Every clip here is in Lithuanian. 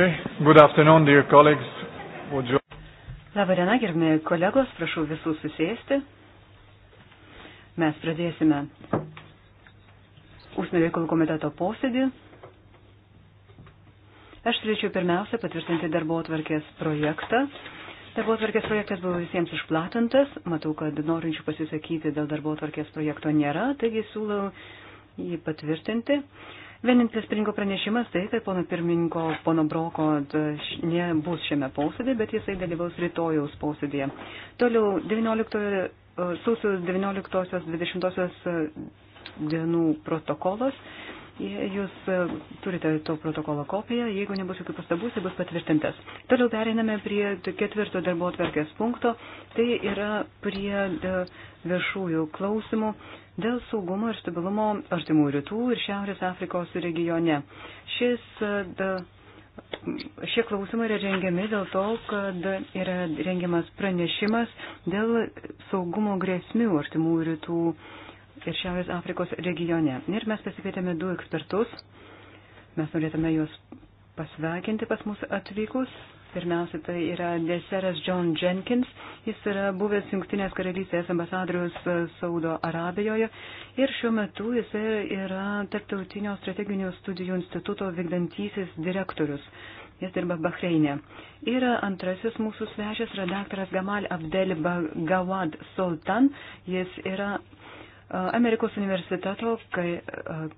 Okay. Good afternoon, dear colleagues. Would you... Labadiena, gerbimi kolegos, prašau visų susėsti. Mes pradėsime užsienio reikalų komiteto posėdį. Aš turėčiau pirmiausia patvirtinti darbo atvarkės projektą. Darbo atvarkės projektas buvo visiems išplatintas. Matau, kad norinčių pasisakyti dėl darbo atvarkės projekto nėra, taigi siūlau jį patvirtinti. Uh, Vienintelis prinko pranešimas tai, kad pono pirmininko, pono Broko nebus šiame posėdė, bet jisai dalyvaus rytojaus posėdėje. Toliau 19, e, sausio 19-20 e, dienų protokolas. Jūs e, turite to protokolo kopiją, jeigu nebus jokių pastabų, jis bus patvirtintas. Toliau pereiname prie ketvirto darbo atverkės punkto, tai yra prie e, viešųjų klausimų dėl saugumo ir stabilumo artimų rytų ir Šiaurės Afrikos regione. Šis, e, da, šie klausimai yra rengiami dėl to, kad yra rengiamas pranešimas dėl saugumo grėsmių artimų rytų regione ir Šiaurės Afrikos regione. Ir mes pasikvietėme du ekspertus. Mes norėtume juos pasveikinti pas mus atvykus. Pirmiausia, tai yra deseras John Jenkins. Jis yra buvęs Junktinės karalystės ambasadorius e, Saudo Arabijoje ir šiuo metu jis yra Tarptautinio strateginių studijų instituto vykdantysis direktorius. Jis dirba Bahreinė. Ir antrasis mūsų svečias yra daktaras Gamal Abdel Gawad Sultan. Jis yra Amerikos universiteto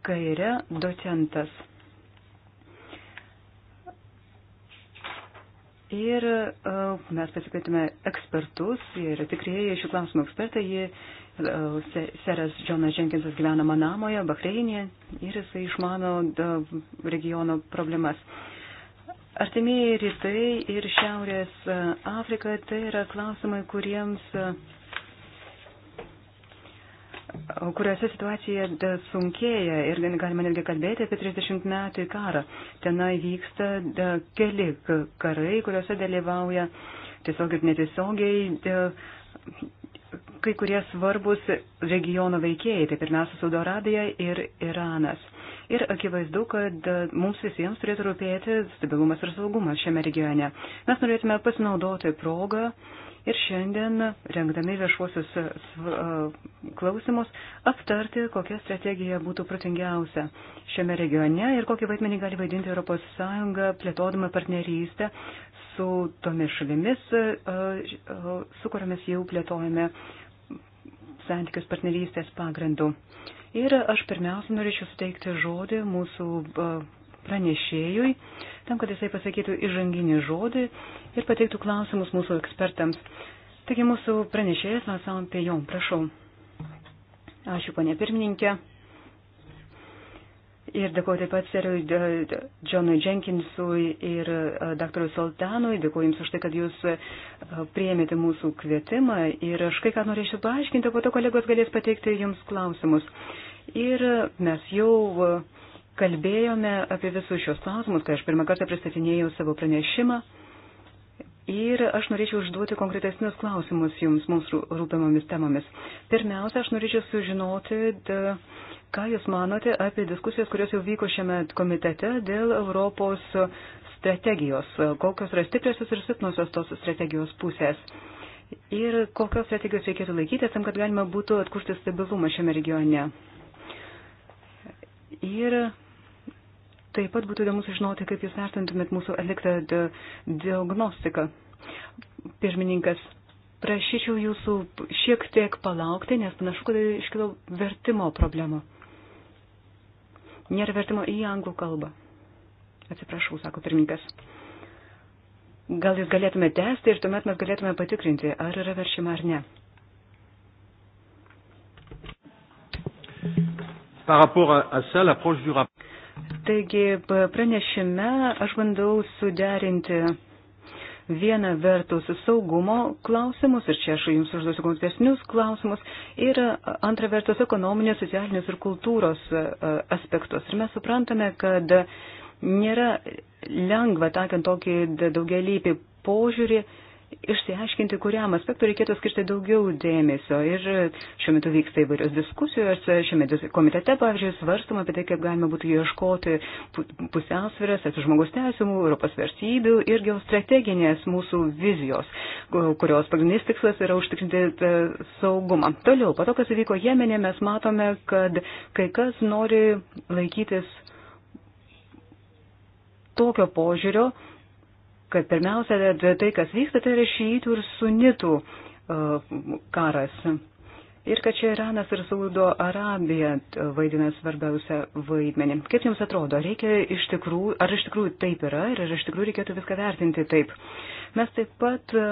kairė docentas. Ir mes pasikvietėme ekspertus, jie yra tikrieji šių klausimų ekspertai, jie seras Džonas Jenkinsas gyvena Manamoje, Bahreinėje ir jisai išmano regiono problemas. Artimieji rytai ir Šiaurės Afrika tai yra klausimai, kuriems kuriuose situacija sunkėja ir galima netgi kalbėti apie 30 metų karą. Tenai vyksta keli karai, kuriuose dalyvauja tiesiog ir netiesiogiai kai kurie svarbus regiono veikėjai, tai pirmiausia Saudo Arabija ir Iranas. Ir akivaizdu, kad mums visiems turėtų rūpėti stabilumas ir saugumas šiame regione. Mes norėtume pasinaudoti progą uh, ir šiandien, rengdami viešuosius e, klausimus, aptarti, kokia strategija būtų pratingiausia šiame regione ir kokį vaidmenį gali vaidinti ES plėtodama partnerystę su tomis šalimis, e, e, su kuriamis jau plėtojame santykius partnerystės pagrindu. Ir aš pirmiausia norėčiau suteikti žodį mūsų pranešėjui, tam, kad jisai pasakytų įžanginį žodį ir pateiktų klausimus mūsų ekspertams. Taigi mūsų pranešėjas Vansan Pejom, prašau. Ačiū, ponė pirmininkė. Ir dėkuoju taip pat serui Džonui Jenkinsui ir e, daktarui Soltanui. Dėkuoju Jums už tai, kad Jūs e, prieimėte mūsų kvietimą. Ir aš kai ką norėčiau paaiškinti, po to kolegos galės pateikti Jums klausimus. Ir mes jau e, kalbėjome apie visus šios klausimus, kai aš pirmą kartą pristatinėjau savo pranešimą. Ir aš norėčiau užduoti konkretesnius klausimus jums mums rūpiamomis temomis. Pirmiausia, aš norėčiau sužinoti, da, ką jūs manote apie diskusijas, kurios jau vyko šiame komitete dėl Europos strategijos, kokios yra stipriosios ir silpnosios tos strategijos pusės. Ir kokios strategijos reikėtų laikytis tam, kad galima būtų atkurti stabilumą šiame regione. Ir Taip pat būtų įdomu sužinoti, kaip jūs vertintumėt mūsų atliktą diagnostiką. Pirmininkas, prašyčiau jūsų šiek tiek palaukti, nes panašu, kad iškilo vertimo problema. Nėra vertimo į anglų kalbą. Atsiprašau, sako pirmininkas. Gal jūs galėtume tęsti ir tuomet mes galėtume patikrinti, ar yra veršima ar ne. Par rapport à ça, l'approche du rapport. Taigi pranešime aš bandau suderinti vieną vertus saugumo klausimus, ir čia aš jums užduosiu konkresnius klausimus, ir antra vertus ekonominės, socialinės ir kultūros e, aspektus. Ir mes suprantame, kad nėra lengva, takant tokį daugelįpį požiūrį, išsiaiškinti, kuriam aspektu reikėtų skirti daugiau dėmesio. Ir šiuo metu vyksta įvairios diskusijos. Šiame komitete, pavyzdžiui, svarstama apie tai, kaip galima būtų ieškoti pusiausvėras apie žmogus teisų, Europos versybių ir geostrateginės mūsų vizijos, kurios pagrindinis tikslas yra užtikrinti e, saugumą. Toliau, po to, kas įvyko Jemenė, mes matome, kad kai kas nori laikytis tokio požiūrio, kad pirmiausia, tai, tai, kas vyksta, tai yra šyitų ir sunitų e, karas. Ir kad čia Iranas ir Saudo Arabija e, vaidina svarbiausią vaidmenį. Kaip Jums atrodo, reikia iš tikrųjų, ar iš tikrųjų taip yra ir ar iš tikrųjų reikėtų viską vertinti taip? Mes taip pat e,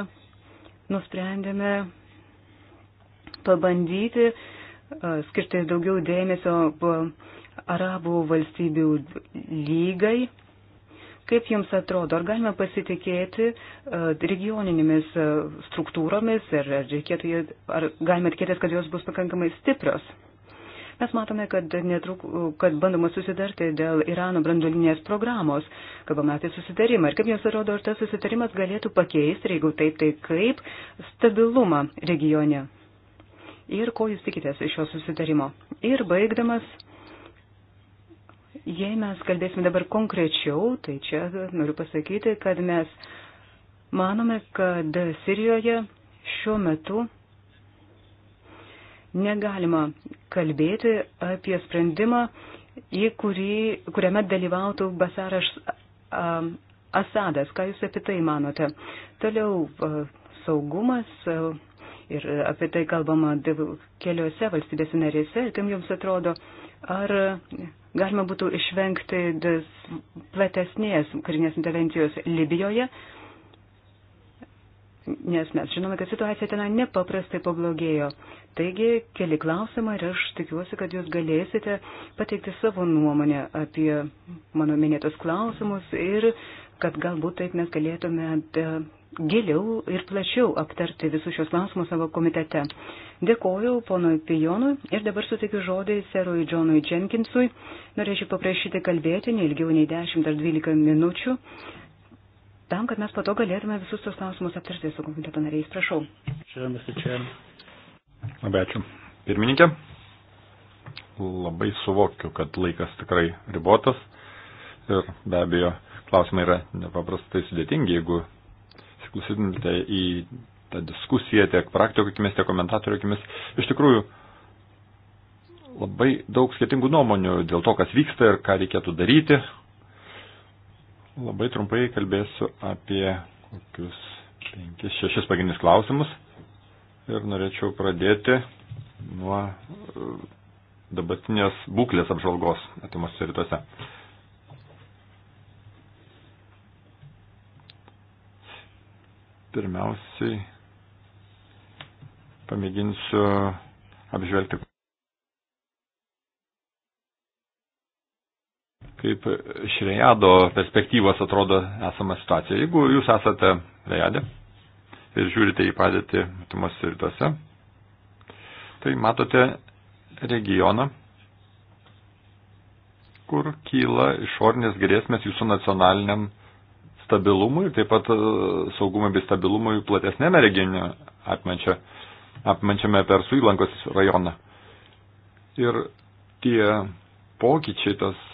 nusprendėme pabandyti skirti daugiau dėmesio arabų valstybių lygai Kaip jums atrodo, ar galime pasitikėti e, regioninėmis e, struktūromis ir ar, reikėtų, ar galime tikėtis, kad jos bus pakankamai stiprios? Mes matome, kad, netruk, kad bandoma susidarti dėl Irano branduolinės programos, kalbame apie susitarimą. Ir kaip jums atrodo, ar tas susitarimas galėtų pakeisti, ir jeigu taip, tai kaip stabilumą regione? Ir ko jūs tikitės iš šio susitarimo? Ir baigdamas, Jei mes kalbėsime dabar konkrečiau, tai čia noriu pasakyti, kad mes manome, kad Sirijoje šiuo metu negalima kalbėti apie sprendimą, kurį, kuriame dalyvautų Basaras Asadas. Ką Jūs apie tai manote? Toliau saugumas ir apie tai kalbama keliose valstybėse narėse. Kam Jums atrodo, ar galima būtų išvengti platesnės karinės intervencijos Libijoje, nes mes žinome, kad situacija ten nepaprastai pablogėjo. Taigi, keli klausimai ir aš tikiuosi, kad jūs galėsite pateikti savo nuomonę apie mano minėtos klausimus ir kad galbūt taip mes galėtume e, giliau ir plačiau aptarti visus šios klausimus savo komitete. Dėkoju ponui Pijonui ir dabar sutikiu žodį serui Džonui Jenkinsui. Norėčiau paprašyti kalbėti neilgiau nei 10 ar 12 minučių, tam, kad mes pato galėtume visus tos klausimus aptarti su komiteto nariais. Prašau. Labai ačiū. Pirmininkė, labai suvokiu, kad laikas tikrai ribotas ir be abejo klausimai yra nepaprastai sudėtingi, jeigu įsiklausydami į tą diskusiją tiek praktikų akimis, tiek komentatorių akimis, iš tikrųjų labai daug skirtingų nuomonių dėl to, kas vyksta ir ką reikėtų daryti. Labai trumpai kalbėsiu apie kokius penkis, šešis pagrindinius klausimus ir norėčiau pradėti nuo e, dabartinės būklės apžvalgos atimos rytuose. Pirmiausiai pamėginsiu apžvelgti, kaip iš Rejado perspektyvos atrodo esama situacija. Jeigu jūs esate Rejade ir žiūrite į padėtį matomuose rytuose, tai matote regioną, kur kyla išorinės grėsmės jūsų nacionaliniam stabilumui ir taip pat e, saugumui bei stabilumui platesnėme regione apmančia, apmančiame Persų įlankos rajoną. Ir tie pokyčiai, tas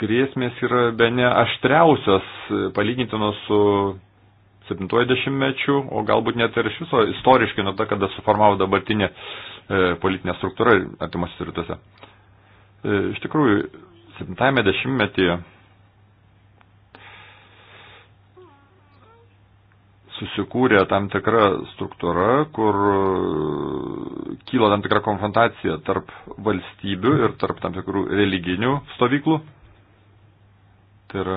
grėsmės yra be ne aštriausios e, palygintinos su 70-mečiu, o galbūt net ir iš viso istoriškai nuo to, kada suformavo dabartinė e, politinė struktūra atimuose rytuose. E, iš tikrųjų, 70-metyje susikūrė tam tikra struktūra, kur e, kyla tam tikra konfrontacija tarp valstybių ir tarp tam tikrų religinių stovyklų. Tai yra,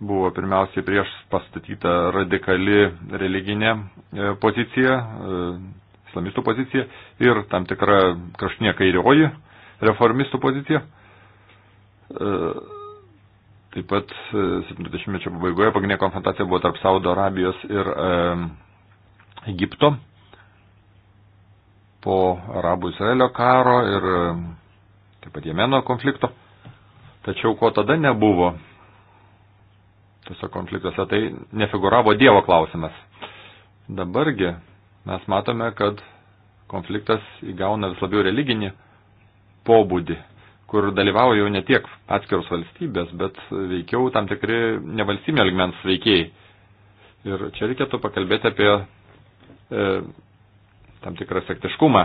buvo pirmiausiai prieš pastatyta radikali religinė e, pozicija, e, islamistų pozicija ir tam tikra kraštinė kairioji reformistų pozicija Taip pat 70-mečio e, pabaigoje pagrindinė konfrontacija buvo tarp Saudo Arabijos ir e, Egipto po Arabų Izraelio karo ir e, taip pat Jemeno konflikto. Tačiau ko tada nebuvo tose konfliktuose, tai nefiguravo Dievo klausimas. Dabargi mes matome, kad konfliktas įgauna vis labiau religinį pobūdį kur dalyvauja jau ne tiek atskiros valstybės, bet veikiau tam tikri nevalstybinio ligmens veikėjai. Ir čia reikėtų pakalbėti apie e, tam tikrą sektiškumą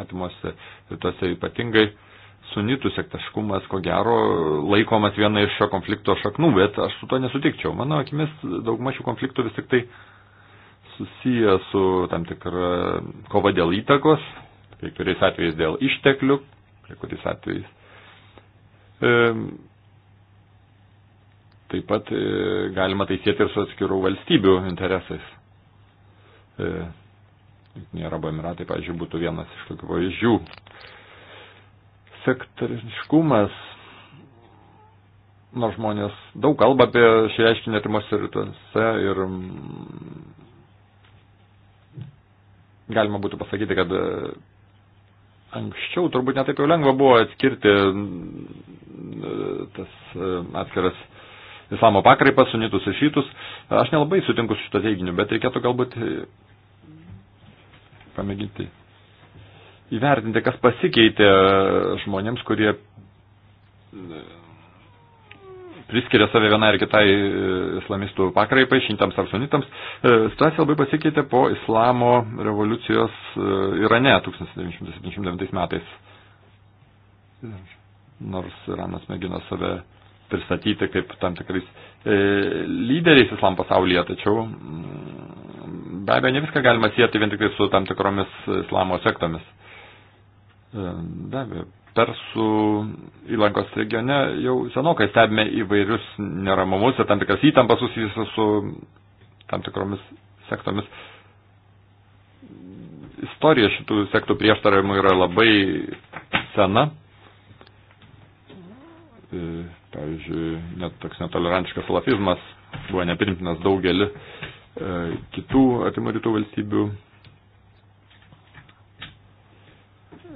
atimuose rytuose ypatingai. Sunitų sektaškumas, ko gero, laikomas viena iš šio konflikto šaknų, bet aš su to nesutikčiau. Mano akimis, dauguma šių konfliktų vis tik tai susiję su tam tikra kova dėl įtakos, kai kuriais atvejais dėl išteklių, kai kuriais atvejais E, taip pat e, galima tai sėti ir su atskirų valstybių interesais. E, Jungtiniai Arabų Emiratai, pavyzdžiui, būtų vienas iš tokių pavyzdžių. Sektariškumas, nors žmonės daug kalba apie šį reiškinį artimuose rytuose ir mm, galima būtų pasakyti, kad Anksčiau turbūt netaip jau lengva buvo atskirti tas e, atskiras islamo pakraipas, sunitus ir šytus. Aš nelabai sutinku su šito teiginiu, bet reikėtų galbūt e, pamėginti įvertinti, kas pasikeitė žmonėms, kurie e, priskiria save vienai ar kitai e, islamistų pakraipai, šintams ar sunitams. E, situacija labai pasikeitė po islamo revoliucijos e, Irane 1979 metais. Nors Iranas mėgino save pristatyti kaip tam tikrais e, lyderiais islam pasaulyje, tačiau mm, be abejo ne viską galima sieti vien tik tai su tam tikromis islamo sektomis. E, be abejo, Persų įlankos regione jau senokai stebime įvairius neramumus ir tam tikras įtampas susijusios su tam tikromis sektomis. Istorija šitų sektų prieštaravimų yra labai sena. E, pavyzdžiui, net toks netolerantiškas salafizmas buvo neprimtinas daugelį e, kitų artimų rytų valstybių.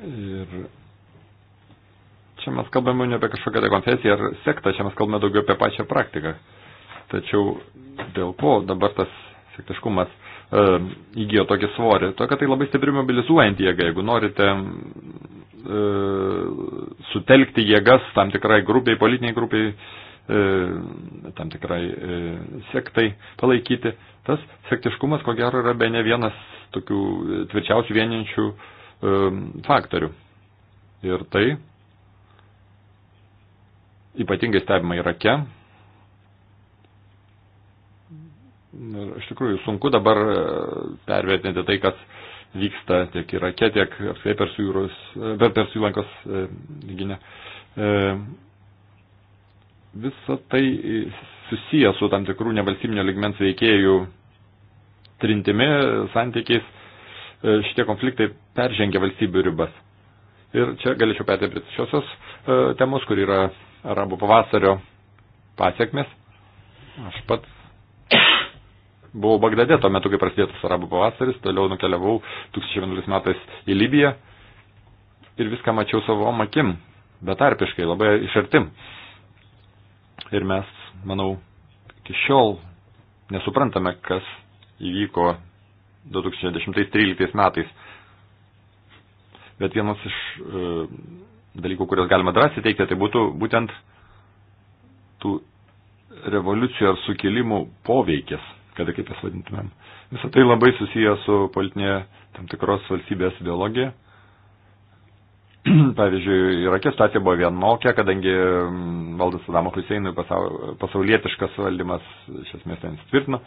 Ir Čia mes kalbame ne apie kažkokią tai konfesiją ar sektą, čia mes kalbame daugiau apie pačią praktiką. Tačiau dėl ko dabar tas sektiškumas e, įgyjo tokį svorį? To, kad tai labai stipri mobilizuojant jėgą. Jeigu norite e, sutelkti jėgas tam tikrai grupiai, politiniai grupiai, e, tam tikrai e, sektai palaikyti, tas sektiškumas, ko gero, yra be ne vienas tokių tvirčiausių vieninčių e, faktorių. Ir tai ypatingai stebima Irake. Ir iš tikrųjų sunku dabar e, pervertinti tai, kas vyksta tiek Irake, tiek apskritai Persų jūros, per e, Persų įlankos e, lyginę. E, visa tai susiję su tam tikrų nevalstybinio ligmens veikėjų trintimi, santykiais. E, šitie konfliktai peržengia valstybių ribas. Ir čia galėčiau perėti prie šiosios e, temos, kur yra arabų pavasario pasiekmes. Aš pats buvau Bagdade tuo metu, kai prasidėjo tas arabų pavasaris, toliau nukeliavau 2011 metais į Libiją ir viską mačiau savo akim, betarpiškai, labai iš artim. Ir mes, manau, iki šiol nesuprantame, kas įvyko 2010-2013 metais. Bet vienas iš e, dalykų, kurios galima drąsiai teikti, tai būtų būtent tų revoliucijų ar sukilimų poveikis, kad ir kaip jas vadintumėm. Visą tai labai susiję su politinė tam tikros valstybės ideologija. Pavyzdžiui, Irake situacija buvo vienokia, kadangi mm, valdas Sadamo Huseinui pasaulietiškas valdymas iš esmės ten stvirtino.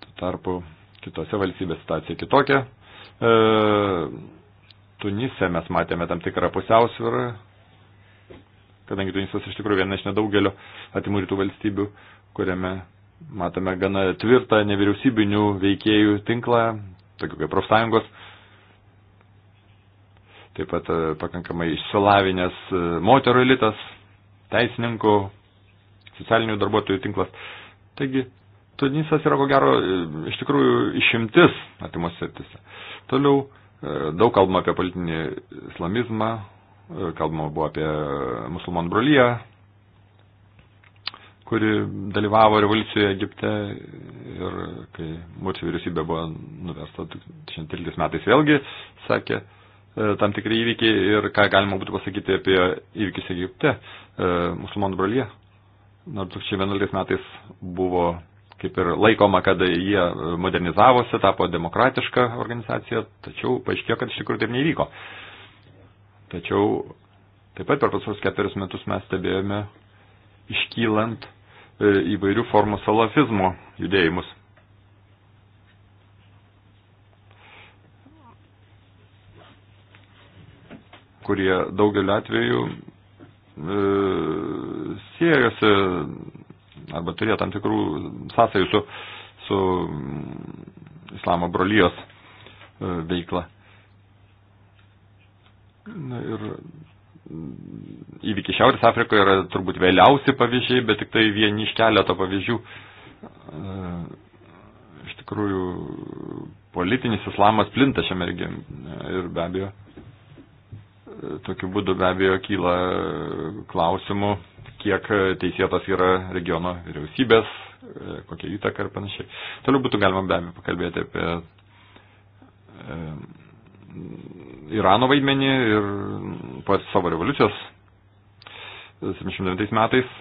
Tuo tarpu kitose valstybės situacija kitokia. E, Tunise mes matėme tam tikrą pusiausvyrą, kadangi Tunisas iš tikrųjų viena iš nedaugelio atimūrytų valstybių, kuriame matome gana tvirtą nevyriausybinių veikėjų tinklą, tokių kaip profsąjungos, taip pat e, pakankamai išsilavinęs e, moterų elitas, teisininkų, socialinių darbuotojų tinklas. Taigi, Tunisas yra ko gero e, iš tikrųjų išimtis atimos srityse. Toliau E, daug kalbama apie politinį islamizmą, e, kalbama buvo apie musulmonų brolyje, kuri dalyvavo revoliucijoje Egipte ir kai mūsų vyriausybė buvo nuversta 2013 metais vėlgi, sakė, e, tam tikri įvykiai ir ką galima būtų pasakyti apie įvykius Egipte, musulmonų brolyje. Nors 2011 metais buvo kaip ir laikoma, kad jie modernizavosi, tapo demokratiška organizacija, tačiau paaiškėjo, kad iš tikrųjų taip nevyko. Tačiau taip pat per pasus keturis metus mes stebėjome iškylant e, įvairių formų salafizmo judėjimus. kurie daugeliu atveju e, siejosi arba turėjo tam tikrų sąsajų su, su mm, islamo brolyjos e, veikla. Na, ir mm, įvykiai Šiaurės Afrikoje yra turbūt vėliausi pavyzdžiai, bet tik tai vieni iš keleto pavyzdžių. E, iš tikrųjų, politinis islamas plinta šiame regione ir be abejo Tokiu būdu be abejo kyla klausimų, kiek teisėtas yra regiono vyriausybės, kokia įtaka ir panašiai. Toliau būtų galima be abejo pakalbėti apie Irano vaidmenį ir po savo revoliucijos 79 metais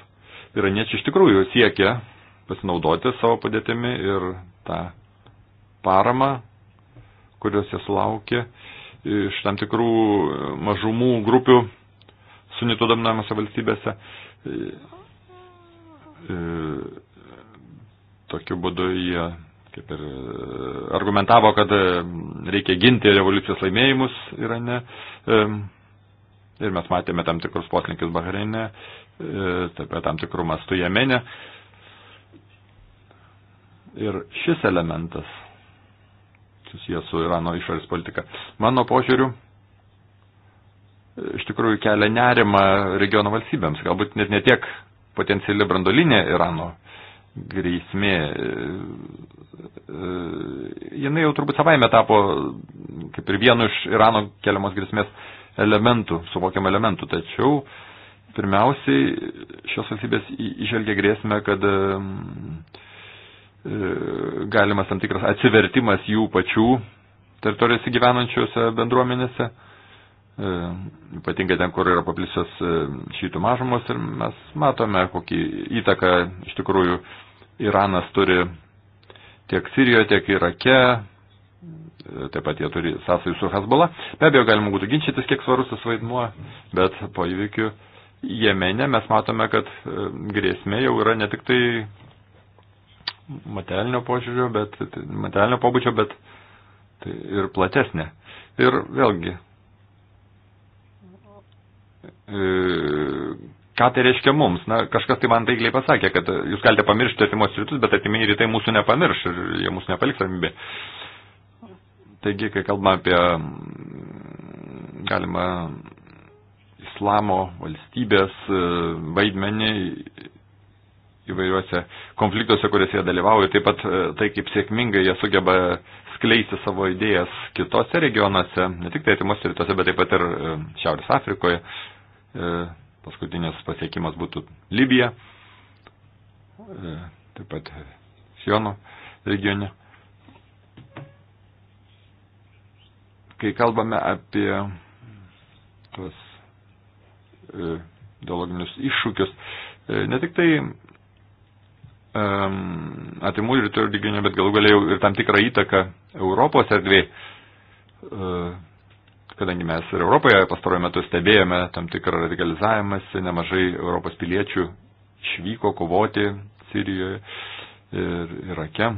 iraniečiai iš tikrųjų siekia pasinaudoti savo padėtimi ir tą paramą, kurios jie sulaukė. E, iš tam tikrų e, mažumų grupių sunitų dominavimuose valstybėse. E, e, tokiu būdu jie kaip ir argumentavo, kad reikia ginti revoliucijos laimėjimus Irane. Ir mes matėme tam tikrus poslinkius Bahreinė, taip pat tam tikrų mastų Jemenė. Ir šis elementas susijęs su Irano išorės politika. Mano požiūriu, iš tikrųjų kelia nerima regiono valstybėms, galbūt net ne tiek potenciali brandolinė Irano grėsmė. Jinai jau turbūt savaime tapo kaip ir vienu iš Irano keliamos grėsmės elementų, suvokiamų elementų. Tačiau pirmiausiai šios valstybės išvelgia grėsmę, kad E, galimas tam tikras atsivertimas jų pačių teritorijose gyvenančiose bendruomenėse, e, ypatingai ten, kur yra paplisios e, šytų mažumos ir mes matome, kokį įtaką iš tikrųjų Iranas turi tiek Sirijoje, tiek Irake, taip pat jie turi sąsajų su Hezbollah. Be abejo, galima būtų ginčytis, kiek svarus tas vaidmuo, bet po įvykių Jemene mes matome, kad grėsmė jau yra ne tik tai materialinio požiūrio, bet tai materialinio pobūdžio, bet tai ir platesnė. Ir vėlgi, e, ką tai reiškia mums? Na, kažkas tai man taikliai pasakė, kad jūs galite pamiršti atimos rytus, bet atiminiai rytai mūsų nepamirš ir jie mūsų nepaliks ramybė. Taigi, kai kalbame apie mm, galima islamo valstybės e, vaidmenį įvairiuose konfliktuose, kuriuose jie dalyvauja, taip pat e, tai, kaip sėkmingai jie sugeba skleisti savo idėjas kitose regionuose, ne tik tai atimuose rytuose, bet taip pat ir e, Šiaurės Afrikoje. E, paskutinis pasiekimas būtų Libija, taip pat Siono regione. Kai kalbame apie tuos ideologinius iššūkius, ne tik tai um, atimų ir rytų lyginių, bet galų galėjau ir tam tikrą įtaką Europos erdvėje, ehm, kadangi mes ir Europoje pastaruoju metu stebėjome tam tikrą radikalizavimas, nemažai Europos piliečių išvyko kovoti Sirijoje ir Irake,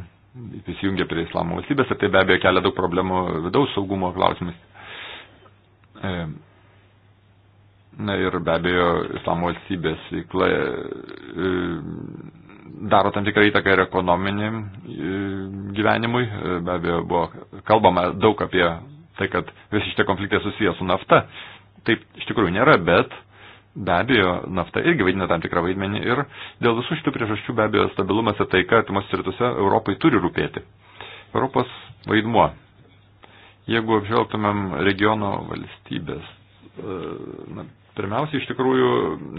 prisijungė prie islamo valstybės ir tai be abejo kelia daug problemų vidaus saugumo klausimais. Ehm, na ir be abejo, islamo valstybės veikla daro tam tikrą įtaką ir ekonominiam e, gyvenimui. E, be abejo, buvo kalbama daug apie tai, kad visi šitie konfliktai susiję su nafta. Taip iš tikrųjų nėra, bet be abejo, nafta irgi vaidina tam tikrą vaidmenį ir dėl visų šitų priežasčių be abejo stabilumas ir taika artimuose rytuose Europai turi rūpėti. Europos vaidmuo. Jeigu apžvelgtumėm regiono valstybės, e, na, Pirmiausia, iš tikrųjų,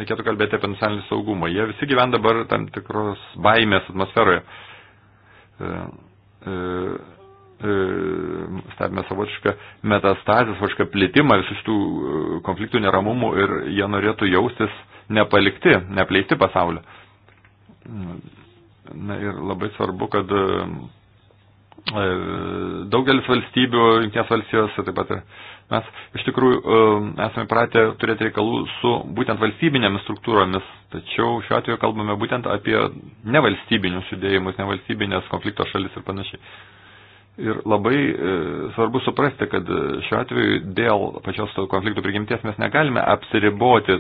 reikėtų kalbėti apie nacionalinį saugumą. Jie visi gyvena dabar tam tikros baimės atmosferoje. E, e, e, Stebime savotišką metastazę, savotišką plitimą visų šitų e, konfliktų neramumų ir jie norėtų jaustis nepalikti, nepleisti pasaulio. Na ir labai svarbu, kad e, e, daugelis valstybių, jungtinės valstijos, taip pat ir Mes iš tikrųjų e, esame pratę turėti reikalų su būtent valstybinėmis struktūromis, tačiau šiuo atveju kalbame būtent apie nevalstybinius judėjimus, nevalstybinės konflikto šalis ir panašiai. Ir labai e, svarbu suprasti, kad e, šiuo atveju dėl pačios konfliktų prigimties mes negalime apsiriboti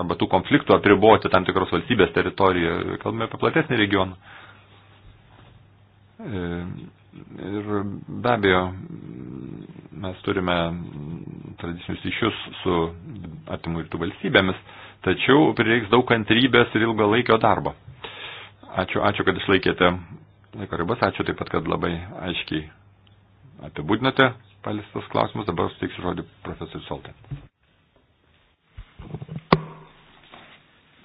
arba tų konfliktų apriboti tam tikros valstybės teritoriją. Kalbame apie platesnį regioną. Ir be abejo, mes turime tradicinius ryšius su atimų rytų valstybėmis, tačiau prireiks daug kantrybės ir ilgalaikio darbo. Ačiū, ačiū, kad išlaikėte laiko ribas, ačiū taip pat, kad labai aiškiai apibūdinote palistas klausimus. Dabar suteiksiu žodį profesoriui Soltė.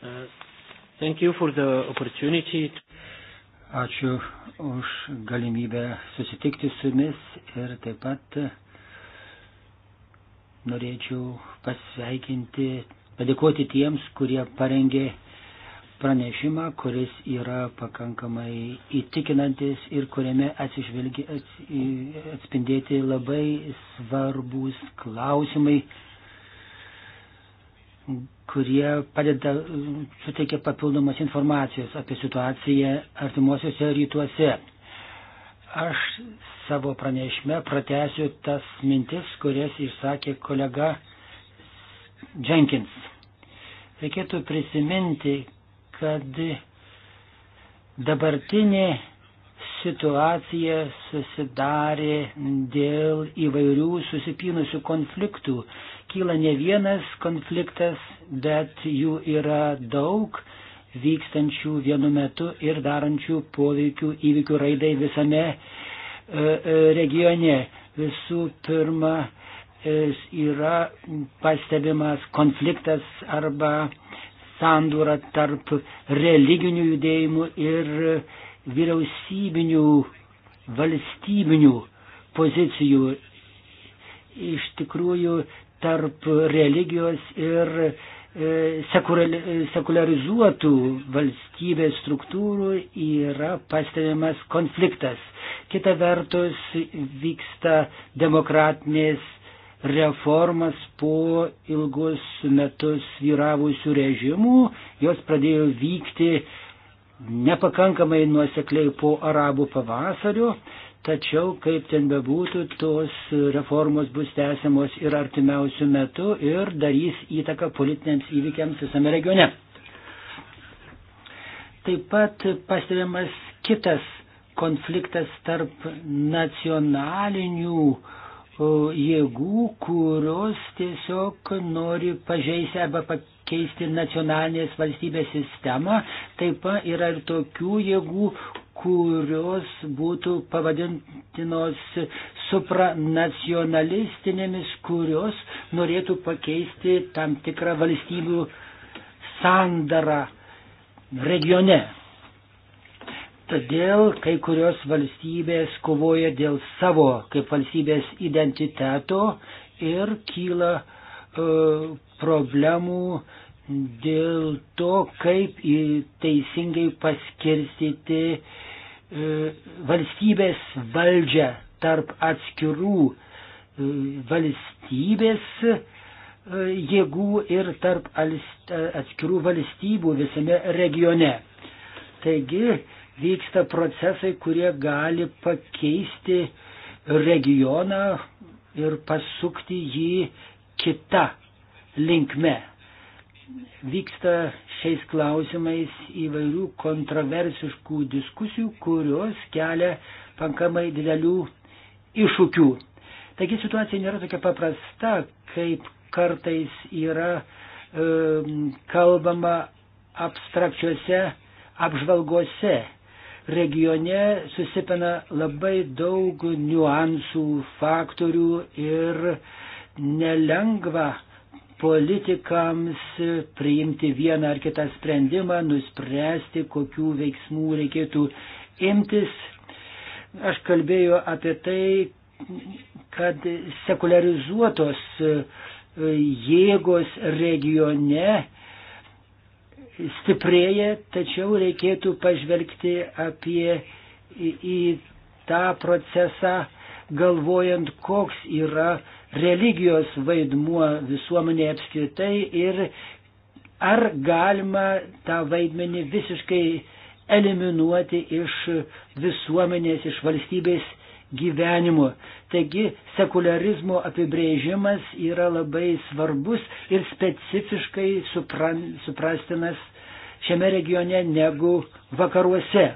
Uh, thank you for the opportunity. To... Ačiū už galimybę susitikti su jumis ir taip pat norėčiau pasveikinti, padėkoti tiems, kurie parengė pranešimą, kuris yra pakankamai įtikinantis ir kuriame atsižvelgi, ats, atspindėti labai svarbus klausimai kurie padeda, suteikia papildomas informacijos apie situaciją artimuosiuose rytuose. Aš savo pranešime pratęsiu tas mintis, kurias išsakė kolega Jenkins. Reikėtų prisiminti, kad dabartinė situacija susidarė dėl įvairių susipynusių konfliktų kyla ne vienas konfliktas, bet jų yra daug vykstančių vienu metu ir darančių poveikių įvykių raidai visame e, e, regione. Visų pirma, e, yra pastebimas konfliktas arba sandūra tarp religinių judėjimų ir vyriausybinių, valstybinių pozicijų. Iš tikrųjų, tarp religijos ir e, sekularizuotų valstybės struktūrų yra pastebimas konfliktas. Kita vertus vyksta demokratinės reformas po ilgus metus vyravusių režimų, jos pradėjo vykti nepakankamai nuosekliai po arabų pavasario, Tačiau, kaip ten bebūtų, tos reformos bus tęsiamos ir artimiausių metų ir darys įtaką politiniams įvykiams visame regione. Taip pat pastebimas kitas konfliktas tarp nacionalinių jėgų, kurios tiesiog nori pažeisti arba pakeisti nacionalinės valstybės sistemą. Taip pat yra ir tokių jėgų, kurios būtų pavadintinos supranacionalistinėmis, kurios norėtų pakeisti tam tikrą valstybių sandarą regione. Todėl kai kurios valstybės kovoja dėl savo kaip valstybės identiteto ir kyla e, problemų dėl to, kaip teisingai paskirstyti e, E, valstybės valdžią tarp atskirų e, valstybės e, jėgų ir tarp atskirų valstybių visame regione. Taigi vyksta procesai, kurie gali pakeisti regioną ir pasukti jį kita linkme vyksta šiais klausimais įvairių kontroversiškų diskusijų, kurios kelia pankamai didelių iššūkių. Taigi situacija nėra tokia paprasta, kaip kartais yra e, kalbama abstrakčiuose apžvalgose. Regione susipina labai daug niuansų, faktorių ir nelengva politikams priimti vieną ar kitą sprendimą, nuspręsti, kokių veiksmų reikėtų imtis. Aš kalbėjau apie tai, kad sekularizuotos e, jėgos regione stiprėja, tačiau reikėtų pažvelgti apie į, į tą procesą, galvojant, koks yra religijos vaidmuo visuomenėje apskritai ir ar galima tą vaidmenį visiškai eliminuoti iš visuomenės, iš valstybės gyvenimu. Taigi sekularizmo apibrėžimas yra labai svarbus ir specifiškai supran, suprastinas šiame regione negu vakaruose.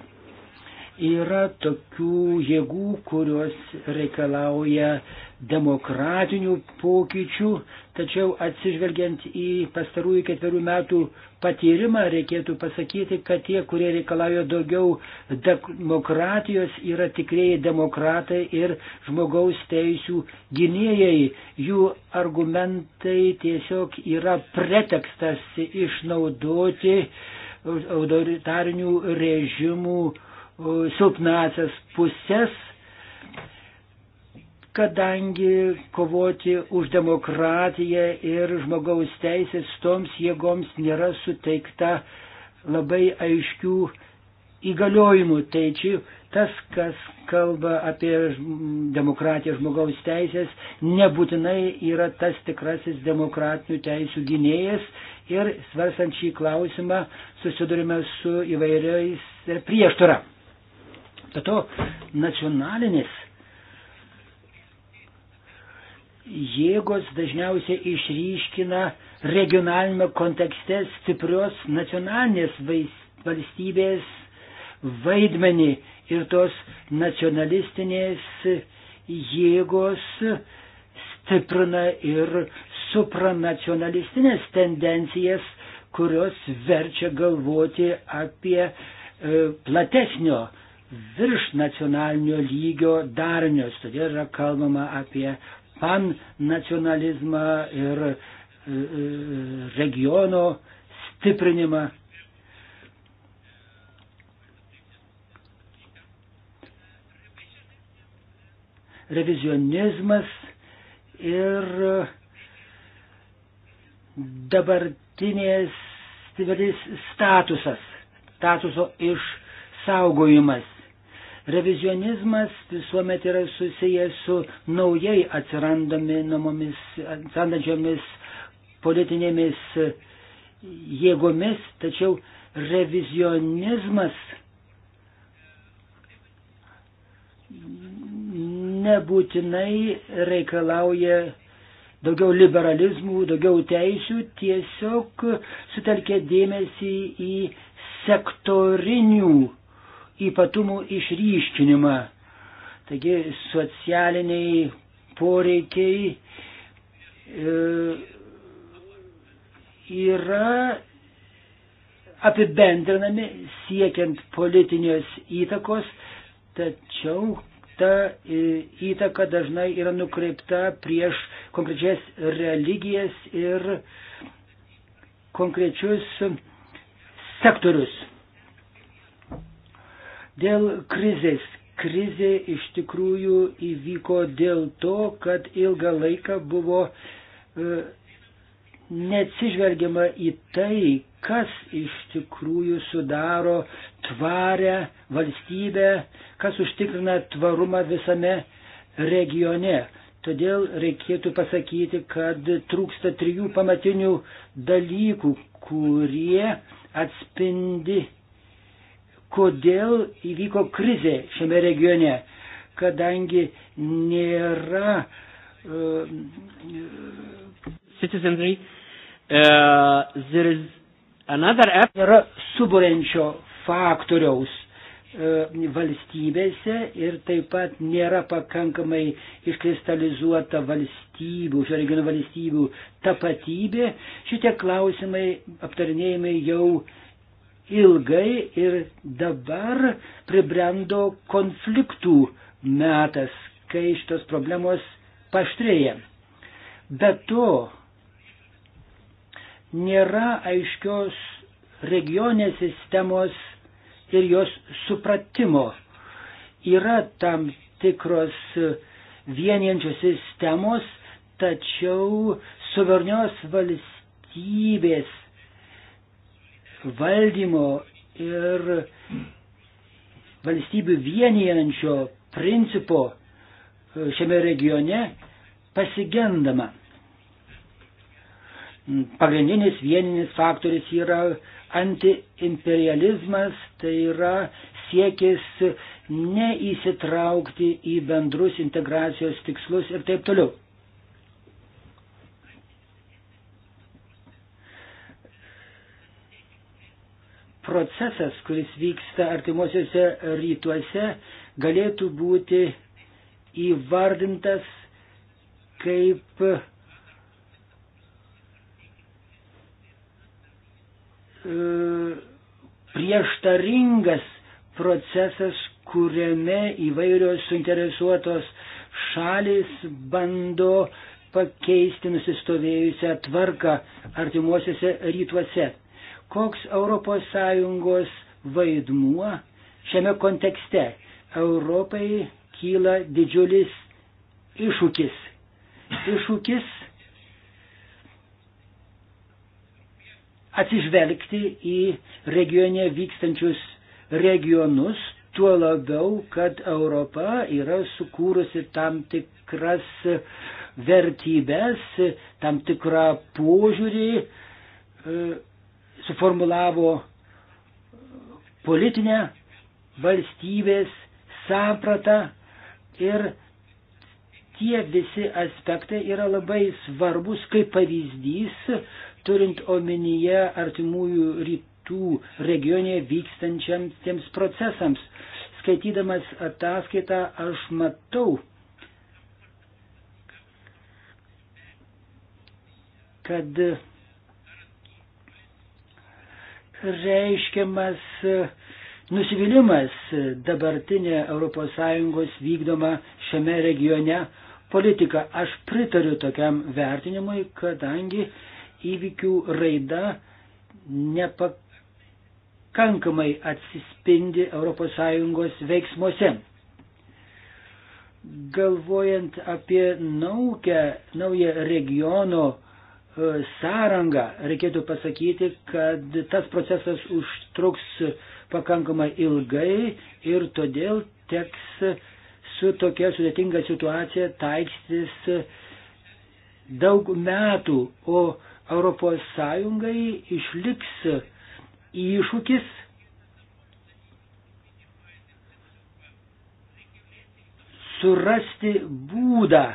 Yra tokių jėgų, kurios reikalauja uh, demokratinių pokyčių, tačiau atsižvelgiant į pastarųjų ketverių metų patyrimą, reikėtų pasakyti, kad tie, kurie reikalauja daugiau demokratijos, yra tikrieji demokratai ir žmogaus teisų gynėjai. Jų argumentai tiesiog yra pretekstas išnaudoti autoritarinių režimų silpnasias pusės kadangi kovoti už demokratiją ir žmogaus teisės toms jėgoms nėra suteikta labai aiškių įgaliojimų. Tai čia tas, kas kalba apie demokratiją žmogaus teisės, nebūtinai yra tas tikrasis demokratinių teisų gynėjas ir svarstant šį klausimą susidurime su įvairiais e, prieštara. Be to, nacionalinis jėgos dažniausiai išryškina regionalinėme kontekste stiprios nacionalinės valstybės vaidmenį ir tos nacionalistinės jėgos stiprina ir supranacionalistinės tendencijas, kurios verčia galvoti apie e, platesnio virš nacionalinio lygio darinius. Todėl yra kalbama apie pan nacionalizmą ir e, e, regiono stiprinimą. Revizionizmas ir dabartinės statusas, statuso išsaugojimas. Revizionizmas visuomet yra susijęs su naujai atsirandančiomis politinėmis jėgomis, tačiau revizionizmas nebūtinai reikalauja daugiau liberalizmų, daugiau teisių, tiesiog sutelkė dėmesį į sektorinių ypatumų išryškinimą. Taigi socialiniai poreikiai e, yra apibendrinami siekiant politinės įtakos, tačiau ta e, įtaka dažnai yra nukreipta prieš konkrečias religijas ir konkrečius sektorius. Dėl krizės. Krizė iš tikrųjų įvyko dėl to, kad ilgą laiką buvo e, neatsižvelgiama į tai, kas iš tikrųjų sudaro tvarę valstybę, kas užtikrina tvarumą visame regione. Todėl reikėtų pasakyti, kad trūksta trijų pamatinių dalykų, kurie atspindi kodėl įvyko krizė šiame regione, kadangi nėra. Uh, Citizenry, uh, there is another app. Yra suburiančio faktoriaus uh, valstybėse ir taip pat nėra pakankamai iškristalizuota valstybių, šio regiono valstybių tapatybė. Šitie klausimai aptarinėjimai jau uh, ilgai ir dabar pribrendo konfliktų metas, kai šitos problemos paštrėja. Be to, nėra aiškios regionės sistemos ir jos supratimo. Yra tam tikros vieniančios sistemos, tačiau suvernios valstybės valdymo ir valstybių vienijančio principo e, šiame regione pasigendama. Mm, pagrindinis vieninis faktorius yra antiimperializmas, tai yra siekis neįsitraukti į bendrus integracijos tikslus ir taip toliau. procesas, kuris vyksta artimuosiuose rytuose, galėtų būti įvardintas kaip e, prieštaringas procesas, kuriame įvairios suinteresuotos šalis bando pakeisti nusistovėjusią tvarką artimuosiuose rytuose. Koks ES vaidmuo šiame kontekste? Europai kyla didžiulis iššūkis. Iššūkis atsižvelgti į regione vykstančius regionus, tuo labiau, kad Europa yra sukūrusi tam tikras vertybės, tam tikrą požiūrį e, suformulavo politinę valstybės sampratą ir tie visi aspektai yra labai svarbus kaip pavyzdys, turint omenyje artimųjų rytų regione vykstančiams procesams. Skaitydamas ataskaitą aš matau, kad reiškiamas e, nusivylimas dabartinė ES vykdoma šiame regione politika. Aš pritariu tokiam vertinimui, kadangi įvykių raida nepakankamai atsispindi ES veiksmuose. Galvojant apie naują, naują regiono sąrangą, reikėtų pasakyti, kad tas procesas užtruks pakankamai ilgai ir todėl teks su tokia sudėtinga situacija taikstis daug metų, o ES išliks iššūkis surasti būdą,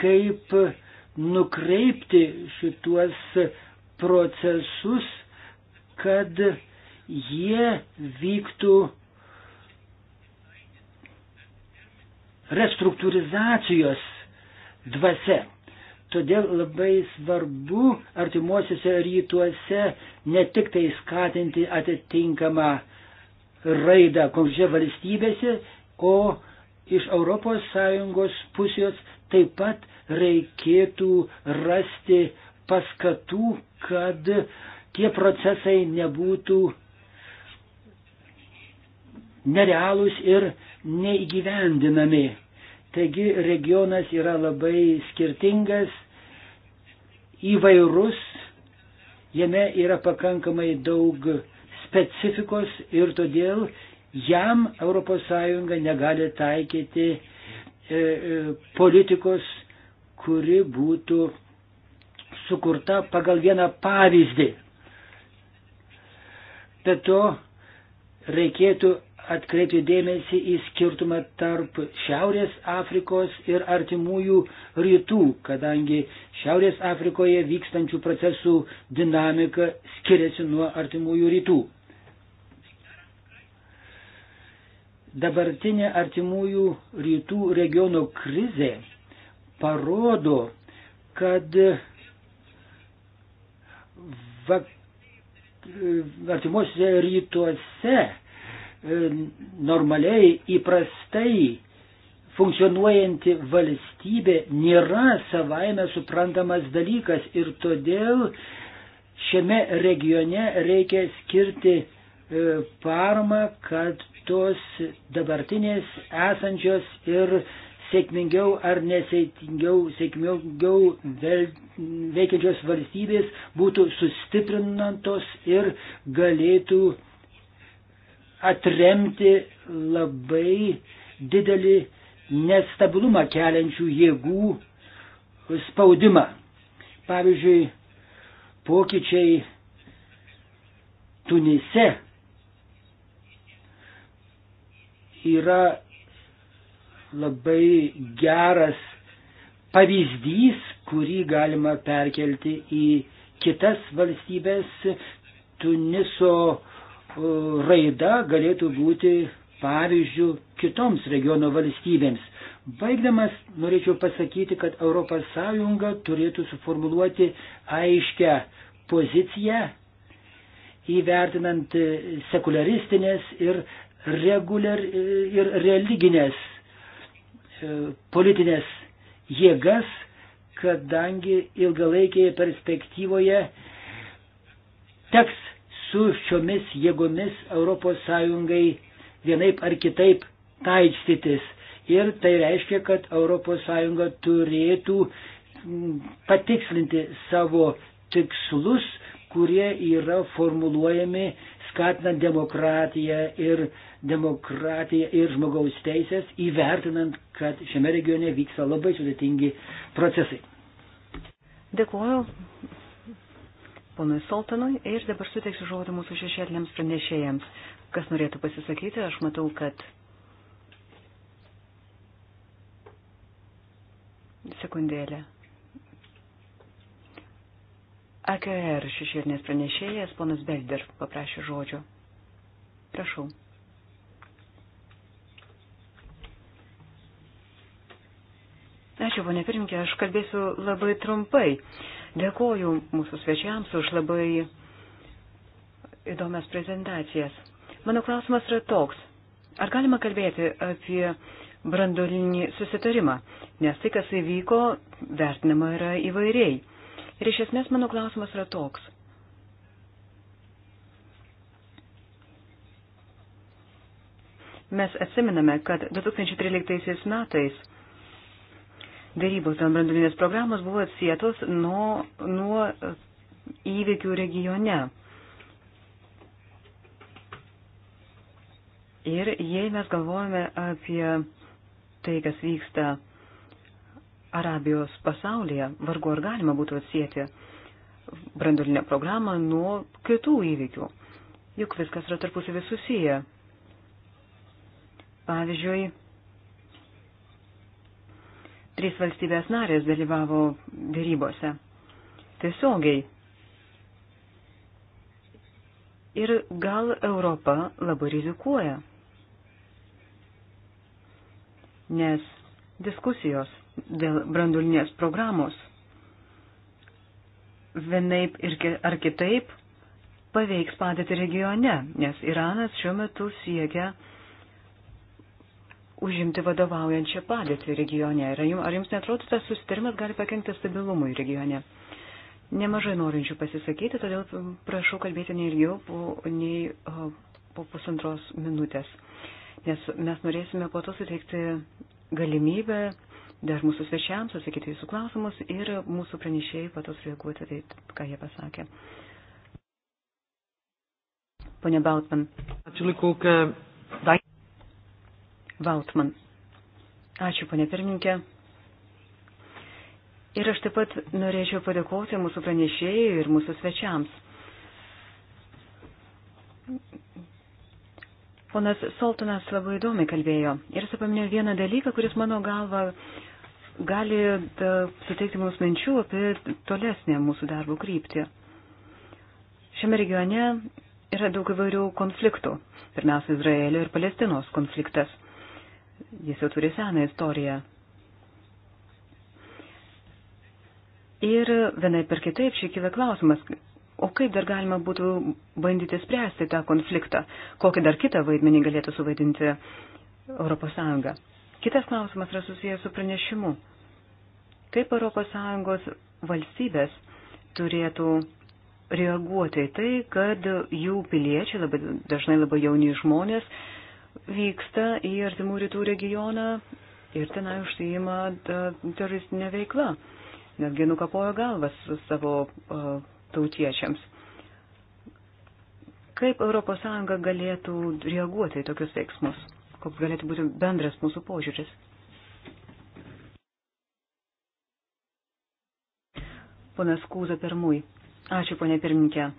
kaip nukreipti šituos procesus, kad jie vyktų restruktūrizacijos dvasia. Todėl labai svarbu artimuosiuose rytuose ne tik tai skatinti atitinkamą raidą konkrečia valstybėse, o iš ES pusės Taip pat reikėtų rasti paskatų, kad tie procesai nebūtų nerealūs ir neįgyvendinami. Taigi regionas yra labai skirtingas, įvairus, jame yra pakankamai daug specifikos ir todėl jam ES negali taikyti E, e, politikos, kuri būtų sukurta pagal vieną pavyzdį. Be to, reikėtų atkreipti dėmesį į skirtumą tarp Šiaurės Afrikos ir artimųjų rytų, kadangi Šiaurės Afrikoje vykstančių procesų dinamika skiriasi nuo artimųjų rytų. dabartinė artimųjų rytų regiono krizė parodo, kad va, artimuose rytuose e, normaliai įprastai funkcionuojanti valstybė nėra savaime suprantamas dalykas ir todėl šiame regione reikia skirti e, paramą, kad tos dabartinės esančios ir sėkmingiau ar nesėkmingiau, sėkmingiau veikiančios valstybės būtų sustiprinantos ir galėtų atremti labai didelį nestabilumą keliančių jėgų spaudimą. Pavyzdžiui, pokyčiai Tunise yra labai geras pavyzdys, kurį galima perkelti į kitas valstybės. Tuniso uh, raida galėtų būti pavyzdžių kitoms regiono valstybėms. Baigdamas norėčiau pasakyti, kad ES turėtų suformuluoti aiškę poziciją įvertinant sekularistinės ir reguliar e, ir religinės e, politinės jėgas, kadangi ilgalaikėje perspektyvoje teks su šiomis jėgomis ES vienaip ar kitaip taikstytis. Ir tai reiškia, kad ES turėtų patikslinti savo tikslus kurie yra formuluojami skatinant demokratiją ir demokratiją ir žmogaus teisės, įvertinant, kad šiame regione vyksta labai sudėtingi procesai. Dėkuoju ponui Soltanui ir dabar suteiksiu žodį mūsų šešėlėms pranešėjams. Kas norėtų pasisakyti, aš matau, kad sekundėlė. AKR e šešėlinės pranešėjas, ponas Belder, paprašė žodžio. Prašau. Ačiū, ponė pirminkė, aš kalbėsiu labai trumpai. Dėkoju mūsų svečiams už labai įdomias prezentacijas. Mano klausimas yra toks. Ar galima kalbėti apie brandolinį susitarimą? Nes tai, kas įvyko, vertinama yra įvairiai. Ir iš esmės mano klausimas yra toks. Mes atsiminame, kad 2013 metais dėrybos dėl brandulinės programos buvo atsietos nuo, nuo įvykių regione. Ir jei mes galvojame apie tai, kas vyksta Arabijos pasaulyje vargu ar galima būtų atsijėti brandulinę programą nuo kitų įvykių. Juk viskas yra tarpusavį susiję. Pavyzdžiui, trys valstybės narės dalyvavo dėrybose. Tiesiogiai. Ir gal Europa labai rizikuoja. Nes diskusijos dėl brandulinės programos. Vienaip ir, ar kitaip paveiks padėti regione, nes Iranas šiuo metu siekia užimti vadovaujančią padėtį regione. Ar jums netrodo, tas susitarimas gali pakengti stabilumui regione? Nemažai norinčių pasisakyti, todėl prašau kalbėti ne ilgiau po, nei po pusantros minutės, nes mes norėsime po to suteikti galimybę dar mūsų svečiams atsakyti jūsų klausimus ir mūsų pranešėjai patos reaguoti tai, ką jie pasakė. Pone Bautman. Bautman. Ačiū, ponė pirmininkė. Ir aš taip pat norėčiau padėkoti mūsų pranešėjai ir mūsų svečiams. Ponas Soltonas labai įdomiai kalbėjo ir jis paminėjo vieną dalyką, kuris mano galva gali suteikti mums minčių apie tolesnę mūsų darbų kryptį. Šiame regione yra daug įvairių konfliktų. Pirmiausia, Izraelio ir Palestinos konfliktas. Jis jau turi seną istoriją. Ir vienai per kitaip šį kyla klausimas, O kaip dar galima būtų bandyti spręsti tą konfliktą? Kokį dar kitą vaidmenį galėtų suvaidinti ES? Kitas klausimas yra susijęs su pranešimu. Kaip ES valstybės turėtų reaguoti į tai, kad jų piliečiai, labai, dažnai labai jauni žmonės, vyksta į artimų rytų regioną ir tenai užsijima teroristinė veikla. Netgi nukapojo galvas savo uh, tautiečiams. Kaip ES galėtų reaguoti į tokius veiksmus? Koks galėtų būti bendras mūsų požiūris? Ponas Kūza Permui. Ačiū, ponė pirminkė.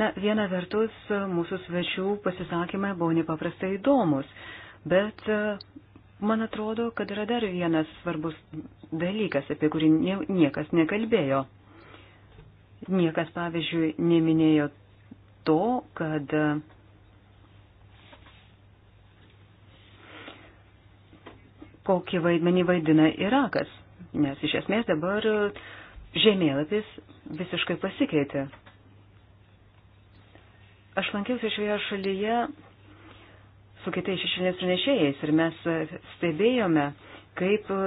Na, viena vertus, mūsų svečių pasisakymai buvo nepaprastai įdomus, bet e, man atrodo, kad yra dar vienas svarbus dalykas, apie kurį niekas nekalbėjo. Niekas, pavyzdžiui, neminėjo to, kad kokį vaidmenį vaidina Irakas, nes iš esmės dabar žemėlapis visiškai pasikeitė. Aš lankiausi šioje šalyje su kitais šešinės pranešėjais ir mes stebėjome, kaip e,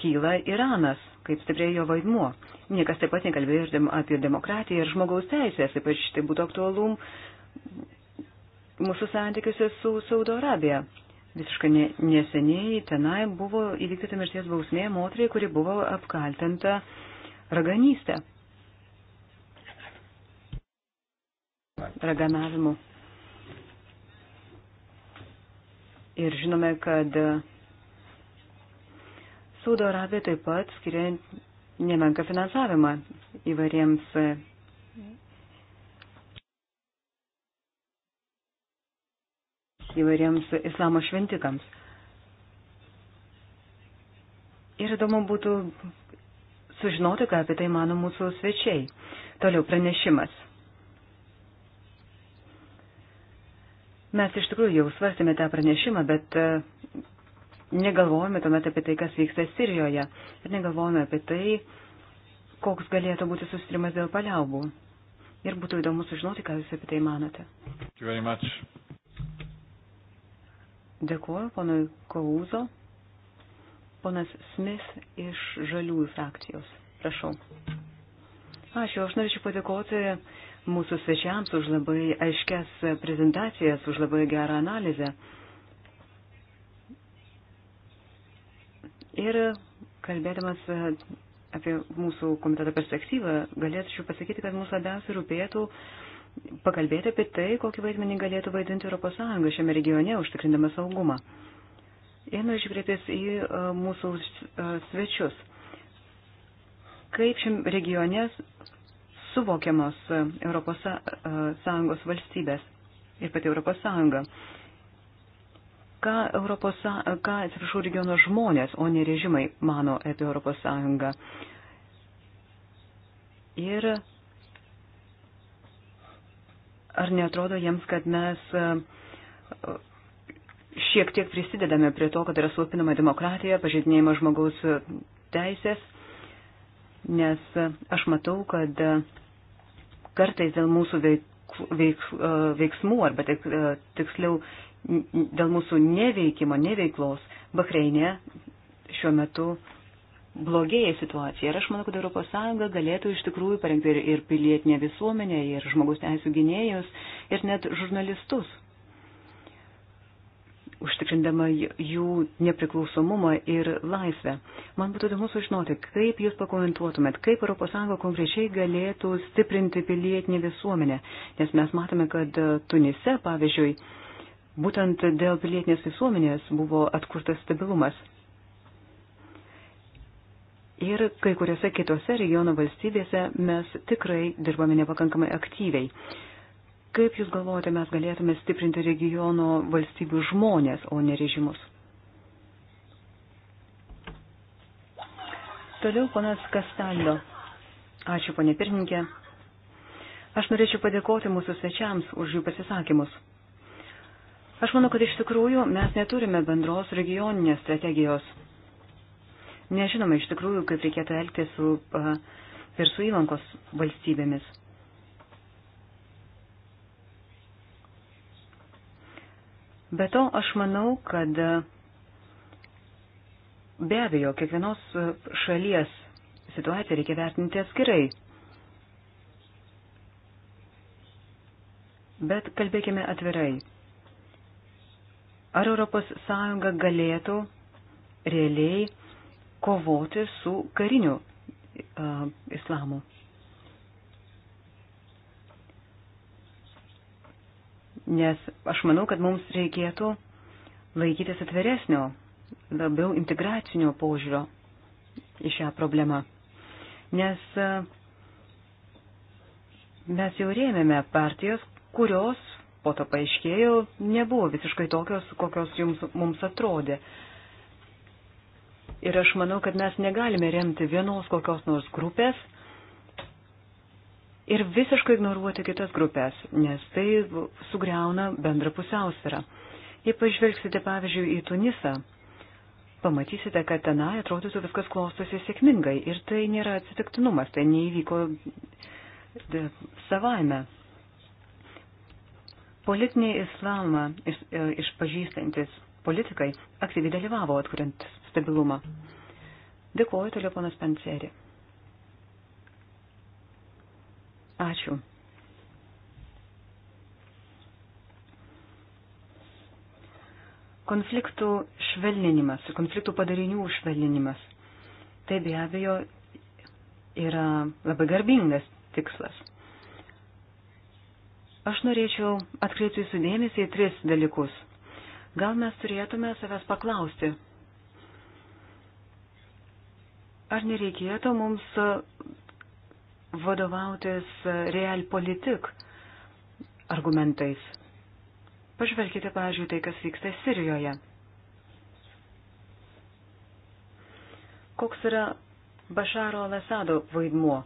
kyla Iranas, kaip stiprėjo jo vaidmuo. Niekas taip pat nekalbėjo ir dem, apie demokratiją ir žmogaus teisės, ypač tai būtų aktualum mūsų santykiuose su Saudo Arabija. Visiškai ne, neseniai tenai buvo įvykdyta mirties bausmė moteriai, kuri buvo apkaltinta raganystę. Raganavimu. Ir žinome, kad Saudo Arabija taip pat skiria nemenka finansavimą įvariems e, įvairiems islamo šventikams. Ir įdomu būtų sužinoti, ką apie tai mano mūsų svečiai. Toliau pranešimas. Mes iš tikrųjų jau svarstėme tą pranešimą, bet e, negalvojame tuomet apie tai, kas vyksta Sirijoje. Ir negalvojame apie tai, koks galėtų būti sustrimas dėl paliaubų. Ir būtų įdomu sužinoti, ką Jūs apie tai manote. Dėkuoju, ponui Kauzo. Ponas Smith iš Žaliųjų frakcijos. Prašau. Ačiū, aš norėčiau padėkoti mūsų svečiams už labai aiškias prezentacijas, už labai gerą analizę. Ir kalbėdamas e, apie mūsų komiteto perspektyvą, galėčiau pasakyti, kad mūsų labiausiai rūpėtų pakalbėti apie tai, kokį vaidmenį galėtų vaidinti ES šiame regione, užtikrindama saugumą. Ir norėčiau kreiptis į e, mūsų e, svečius. Kaip šiam regione suvokiamos ES valstybės ir pati ES? ką Europos, ką, atsiprašau, regiono žmonės, o ne režimai mano apie Europos Sąjungą. Ir ar netrodo jiems, kad mes e, šiek tiek prisidedame prie to, kad yra slopinama demokratija, pažeidinėjama žmogaus teisės, nes e, aš matau, kad e, kartais dėl mūsų veik, veik, veiksmų arba tiksliau dėl mūsų neveikimo, neveiklos Bahreinė šiuo metu blogėja situacija. Ir aš manau, kad ES galėtų iš tikrųjų parengti ir, ir pilietinę visuomenę, ir žmogus teisų gynėjus, ir net žurnalistus, užtikrindama jų nepriklausomumą ir laisvę. Man būtų įdomu sužinoti, kaip jūs pakomentuotumėt, kaip ES konkrečiai galėtų stiprinti pilietinę visuomenę, nes mes matome, kad Tunise, pavyzdžiui, Būtent dėl pilietinės visuomenės buvo atkurtas stabilumas. Ir kai kuriuose kitose regiono valstybėse mes tikrai dirbame nepakankamai aktyviai. Kaip Jūs galvojate, mes galėtume stiprinti regiono valstybių žmonės, o ne režimus? Toliau ponas Kastaldo. Ačiū, ponė pirmininkė. Aš norėčiau padėkoti mūsų svečiams už jų pasisakymus. Aš manau, kad iš tikrųjų mes neturime bendros regioninės strategijos. Nežinome iš tikrųjų, kaip reikėtų elgtis su uh, Persų įlankos valstybėmis. Be to, aš manau, kad be abejo, kiekvienos šalies situaciją reikia vertinti atskirai. Bet kalbėkime atvirai ar ES galėtų realiai kovoti su kariniu uh, islamu. Nes aš manau, kad mums reikėtų laikytis atveresnio, labiau integracinio požiūrio į šią problemą. Nes mes jau rėmėme partijos, kurios po to paaiškėjo, nebuvo visiškai tokios, kokios jums, mums atrodė. Ir aš manau, kad mes negalime remti vienos kokios nors grupės ir visiškai ignoruoti kitas grupės, nes tai sugriauna bendrą pusiausvyrą. Jei pažvelgsite, pavyzdžiui, į Tunisą, pamatysite, kad tenai atrodytų viskas klostosi sėkmingai ir tai nėra atsitiktinumas, tai neįvyko e, savaime. Politinį islamą e, išpažįstantis politikai aktyviai dalyvavo atkuriant stabilumą. Dėkuoju toliau ponas Panceri. Ačiū. Konfliktų švelninimas, konfliktų padarinių švelninimas. Tai be abejo yra labai garbingas tikslas. Aš norėčiau atkreipti jūsų dėmesį į tris dalykus. Gal mes turėtume savęs paklausti, ar nereikėtų mums vadovautis real politik argumentais? Pažvelkite, pavyzdžiui, tai, kas vyksta Sirijoje. Koks yra Bašaro Alesado vaidmuo?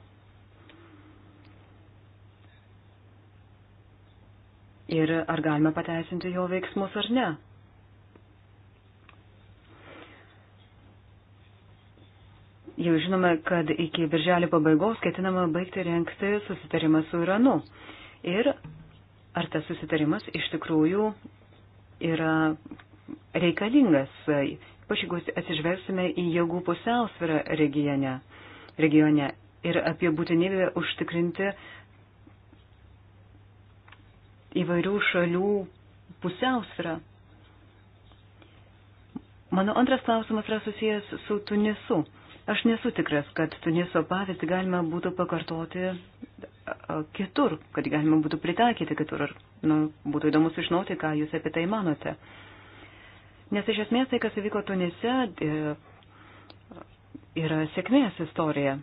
ir ar galima pateisinti jo veiksmus ar ne. Jau žinome, kad iki birželio pabaigos ketinama baigti renkti susitarimą su Iranu. Ir ar tas susitarimas iš tikrųjų yra reikalingas, ypač jeigu atsižvelgsime į jėgų pusiausvyrą regione, regione ir apie būtinybę užtikrinti įvairių šalių pusiausvyrą. Mano antras klausimas yra susijęs su Tunisu. Aš nesu tikras, kad Tuniso pavyzdį galima būtų pakartoti kitur, kad galima būtų pritaikyti kitur. Ir nu, būtų įdomu sužinoti, ką jūs apie tai manote. Nes iš esmės tai, kas įvyko Tunise, e, yra sėkmės istorija.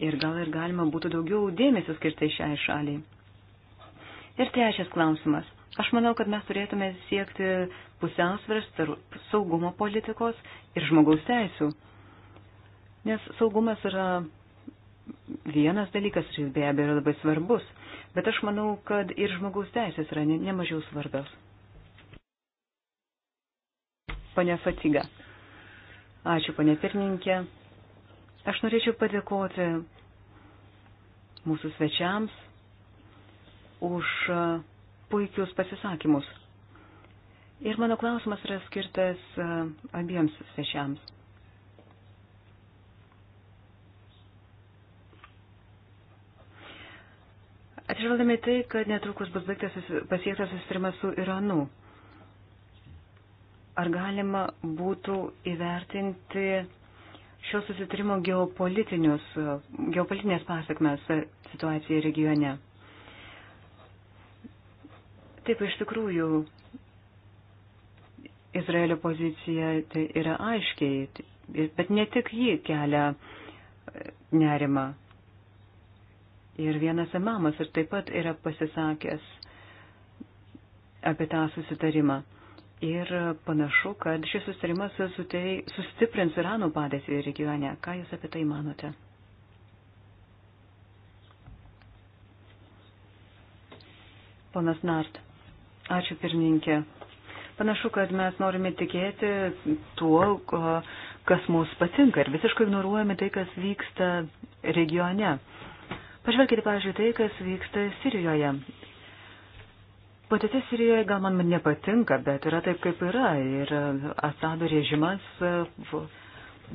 Ir gal ir galima būtų daugiau dėmesio skirti šiai šaliai. Ir trečias klausimas. Aš manau, kad mes turėtume siekti pusiausvės tarp saugumo politikos ir žmogaus teisų. Nes saugumas yra vienas dalykas, jis be abejo yra labai svarbus, bet aš manau, kad ir žmogaus teisės yra nemažiau ne svarbios. Pane Fatiga. Ačiū, pane pirmininkė. Aš norėčiau padėkoti mūsų svečiams už e, puikius pasisakymus. Ir mano klausimas yra skirtas e, abiems svečiams. Atsižvelgdami tai, kad netrukus bus baigtas pasiektas susitarimas su Iranu, ar galima būtų įvertinti šio susitarimo e, geopolitinės pasiekmes situacijai regione? Taip, iš tikrųjų, Izraelio pozicija tai yra aiškiai, tai- bet ne tik ji kelia e, nerimą. Ir vienas imamas ir taip pat yra pasisakęs apie tą susitarimą. Ir panašu, kad šis susitarimas sustiprins Irano padėtį regione. Ką Jūs apie tai manote? Ponas Nart. Ačiū pirmininkė. Panašu, kad mes norime tikėti tuo, kas mums patinka ir visiškai ignoruojame tai, kas vyksta regione. Pažvelkite, pavyzdžiui, tai, kas vyksta Sirijoje. Patėtis Sirijoje gal man nepatinka, bet yra taip, kaip yra. Ir Asado režimas e,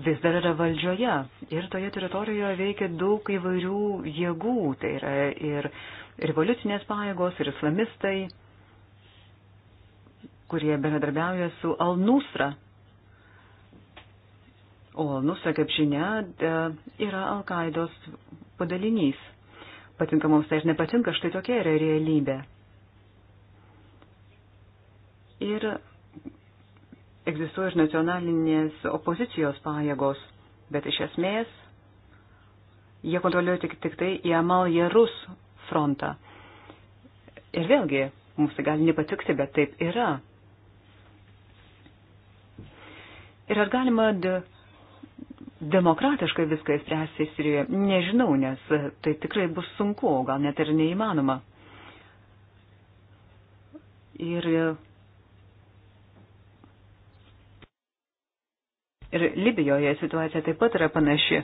vis dar yra valdžioje. Ir toje teritorijoje veikia daug įvairių jėgų. Tai yra ir revoliucinės pajėgos, ir islamistai, kurie bendradarbiauja su Al-Nusra. O Al-Nusra, kaip žinia, e, yra Al-Qaidos padalinys. Patinka mums tai ir nepatinka, štai tokia yra realybė. Ir egzistuoja ir nacionalinės opozicijos pajėgos, bet iš esmės jie kontroliuoja tik, tik tai į Amal Jarus frontą. Ir vėlgi, mums tai gali nepatikti, bet taip yra. Ir ar galima de, demokratiškai viską įspręsti Sirijoje? Nežinau, nes tai tikrai bus sunku, gal net ir neįmanoma. Ir, ir Libijoje situacija taip pat yra panaši.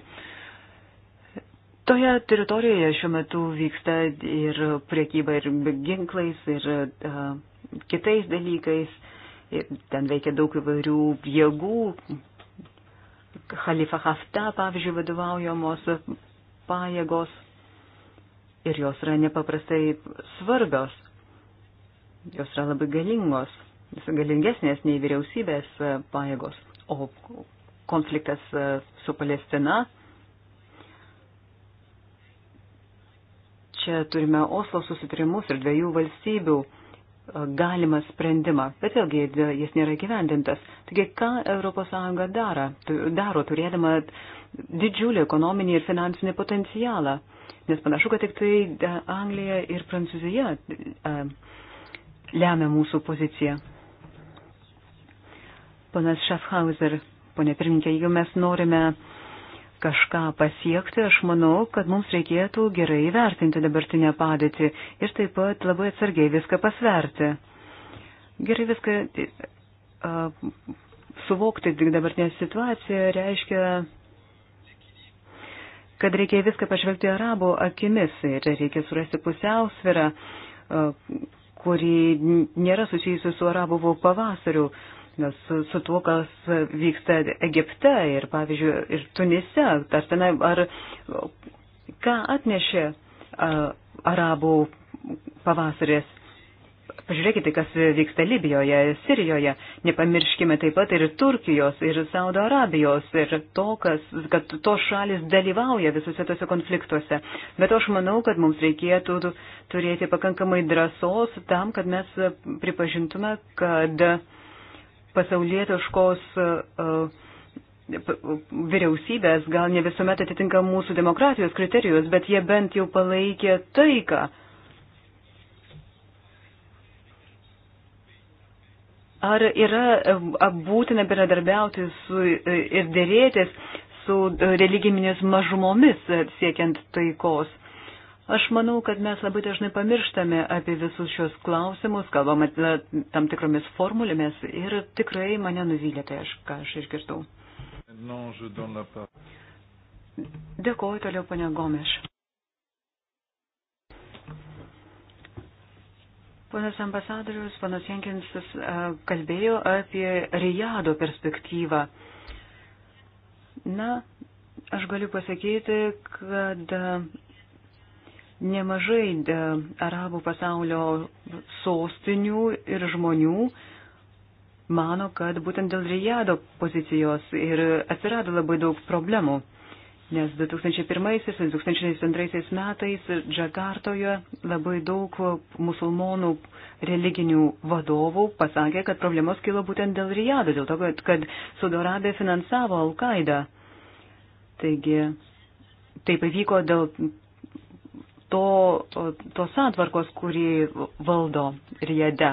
Toje teritorijoje šiuo metu vyksta ir priekyba ir ginklais, ir uh, kitais dalykais. Uh, Ten veikia daug įvairių jėgų. Khalifa Hafta, pavyzdžiui, vadovaujamos pajėgos ir jos yra nepaprastai svarbios. Jos yra labai galingos, galingesnės nei vyriausybės e, pajėgos. O konfliktas e, su Palestina. Čia turime Oslo susitrimus ir dviejų valstybių galimą sprendimą, bet vėlgi jis nėra gyvendintas. Taigi, ką ES daro, daro, turėdama didžiulį ekonominį ir finansinį potencialą? Nes panašu, kad tik tai e, Anglija ir Prancūzija e, lemia mūsų poziciją. Ponas Schaffhauser, ponė pirmininkė, jeigu mes norime uh, kažką pasiekti, aš manau, kad mums reikėtų gerai vertinti dabartinę padėtį ir taip pat labai atsargiai viską pasverti. Gerai viską uh, suvokti tik dabartinę situaciją reiškia kad reikia viską pažvelgti arabų akimis ir reikia surasti pusiausvirą, kuri nėra susijusi su arabų pavasariu nes su tuo, kas vyksta Egipte ir, pavyzdžiui, ir Tunise, ar tenai, ar ką atnešė a, arabų pavasaris. Pažiūrėkite, kas vyksta Libijoje, Sirijoje. Nepamirškime taip pat ir Turkijos, ir Saudo Arabijos, ir to, kas, kad tos šalis dalyvauja visuose tose konfliktuose. Bet aš manau, kad mums reikėtų turėti pakankamai drąsos tam, kad mes pripažintume, kad uh, pasaulietiškos e, e, vyriausybės gal ne visuomet atitinka mūsų demokratijos kriterijus, bet jie bent jau palaikė taiką. Ar yra e, būtina bendradarbiauti su, ir dėrėtis su religiminės mažumomis siekiant taikos? Aš manau, kad mes labai dažnai pamirštame apie visus šios klausimus, kalbame tam tikromis formulėmis ir tikrai mane nuvylė tai, aš, ką aš išgirdau. Dėkuoju toliau, ponia Gomeš. Ponas ambasadorius, ponas Jenkinsas kalbėjo apie Rijado perspektyvą. Na, aš galiu pasakyti, kad nemažai e, arabų pasaulio sostinių ir žmonių mano, kad būtent dėl Rijado pozicijos ir atsirado labai daug problemų. Nes 2001-2002 metais Džakartoje labai daug musulmonų religinių vadovų pasakė, kad problemos kilo būtent dėl Rijado, dėl to, kad, kad Saudo Arabija finansavo Al-Qaidą. Taigi, tai pavyko dėl to, tos santvarkos, kurį valdo riede.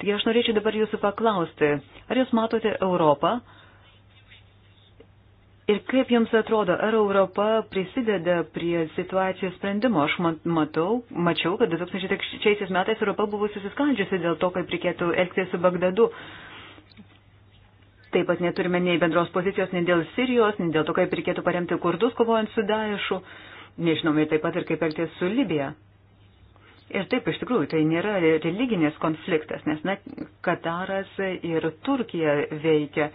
Taigi aš norėčiau dabar jūsų paklausti, ar jūs matote Europą ir kaip jums atrodo, ar Europa prisideda prie situacijos sprendimo? Aš matau, mačiau, kad 2006 metais Europa buvo susiskandžiusi dėl to, kaip reikėtų elgtis su Bagdadu. Taip pat neturime nei bendros pozicijos, nei dėl Sirijos, nei dėl to, kaip reikėtų paremti kurdus kovojant su Daešu. Uh, Nežinome taip pat ir kaip elgtis su Libija. Ir taip, iš tikrųjų, tai nėra religinis konfliktas, nes na, Kataras ir Turkija veikia,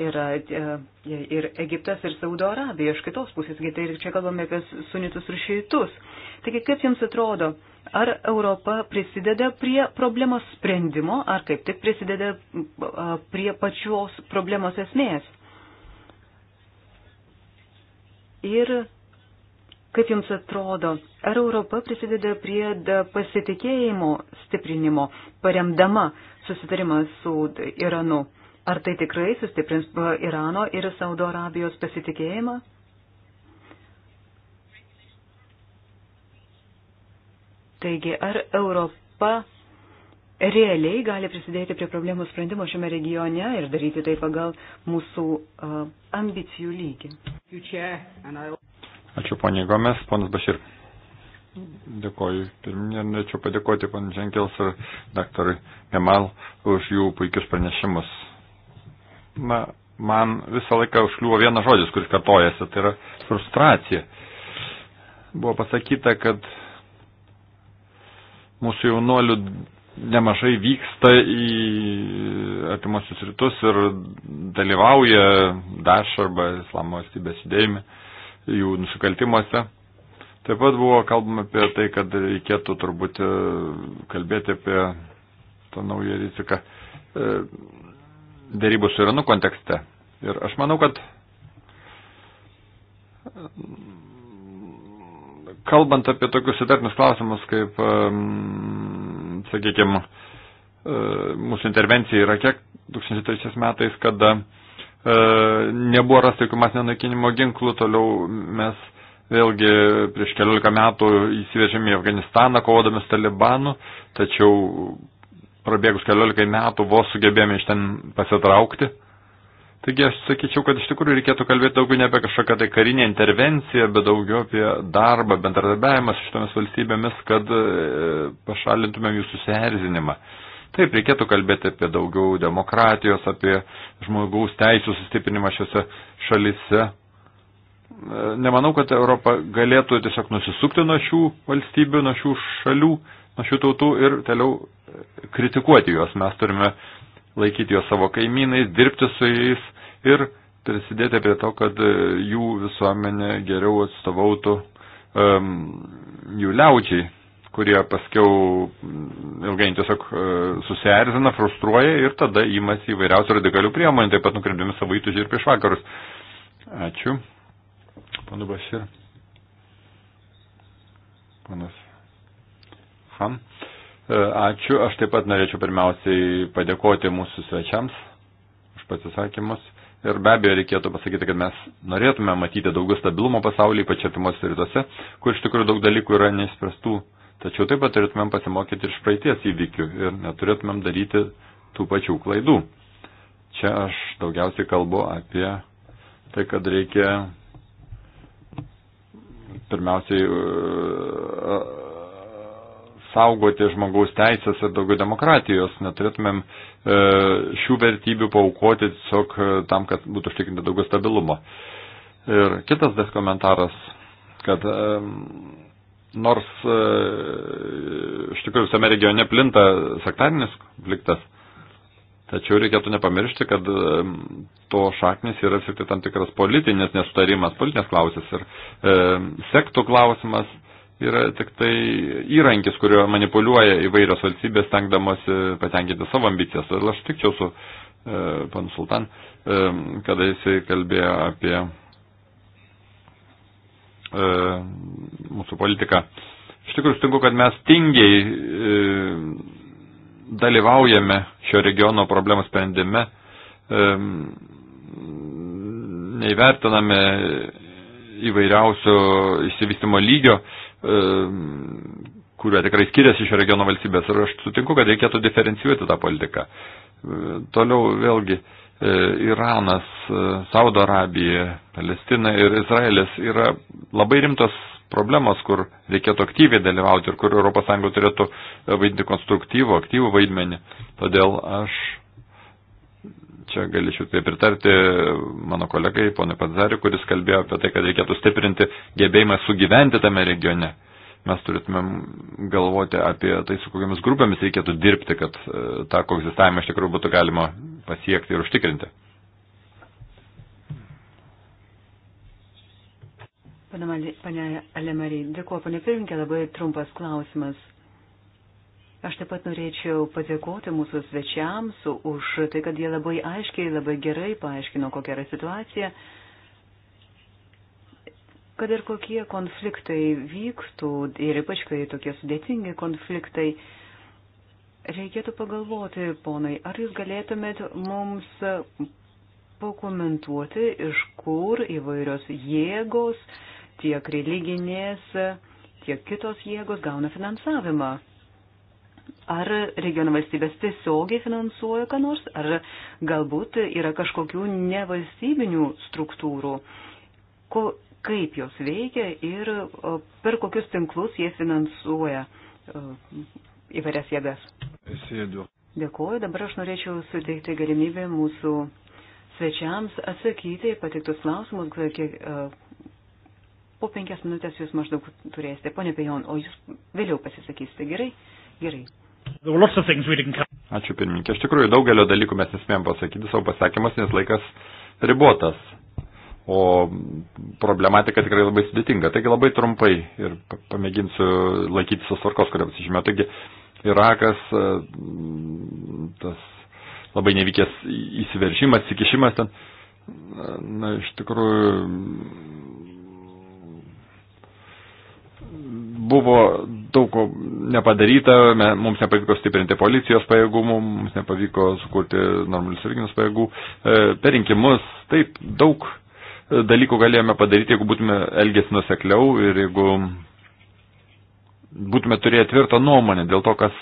yra e, ir Egiptas, ir Saudo Arabija, iš kitos pusės, tai ir čia kalbame apie sunitus ir šeitus. Taigi, kaip jums atrodo, ar Europa prisideda prie problemos sprendimo, ar kaip tik prisideda e, prie pačios problemos esmės? Ir Kaip Jums atrodo, ar Europa prisideda prie pasitikėjimo stiprinimo, paremdama susitarimą su Iranu? Ar tai tikrai sustiprins Irano ir Saudo Arabijos pasitikėjimą? Taigi, ar Europa realiai gali prisidėti prie problemų sprendimo šiame regione ir daryti tai pagal mūsų uh, ambicijų lygį? Ačiū poniai Gomes, ponas Bašir. Dėkoju. Pirminė, norėčiau padėkoti pan Ženkels ir daktarui Jamal už jų puikius pranešimus. Na, man visą laiką užkliuvo vienas žodis, kuris kartojasi, tai yra frustracija. Buvo pasakyta, kad mūsų jaunuolių nemažai vyksta į atimosius rytus ir dalyvauja Daš arba Islamo valstybės judėjime. Uh, jų nusikaltimuose. Taip pat buvo kalbama apie tai, kad reikėtų turbūt e, kalbėti apie tą naują riziką e, dėrybų su Iranu kontekste. Ir aš manau, kad kalbant apie tokius įtartinius klausimus, kaip, e, sakykime, mūsų intervencija yra kiek 2003 metais, kada E, nebuvo rasta jokių masinio naikinimo ginklų, toliau mes vėlgi prieš keliolika metų įsivežėme į Afganistaną kovodami su Talibanu, tačiau prabėgus keliolikai metų vos sugebėjome iš ten pasitraukti. Taigi aš sakyčiau, kad iš tikrųjų reikėtų kalbėti daugiau ne apie kažkokią tai karinę intervenciją, bet daugiau apie darbą, bendradarbiavimą su šitomis valstybėmis, kad e, pašalintumėm jų susierzinimą. E, Taip, reikėtų kalbėti apie daugiau demokratijos, apie žmogaus teisų sustiprinimą šiuose šalise. E, nemanau, kad Europa galėtų tiesiog nusisukti nuo šių valstybių, nuo šių šalių, nuo šių tautų ir toliau kritikuoti juos. Mes turime laikyti juos savo kaimynais, dirbti su jais ir prisidėti prie to, kad e, jų visuomenė geriau atstovautų um, jų liaučiai kurie paskiau mm, ilgai tiesiog e, susierzina, frustruoja ir tada įmasi įvairiausių radikalių priemonių, taip pat nukreipdami savo įtužį ir prieš vakarus. Ačiū. Panu Basir. Panas. Ham. E, ačiū. Aš taip pat norėčiau pirmiausiai padėkoti mūsų svečiams už pasisakymus. Ir be abejo reikėtų pasakyti, kad mes norėtume matyti daugiau stabilumo pasaulyje, ypač apimuose rytuose, kur iš tikrųjų daug dalykų yra neįspręstų Tačiau taip pat turėtumėm pasimokyti iš praeities įvykių ir neturėtumėm daryti tų pačių klaidų. Čia aš daugiausiai kalbu apie tai, kad reikia pirmiausiai e, e, saugoti žmogaus teisės ir daugiau demokratijos. Neturėtumėm e, šių vertybių paukoti tiesiog tam, kad būtų užtikrinta daugiau stabilumo. Ir kitas dar komentaras, kad nors e, iš tikrųjų visame regione plinta sektarinis konfliktas, tačiau reikėtų nepamiršti, kad e, to šaknis yra tik tam tikras politinės nesutarimas, politinės klausimas ir e, sektų klausimas yra tik tai įrankis, kuriuo manipuliuoja įvairios valstybės, tenkdamosi patenkinti savo ambicijas. Ir aš tikčiau su e, panu Sultan, e, kada jisai kalbėjo apie e, mūsų politiką. Iš tikrųjų, sutinku, kad mes tingiai e, dalyvaujame šio regiono problemų sprendime, e, neįvertiname įvairiausio išsivystimo lygio, e, kurio tikrai skiriasi šio regiono valstybės. Ir aš sutinku, kad reikėtų diferencijuoti tą politiką. E, toliau vėlgi. E, E, Iranas, e, Saudo Arabija, Palestina ir Izraelis yra labai rimtos problemos, kur reikėtų aktyviai dalyvauti ir kur ES turėtų e, vaidinti konstruktyvų, aktyvų vaidmenį. Todėl aš čia galėčiau tai pritarti mano kolegai, ponui Padzariu, kuris kalbėjo apie tai, kad reikėtų stiprinti gebėjimą sugyventi tame regione. Mes turėtumėm galvoti apie tai, su kokiamis grupėmis reikėtų dirbti, kad tą koegzistavimą iš tikrųjų būtų galima pasiekti ir užtikrinti. Pane Alemarį, dėkuoju, pane pirminkė, labai trumpas klausimas. Aš taip pat norėčiau padėkoti mūsų svečiams už tai, kad jie labai aiškiai, labai gerai paaiškino, kokia yra situacija. Kad ir kokie konfliktai vyktų, ir ypač kai tokie sudėtingi konfliktai, uh, Reikėtų pagalvoti, ponai, ar jūs galėtumėt mums pakomentuoti, iš kur įvairios jėgos, tiek religinės, tiek kitos jėgos gauna finansavimą. Ar regiono valstybės tiesiogiai finansuoja ką nors, ar galbūt yra kažkokių nevalstybinių struktūrų, ko, kaip jos veikia ir per kokius tinklus jie finansuoja įvairias jėgas. Dėkuoju, dabar aš norėčiau suteikti galimybę mūsų svečiams atsakyti patiktus klausimus, kiek, e, po penkias minutės jūs maždaug turėsite. Pone Pejon, o jūs vėliau pasisakysite, gerai? Gerai. Ačiū pirmininkė. Iš tikrųjų, daugelio dalykų mes nespėjom pasakyti savo pasakymas, nes laikas ribotas. O problematika tikrai labai sudėtinga. Taigi labai trumpai ir pamėginsiu laikytis tos tvarkos, kurią pasižymėjau. Taigi Irakas, e, tas labai nevykęs įsiveržimas, įkišimas ten, e, na, iš tikrųjų buvo daug ko nepadaryta, mums nepavyko stiprinti policijos pajėgumų, mums nepavyko sukurti normalius reginus pajėgų. E, per rinkimus taip daug dalykų galėjome padaryti, jeigu būtume elgės nusekliau ir jeigu būtume turėję tvirtą nuomonę dėl to, kas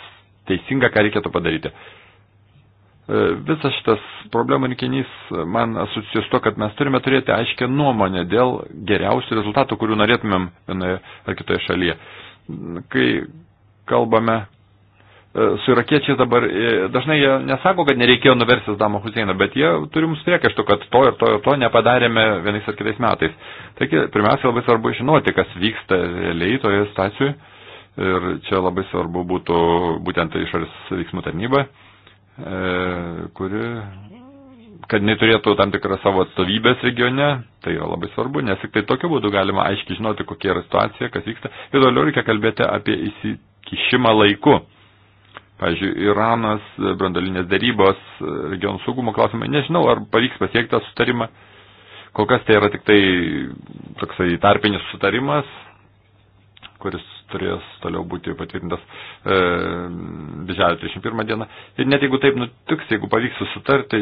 teisinga, ką reikėtų padaryti. E, visas šitas problemų rinkinys e, man asocijuos to, kad mes turime turėti aiškę nuomonę dėl geriausių rezultatų, kurių norėtumėm vienoje ar kitoje šalyje. Kai kalbame e, su irakiečiais dabar, dažnai jie nesako, kad nereikėjo nuversis Damo Huseino, bet jie turi mums priekaištų, kad to ir to ir to nepadarėme vienais ar kitais metais. Taigi, pirmiausia, labai svarbu žinoti, kas vyksta realiai toje stacijoje Ir čia labai svarbu būtų būtent tai išorės veiksmų tarnyba, e, kuri, kad neturėtų tam tikrą savo atstovybės regione, tai yra labai svarbu, nes tik tai tokiu būdu galima aiškiai žinoti, kokia yra situacija, kas vyksta. Ir toliau reikia kalbėti apie įsikišimą laiku. Pavyzdžiui, Iranas, brandolinės darybos, regionų saugumo klausimai, nežinau, ar pavyks pasiekti tą sutarimą. Kol kas tai yra tik tai toksai tarpinis sutarimas, kuris turės toliau būti patvirtintas e, birželio 31 dieną. Ir net jeigu taip nutiks, jeigu pavyks susitarti,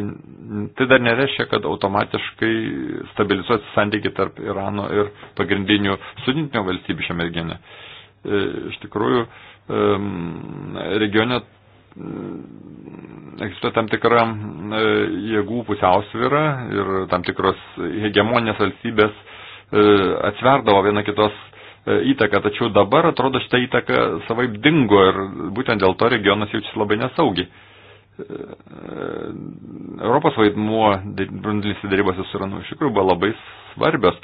tai dar nereiškia, kad automatiškai stabilizuosi santykiai tarp Irano ir pagrindinių sunitinio valstybių šiame regione. E, iš tikrųjų, e, regione egzistuoja tam tikra e, jėgų pusiausvyra ir tam tikros hegemonės valstybės e, atsverdavo viena kitos E, įtaką, tačiau dabar atrodo šitą įtaką savaip dingo ir būtent dėl to regionas jaučiasi labai nesaugiai. E, e, Europos vaidmuo brandalyse darybose su Iranu iš tikrųjų buvo labai svarbios.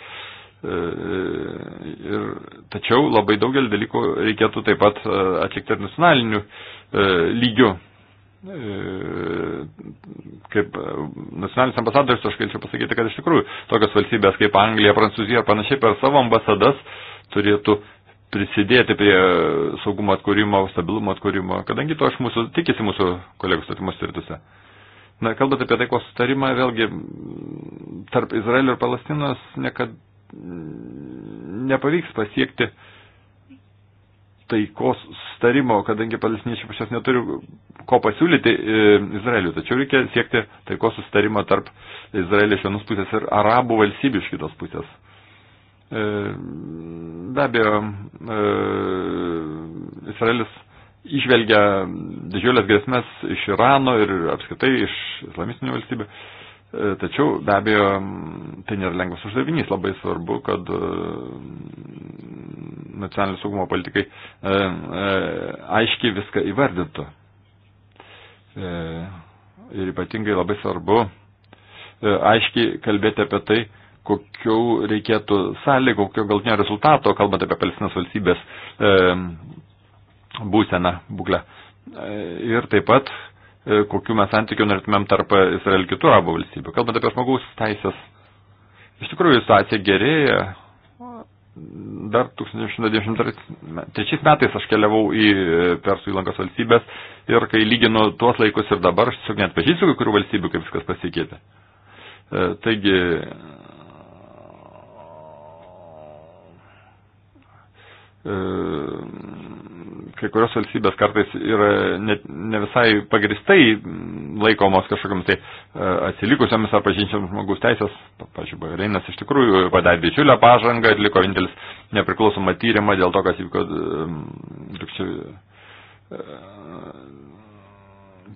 Ir, tačiau labai daugelį dalykų reikėtų taip pat atlikti ir nacionaliniu lygiu. Kaip nacionalinis ambasadorius, aš galėčiau pasakyti, kad iš tikrųjų tokios valstybės kaip Anglija, Prancūzija ir panašiai per savo ambasadas uh, turėtų prisidėti prie saugumo atkūrimo, stabilumo atkūrimo, kadangi to aš mūsų, tikisi mūsų kolegų statymus rytuose. Na, kalbant apie taikos sutarimą, vėlgi tarp Izraelio ir Palestinos niekad nepavyks pasiekti taikos sustarimo, kadangi palestiniečiai pačios neturi ko pasiūlyti e, Izraeliu. Tačiau reikia siekti taikos sustarimo tarp Izraelio iš vienos pusės ir arabų valstybių iš kitos pusės. E, be abejo, e, Izraelis išvelgia didžiulės grėsmės iš Irano ir apskaitai iš islamistinių valstybių. E, tačiau, be abejo, tai nėra lengvas uždavinys. Labai svarbu, kad nacionalinio saugumo politikai aiškiai viską įvardintų. Ir ypatingai labai svarbu aiškiai kalbėti apie tai, kokių reikėtų sąlygų, kokio galtinio rezultato, kalbant apie Palestinos valstybės e, būseną, būklę. E, ir taip pat, e, kokių mes santykių norėtumėm tarp Izraelio kitų arabų valstybių. Kalbant apie žmogaus teisės, iš tikrųjų situacija gerėja. Dar 1993 metais aš keliavau į Persų įlankos valstybės ir kai lyginu tuos laikus ir dabar, aš tiesiog net pažįstu kai kurių valstybių, kaip viskas pasikeitė. E, taigi, E, kai kurios valstybės kartais yra ne, ne visai pagristai laikomos kažkokiams tai e, atsilikusiamis ar pažinčiams žmogus teisės. Pavyzdžiui, Bahreinas iš tikrųjų padarė didžiulę pažangą, atliko vienintelis nepriklausomą tyrimą dėl to, kas įvyko e,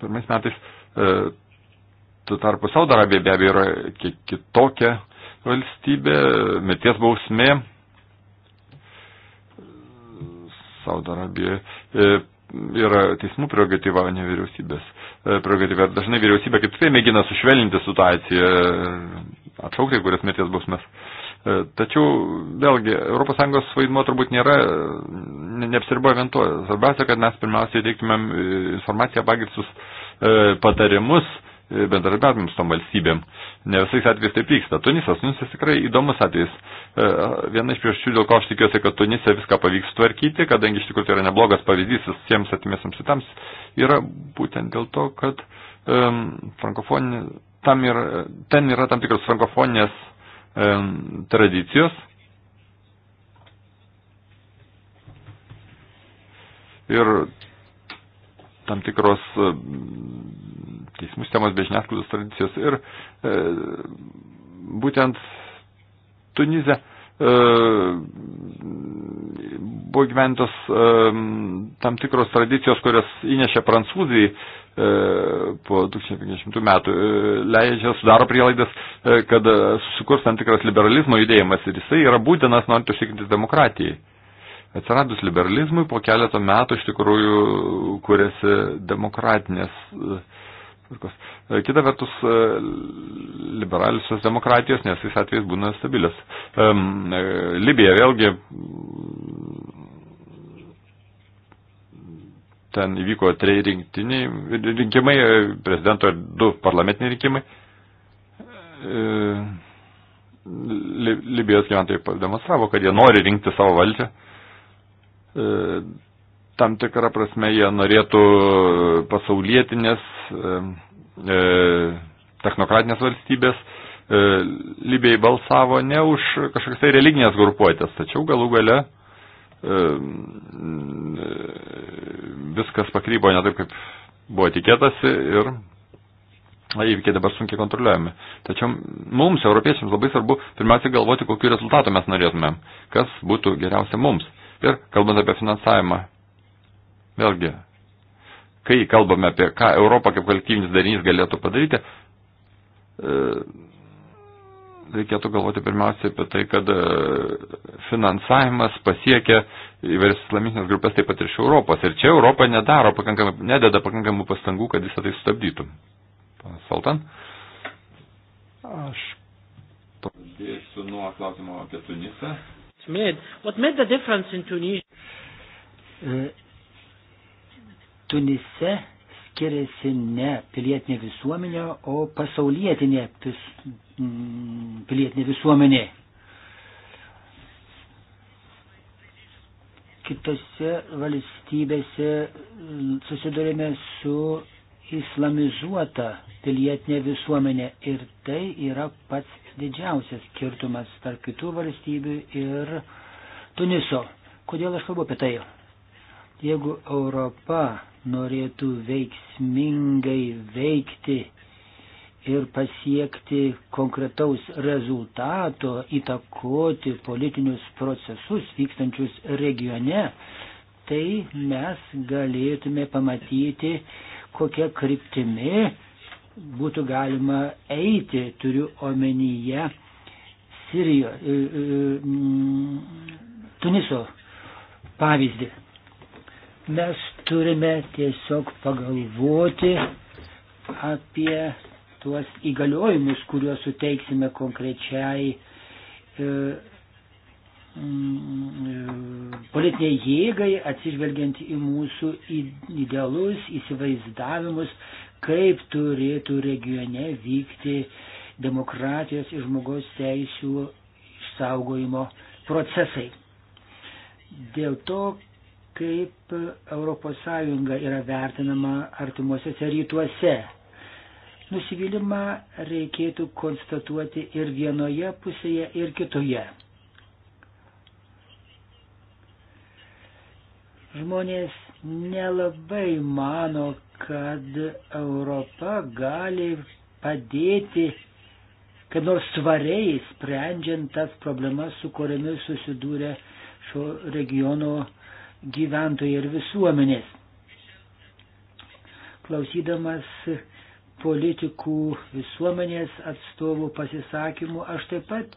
pirmais metais. Tuo tarpu Saudo Arabija be abejo yra kiek kitokia valstybė, mirties bausmė Saudo Arabija e, yra teismų prerogatyva, o ne vyriausybės e, prerogatyva. Dažnai vyriausybė kaip tai mėgina sušvelninti situaciją, e, atšaukti kurias mirties bausmės. Tačiau, vėlgi, ES vaidmo turbūt nėra, neapsiriboja vien tuo. Svarbiausia, kad mes pirmiausiai teiktumėm informaciją, pagirsus patarimus bendradarbiavimus tom valstybėm. Ne visais atvejais taip vyksta. Tunisas, Tunisas nu, tikrai įdomus atvejis. E, viena iš priežasčių, dėl ko aš tikiuosi, kad Tunise viską pavyks tvarkyti, kadangi iš tikrųjų tai yra neblogas pavyzdys visiems atimėsiams sitams, yra būtent dėl to, kad um, frankofoninė, tam yra, ten yra tam tikros frankofoninės um, tradicijos. Ir tam tikros e, teismų sistemos bei žiniasklaidos tradicijos. Ir e, būtent Tunize e, buvo gyventos e, tam tikros tradicijos, kurias įnešė prancūzijai e, po 2050 metų e, leidžia, sudaro prielaidas, kad susikurs tam tikras liberalizmo judėjimas ir jisai yra būtinas norint užsikrintis demokratijai. Atsiradus liberalizmui po keletą metų iš tikrųjų kūrėsi demokratinės. E, e, kita vertus, e, liberalisios demokratijos, nes jis atvejais būna stabilios. Libija vėlgi ten įvyko trei rinktiniai rinkimai, prezidento ir du parlamentiniai rinkimai. Libijos gyventojai demonstravo, kad jie nori rinkti savo valdžią. E, tam tikrą prasme jie norėtų pasaulietinės, e, e, technokratinės valstybės. Libiai balsavo ne už kažkokias tai religinės grupuotės, tačiau galų gale viskas pakrypo ne taip, kaip buvo tikėtasi ir įvykiai dabar sunkiai kontroliuojami. Tačiau mums, europiečiams, labai svarbu pirmiausia galvoti, kokiu rezultatu mes norėtumėm, kas būtų geriausia mums. Ir kalbant apie finansavimą, vėlgi, kai kalbame apie ką Europą kaip kolektyvinis darinys galėtų padaryti, e, reikėtų galvoti pirmiausiai apie tai, kad e, finansavimas pasiekia įvairias islamistinės grupės taip pat ir iš Europos. Ir čia Europa nedaro pakankamai, nededa pakankamų pastangų, kad visą tai sustabdytų. Sultan? Aš pradėsiu nuo klausimo apie Tunisą made. What made the difference in Tunisia? E, Tunise skiriasi ne pilietinė visuomenė, o pasaulietinė pis, mm, pilietinė visuomenė. Kitose valstybėse susidurime su islamizuota pilietinė visuomenė ir tai yra pats didžiausias skirtumas tarp kitų valstybių ir Tuniso. Kodėl aš kalbu apie tai? Jeigu Europa norėtų veiksmingai veikti ir pasiekti konkretaus rezultato, įtakoti politinius procesus vykstančius regione, tai mes galėtume pamatyti kokia kryptimi būtų galima eiti, turiu omenyje Sirijo, e, e, mm, Tuniso pavyzdį. Mes turime tiesiog pagalvoti apie tuos įgaliojimus, kuriuos suteiksime konkrečiai e, Mm, politiniai jėgai, atsižvelgiant į mūsų idealus, įsivaizdavimus, kaip turėtų regione vykti demokratijos ir žmogaus teisų išsaugojimo procesai. Dėl to, kaip ES yra vertinama artimuosiuose rytuose. Nusivylimą reikėtų konstatuoti ir vienoje pusėje, ir kitoje. Žmonės nelabai mano, kad Europa gali padėti kaip nors svariai sprendžiant tas problemas, su kuriamis susidūrė šio regiono gyventojai ir visuomenės. Klausydamas politikų visuomenės atstovų pasisakymų, aš taip pat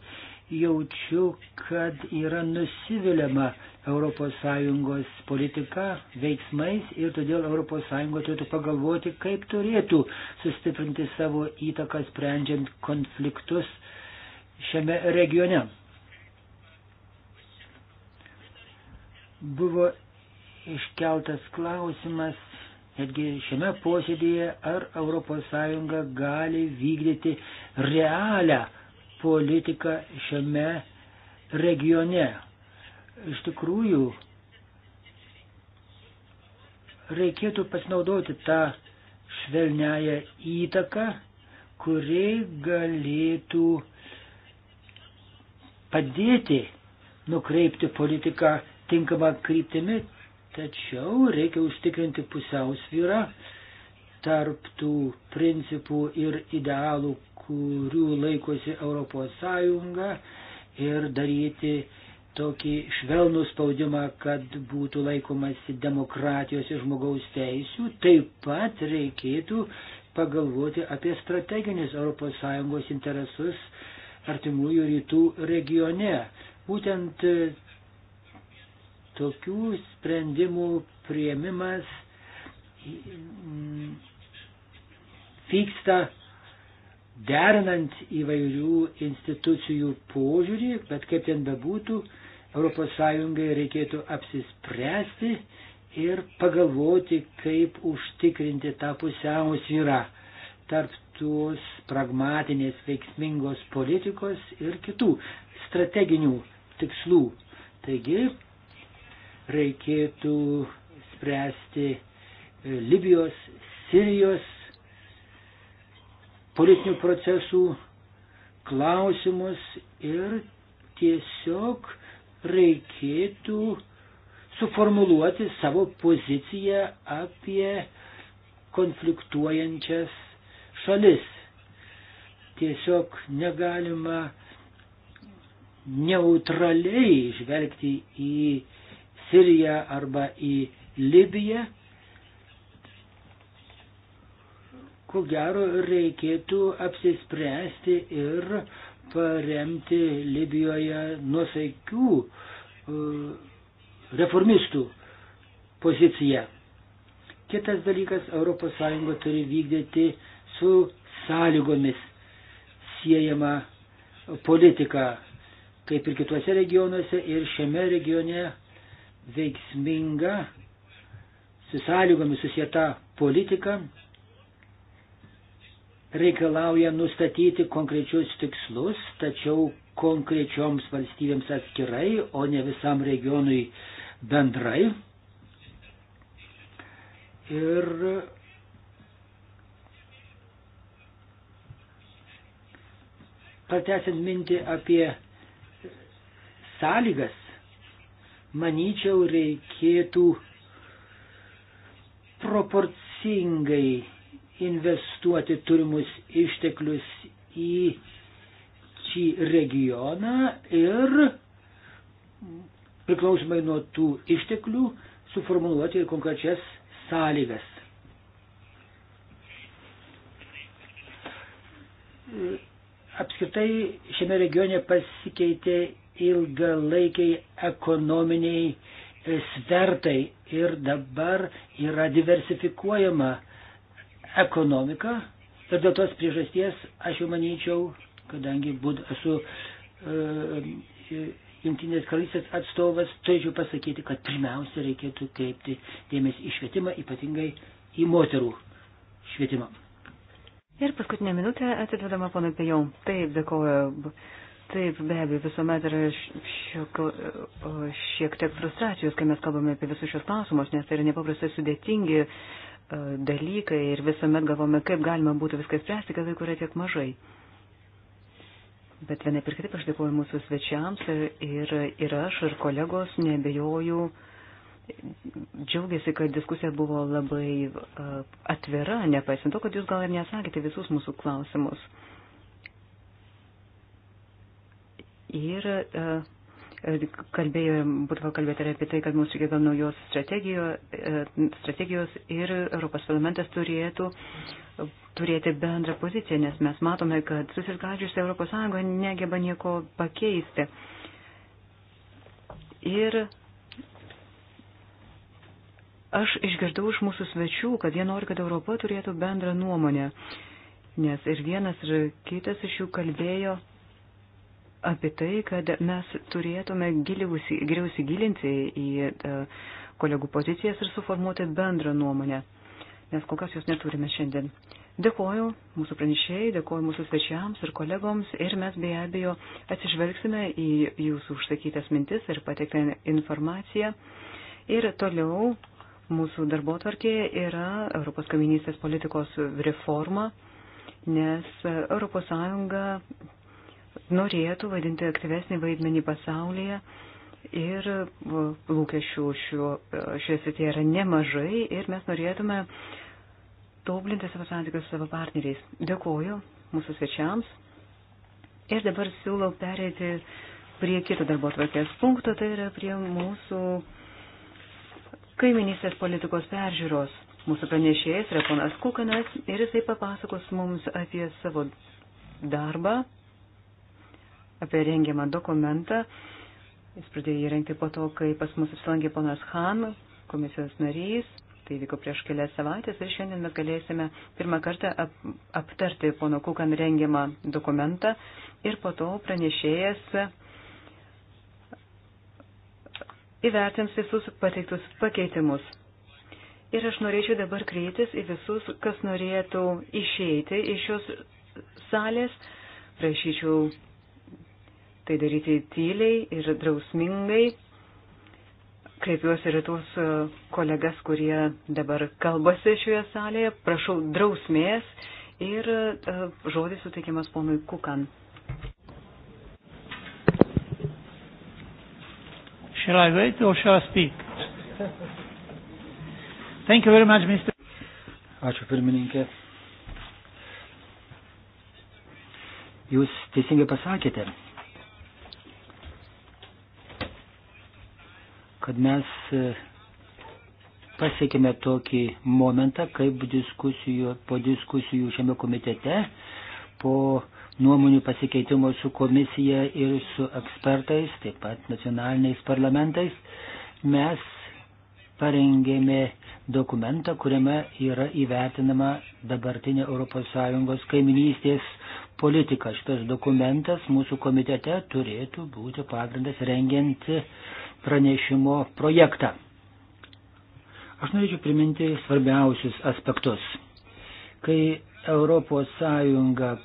jaučiu, kad yra nusiviliama ES politika, veiksmais ir todėl ES turėtų pagalvoti, kaip turėtų sustiprinti savo įtaką sprendžiant konfliktus šiame regione. Buvo iškeltas klausimas netgi šiame posėdėje, ar ES gali vykdyti realią politiką šiame regione. Iš tikrųjų, reikėtų pasinaudoti tą švelniają įtaką, kuri galėtų padėti nukreipti politiką tinkamą kryptimi, tačiau reikia užtikrinti pusiausvyrą tarp tų principų ir idealų, kurių laikosi ES ir daryti tokį švelnų spaudimą, kad būtų laikomasi demokratijos ir žmogaus teisių. Taip pat reikėtų pagalvoti apie strateginius ES interesus artimųjų rytų regione. Būtent e, tokių sprendimų prieimimas vyksta derinant įvairių institucijų požiūrį, bet kaip ten bebūtų, ES reikėtų apsispręsti ir pagalvoti, kaip užtikrinti tą pusiausvyrą tarp tos pragmatinės veiksmingos politikos ir kitų strateginių tikslų. Taigi reikėtų spręsti Libijos, Sirijos politinių procesų klausimus ir tiesiog reikėtų suformuluoti savo poziciją apie konfliktuojančias šalis. Tiesiog negalima neutraliai žvelgti į Siriją arba į Libiją, ko gero reikėtų apsispręsti ir paremti Libijoje nusaikių e, reformistų poziciją. Kitas dalykas, ES turi vykdyti su sąlygomis siejama politika, kaip ir kituose regionuose ir šiame regione veiksminga su sąlygomis susieta politika reikalauja nustatyti konkrečius tikslus, tačiau konkrečioms valstybėms atskirai, o ne visam regionui bendrai. Ir pratesiant mintį apie sąlygas, manyčiau, reikėtų proporcingai investuoti turimus išteklius į šį regioną ir priklausomai nuo tų išteklių suformuluoti ir konkrečias sąlygas. Apskritai šiame regione pasikeitė ilgalaikiai ekonominiai svertai ir dabar yra diversifikuojama ekonomiką ir dėl tos priežasties aš jau manyčiau, kadangi būd, esu e, e, jungtinės karalystės atstovas, turėčiau pasakyti, kad pirmiausia reikėtų kreipti dėmesį į švietimą, ypatingai į moterų švietimą. Ir paskutinę minutę atidodama ponui Pėjau. Taip, dėkoju. Taip, be abejo, visuomet yra šiek, šiek tiek frustracijos, kai mes kalbame apie visus šios klausimus, nes tai yra nepaprastai sudėtingi E, dalykai ir visuomet galvome, kaip galima būtų viską spręsti, kad vaikų yra tiek mažai. Bet vienaip ir kitaip aš dėkuoju mūsų svečiams ir, ir aš, ir kolegos, nebejoju, džiaugiasi, kad diskusija buvo labai e, atvira, nepaisant to, kad jūs gal ir nesakėte visus mūsų klausimus. Ir uh, Kalbėjo, būtų kalbėta apie tai, kad mums reikia gal naujos e, strategijos ir Europos parlamentas turėtų turėti bendrą poziciją, nes mes matome, kad susirgadžiusi Europos Sąjunga negeba nieko pakeisti. Ir aš išgirdau iš mūsų svečių, kad jie nori, kad Europa turėtų bendrą nuomonę, nes ir vienas, ir kitas iš jų kalbėjo apie tai, kad mes turėtume giliau įsigilinti į e, kolegų pozicijas ir suformuoti bendrą nuomonę, nes kol kas jos neturime šiandien. Dėkoju mūsų pranešėjai, dėkoju mūsų svečiams ir kolegoms ir mes be abejo atsižvelgsime į jūsų užsakytas mintis ir pateiktą informaciją. Ir toliau mūsų darbo tvarkėje yra Europos kaiminystės politikos reforma, nes ES norėtų vaidinti aktyvesnį vaidmenį pasaulyje ir lūkesčių šioje srityje yra nemažai ir mes norėtume tobulinti savo santykius su savo partneriais. Dėkoju mūsų svečiams ir dabar siūlau perėti prie kito darbo tvarkės punkto, tai yra prie mūsų kaiminystės politikos peržiūros. Mūsų pranešėjas yra ponas Kukanas ir jisai papasakos mums apie savo darbą apie rengiamą dokumentą. Jis pradėjo jį rengti po to, kai pas mus apsilankė ponas Han, komisijos narys. Tai vyko prieš kelias savaitės ir šiandien mes galėsime pirmą kartą ap aptarti pono Kukan rengiamą dokumentą ir po to pranešėjas įvertins visus pateiktus pakeitimus. Ir aš norėčiau dabar kreiptis į visus, kas norėtų išeiti iš šios salės. Prašyčiau tai daryti tyliai ir drausmingai. Kreipiuosi ir tuos e, kolegas, kurie dabar kalbasi šioje salėje. Prašau drausmės ir e, žodis suteikiamas ponui Kukan. Shall I wait or shall I speak? Thank you very much, Mr. Ačiū pirmininkė. Jūs teisingai pasakėte, kad mes e, pasiekime tokį momentą, kaip diskusijų, po diskusijų šiame komitete, po nuomonių pasikeitimo su komisija ir su ekspertais, taip pat nacionaliniais parlamentais, mes parengėme dokumentą, kuriame yra įvertinama dabartinė ES kaiminystės politika. Šitas dokumentas mūsų komitete turėtų būti pagrindas rengiant pranešimo projektą. Aš norėčiau priminti svarbiausius aspektus. Kai ES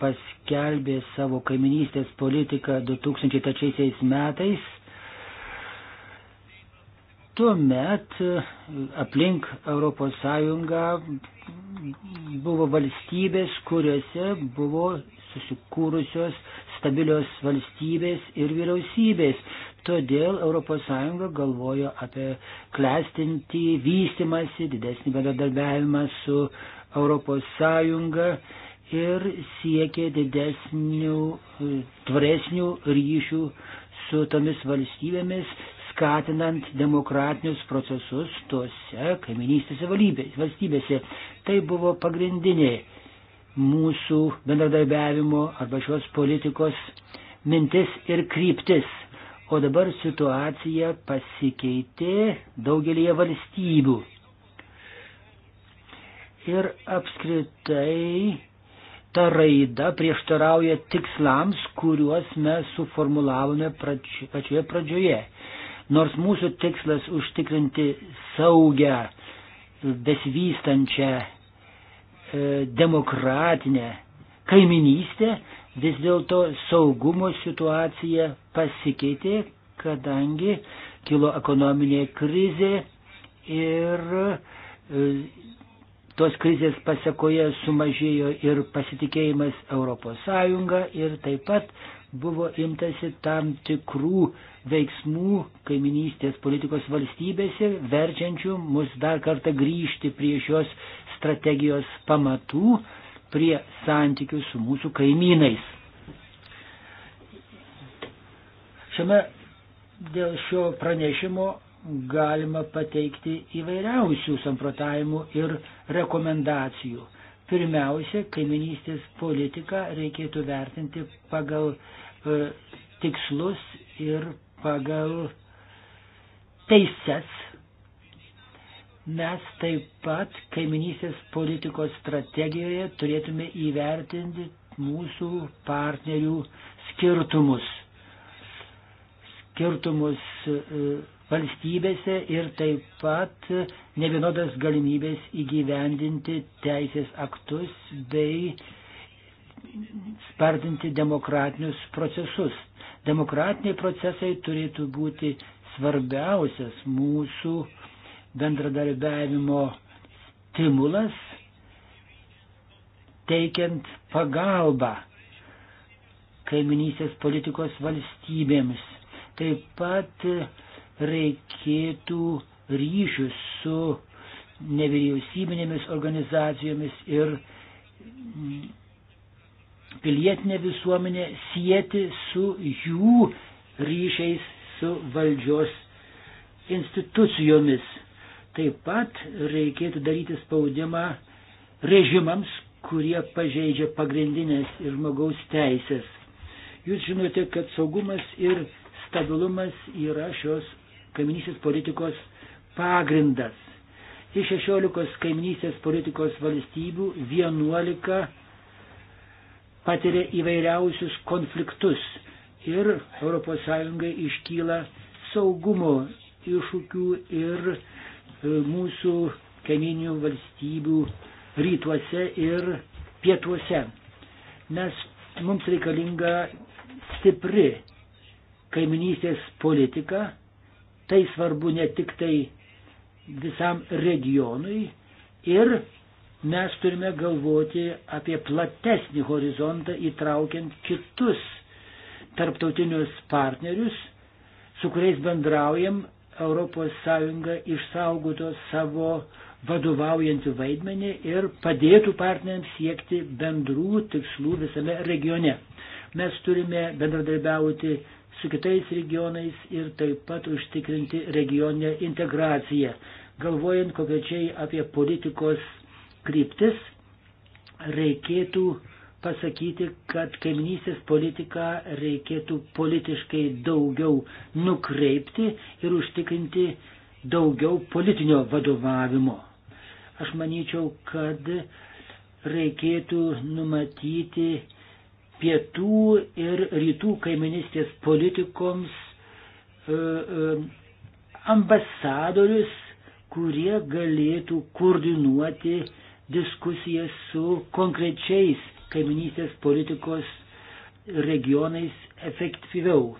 paskelbė savo kaiminystės politiką 2003 metais, tuomet aplink ES buvo valstybės, kuriuose buvo susikūrusios stabilios valstybės ir vyriausybės. Todėl ES galvojo apie klestinti vystimąsi, didesnį bendradarbiavimą su ES ir siekė didesnių, tvaresnių ryšių su tomis valstybėmis, skatinant demokratinius procesus tose kaiminystėse valstybėse. Tai buvo pagrindinė mūsų bendradarbiavimo arba šios politikos mintis ir kryptis. O dabar situacija pasikeitė daugelie valstybių. Ir apskritai ta raida prieštarauja tikslams, kuriuos mes suformulavome pradžio, pačioje pradžioje. Nors mūsų tikslas užtikrinti saugę, besivystančią, e, demokratinę kaiminystę, Vis dėlto saugumo situacija pasikeitė, kadangi kilo ekonominė krizė ir e, tos krizės pasakoje sumažėjo ir pasitikėjimas ES ir taip pat buvo imtasi tam tikrų veiksmų kaiminystės politikos valstybėse, verčiančių mus dar kartą grįžti prie šios strategijos pamatų prie santykių su mūsų kaimynais. Šiame dėl šio pranešimo galima pateikti įvairiausių samprotavimų ir rekomendacijų. Pirmiausia, kaiminystės politiką reikėtų vertinti pagal e, tikslus ir pagal teises Mes taip pat kaiminysės politikos strategijoje turėtume įvertinti mūsų partnerių skirtumus. Skirtumus e, valstybėse ir taip pat nevienodas galimybės įgyvendinti teisės aktus bei spartinti demokratinius procesus. Demokratiniai procesai turėtų būti svarbiausias mūsų uh, bendradarbiavimo stimulas, teikiant pagalbą kaiminysės politikos valstybėms. Taip pat reikėtų ryšių su nevyriausybinėmis organizacijomis ir pilietinė visuomenė sieti su jų ryšiais su valdžios institucijomis. Taip pat reikėtų daryti spaudimą režimams, kurie pažeidžia pagrindinės ir žmogaus teisės. Jūs žinote, kad saugumas ir stabilumas yra šios kaiminysės politikos pagrindas. Iš 16 kaiminysės politikos valstybių 11 patiria įvairiausius konfliktus ir ES iškyla saugumo iššūkių ir mūsų kaiminių valstybių rytuose ir pietuose. Mes, mums reikalinga stipri kaiminystės politika, tai svarbu ne tik tai visam regionui ir mes turime galvoti apie platesnį horizontą įtraukiant kitus tarptautinius partnerius, su kuriais bendraujam ES išsaugotų savo vadovaujantį vaidmenį ir padėtų partneriams siekti bendrų tikslų visame regione. Mes turime bendradarbiauti su kitais regionais ir taip pat užtikrinti regioninę integraciją. Galvojant konkrečiai apie politikos kryptis, reikėtų pasakyti, kad kaimynysės politiką reikėtų politiškai daugiau nukreipti ir užtikrinti daugiau politinio vadovavimo. Aš manyčiau, kad reikėtų numatyti pietų ir rytų kaiminystės politikoms e, e, ambasadorius, kurie galėtų koordinuoti diskusijas su konkrečiais kaiminystės politikos regionais efektyviau.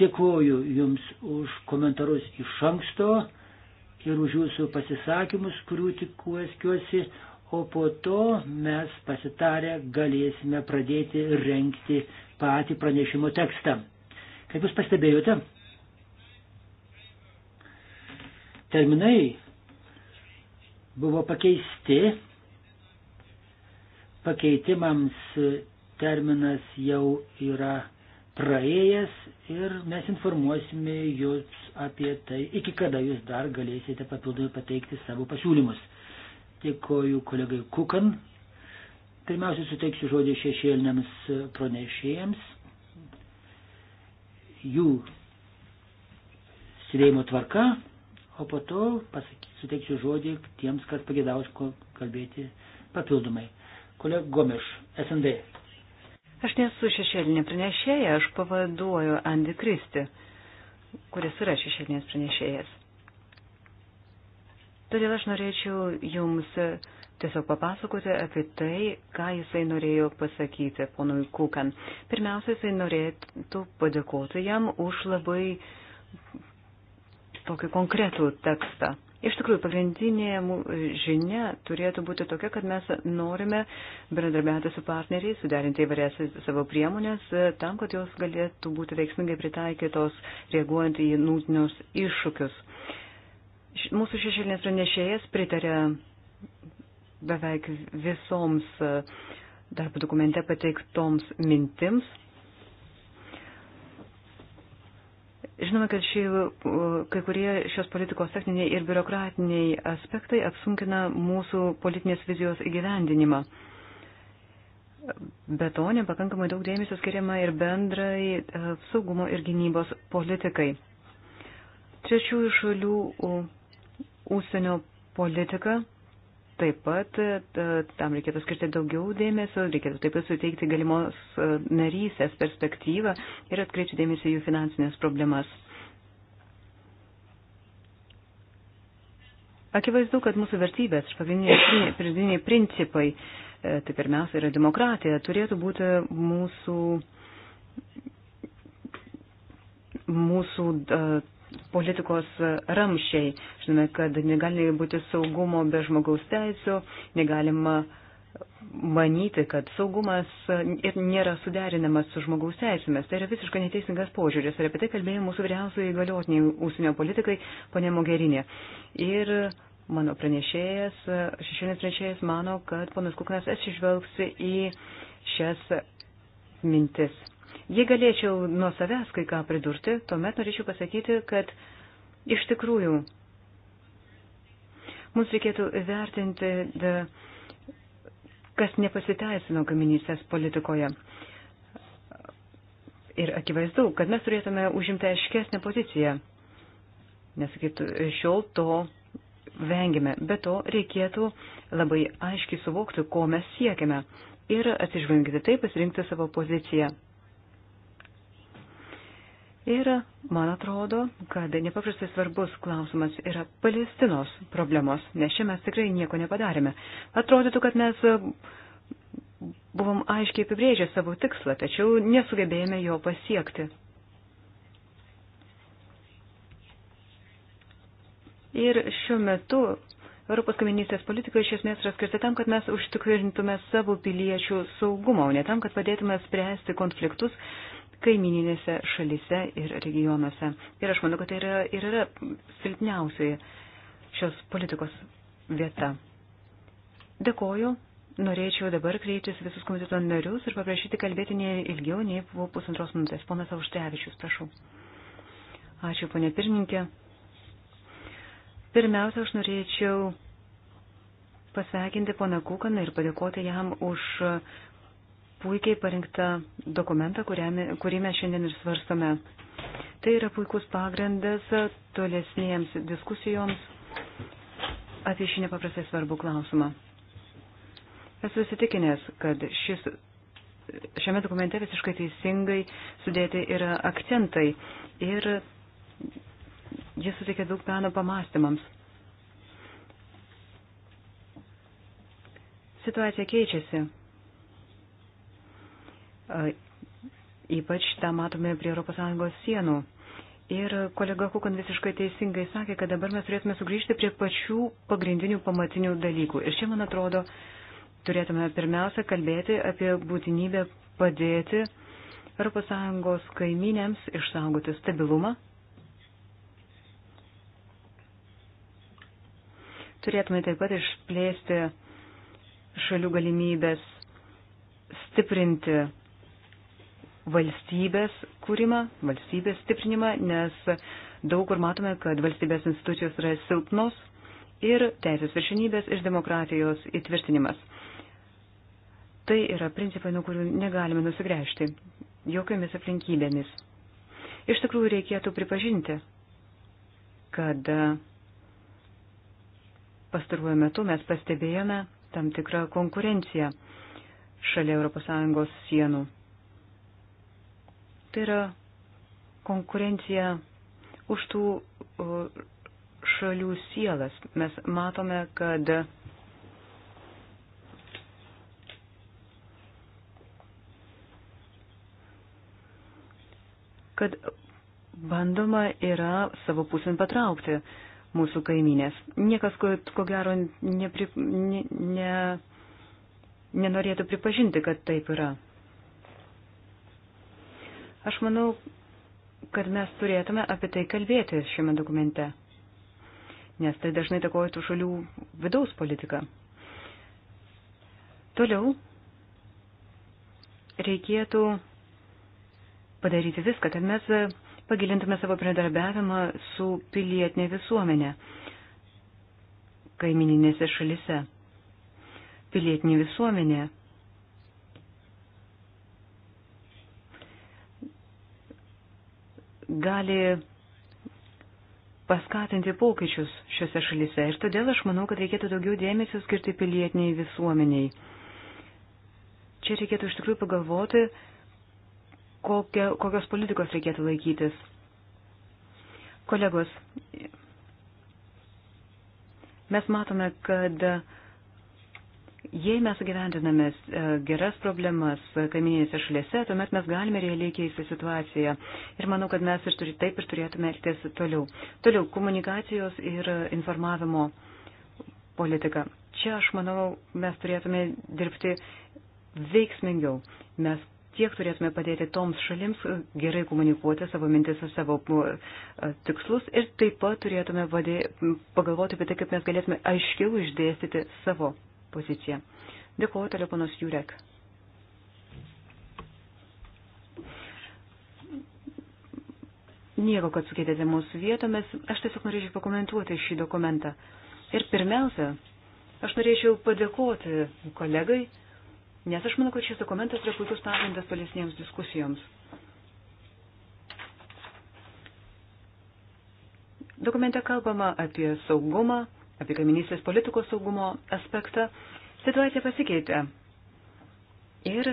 Dėkuoju Jums už komentarus iš anksto ir už Jūsų pasisakymus, kurių tikiuosi, o po to mes pasitarę galėsime pradėti renkti patį pranešimo tekstą. Kaip Jūs pastebėjote, terminai buvo pakeisti pakeitimams terminas jau yra praėjęs ir mes informuosime jūs apie tai, iki kada jūs dar galėsite papildomai pateikti savo pasiūlymus. Dėkoju kolegai Kukan. Pirmiausia, suteiksiu žodį šešėliniams pranešėjams. Jų sėdėjimo tvarka, o po to pasaky, suteiksiu žodį tiems, kas pagėdaus kalbėti papildomai. Kolega Gomiš, SND. Aš nesu šešėlinė pranešėja, aš pavaduoju Andy Kristi, kuris yra šešėlinės pranešėjas. Todėl aš norėčiau jums tiesiog papasakoti apie tai, ką jisai norėjo pasakyti ponui Kukan. Pirmiausia, jisai norėtų padėkoti jam už labai tokį konkretų tekstą. Iš tikrųjų, pagrindinė žinia turėtų būti tokia, kad mes norime bendradarbiauti su partneriais, suderinti įvairias savo priemonės, e, tam, kad jos galėtų būti veiksmingai pritaikytos, reaguojant į nūtinius iššūkius. Mūsų šešėlinės pranešėjas pritarė beveik visoms e, darbo dokumente pateiktoms mintims. Žinome, kad šie, kai kurie šios politikos techniniai ir biurokratiniai aspektai apsunkina mūsų politinės vizijos įgyvendinimą. Be to, nepakankamai daug dėmesio skiriama ir bendrai e, saugumo ir gynybos politikai. Trečiųjų šalių e, ūsienio politika Taip pat tam reikėtų skirti daugiau dėmesio, reikėtų taip pat suteikti galimos e, narysės perspektyvą ir atkreipti dėmesį jų finansinės problemas. Akivaizdu, kad mūsų vertybės ir pagrindiniai principai, e, tai pirmiausia yra demokratija, turėtų būti mūsų, mūsų e, politikos ramšiai. Žinome, kad negali būti saugumo be žmogaus teisų, negalima manyti, kad saugumas ir nėra suderinamas su žmogaus teisėmis. Tai yra visiškai neteisingas požiūris. Ir apie tai kalbėjo mūsų vyriausiai įgaliotiniai ūsinio politikai, ponė Mogerinė. Ir mano pranešėjas, šešėlis pranešėjas mano, kad ponas Kukanas atsižvelgs į šias mintis. Jei galėčiau nuo savęs kai ką pridurti, tuomet norėčiau pasakyti, kad iš tikrųjų mums reikėtų vertinti, kas nepasiteisino kaminystės politikoje. Ir akivaizdu, kad mes turėtume užimti aiškesnę poziciją, nes kaip šiol to vengime. Be to reikėtų labai aiškiai suvokti, ko mes siekiame ir atsižvelgti tai pasirinkti savo poziciją. Ir man atrodo, kad nepaprastai svarbus klausimas yra Palestinos problemos, nes čia mes tikrai nieko nepadarėme. Atrodytų, kad mes e, buvom aiškiai apibrėžę savo tikslą, tačiau nesugebėjome jo pasiekti. Ir šiuo metu Europos kaiminystės politika iš esmės yra skirta tam, kad mes užtikrintume savo piliečių saugumą, o ne tam, kad padėtume spręsti konfliktus kaimininėse šalise ir regionuose. Ir aš manau, kad tai yra, ir yra silpniausiai šios politikos vieta. Dėkoju. Norėčiau dabar kreiptis visus komiteto narius ir paprašyti kalbėti ne ilgiau nei pusantros minutės. Ponas Auštrevičius, prašau. Ačiū, ponė pirmininkė. Pirmiausia, aš norėčiau pasveikinti poną Kukaną ir padėkoti jam už puikiai parinktą dokumentą, kuriame, kurį mes šiandien ir svarstome. Tai yra puikus pagrindas tolesnėms diskusijoms apie šį nepaprastai svarbų klausimą. Esu įsitikinęs, kad šis, šiame dokumente visiškai teisingai sudėti yra akcentai ir jis suteikia daug peno pamastymams. Situacija keičiasi. Ypač tą matome prie ES sienų. Ir kolega Kukan visiškai teisingai sakė, kad dabar mes turėtume sugrįžti prie pačių pagrindinių pamatinių dalykų. Ir čia, man atrodo, turėtume pirmiausia kalbėti apie būtinybę padėti ES kaiminėms išsaugoti stabilumą. Turėtume taip pat išplėsti šalių galimybės stiprinti valstybės kūrimą, valstybės stiprinimą, nes daug kur matome, kad valstybės institucijos yra silpnos ir teisės viršinybės ir demokratijos įtvirtinimas. Tai yra principai, nuo kurių negalime nusigręžti jokiomis aplinkybėmis. Iš tikrųjų reikėtų pripažinti, kad pastaruoju metu mes pastebėjome tam tikrą konkurenciją šalia ES sienų. Tai yra konkurencija už tų šalių sielas. Mes matome, kad kad bandoma yra savo pusėn patraukti mūsų kaiminės. Niekas, ko, ko gero, nepri, ne, ne, nenorėtų pripažinti, kad taip yra. Aš manau, kad mes turėtume apie tai kalbėti šiame dokumente, nes tai dažnai takoja tų šalių vidaus politiką. Toliau reikėtų padaryti viską, kad mes pagilintume savo bendradarbiavimą su pilietinė visuomenė kaimininėse šalise. Pilietinė visuomenė gali paskatinti pokyčius šiuose šalyse. Ir todėl aš manau, kad reikėtų daugiau dėmesio skirti pilietiniai visuomeniai. Čia reikėtų iš tikrųjų pagalvoti, kokia, kokios politikos reikėtų laikytis. Kolegos, mes matome, kad Jei mes gyvendiname e, geras problemas e, kaiminėse šalyse, tuomet mes galime realiai keisti situaciją. Ir manau, kad mes ir turi, taip ir turėtume elgtis toliau. Toliau, komunikacijos ir informavimo politika. Čia, aš manau, mes turėtume dirbti veiksmingiau. Mes tiek turėtume padėti toms šalims e, gerai komunikuoti savo mintis ir savo tikslus ir taip pat turėtume vadė, pagalvoti apie tai, kaip mes galėtume aiškiau išdėstyti savo poziciją. Dėkuoju, telefonas Jurek. Nieko, kad sukėtėte mūsų vietomis, aš tiesiog norėčiau pakomentuoti šį dokumentą. Ir pirmiausia, aš norėčiau padėkoti kolegai, nes aš manau, kad šis dokumentas yra puikus pagrindas tolesniems diskusijoms. Dokumente kalbama apie saugumą, apie kaiminystės politikos saugumo aspektą, situacija pasikeitė. Ir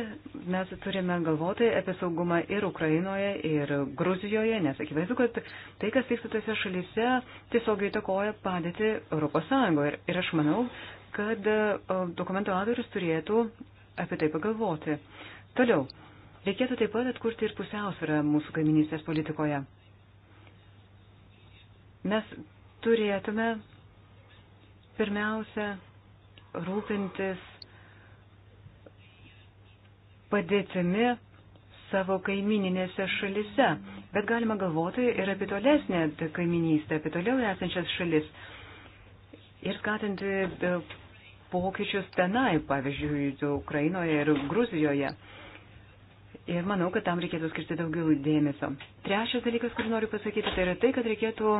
mes turime galvoti apie saugumą ir Ukrainoje, ir Gruzijoje, nes akivaizdu, kad tai, kas vyksta tose šalyse, tiesiog įtakoja padėti Europos Sąjungoje. Ir aš manau, kad dokumento autorius turėtų apie tai pagalvoti. Toliau, reikėtų taip pat atkurti ir pusiausvyrą mūsų kaiminystės politikoje. Mes turėtume pirmiausia rūpintis padėtimi savo kaimininėse šalise, bet galima galvoti ir apie tolesnę kaiminystę, apie toliau esančias šalis ir skatinti e, pokyčius tenai, pavyzdžiui, Ukrainoje ir Gruzijoje. Ir manau, kad tam reikėtų skirti daugiau dėmesio. Trečias dalykas, kurį noriu pasakyti, tai yra tai, kad reikėtų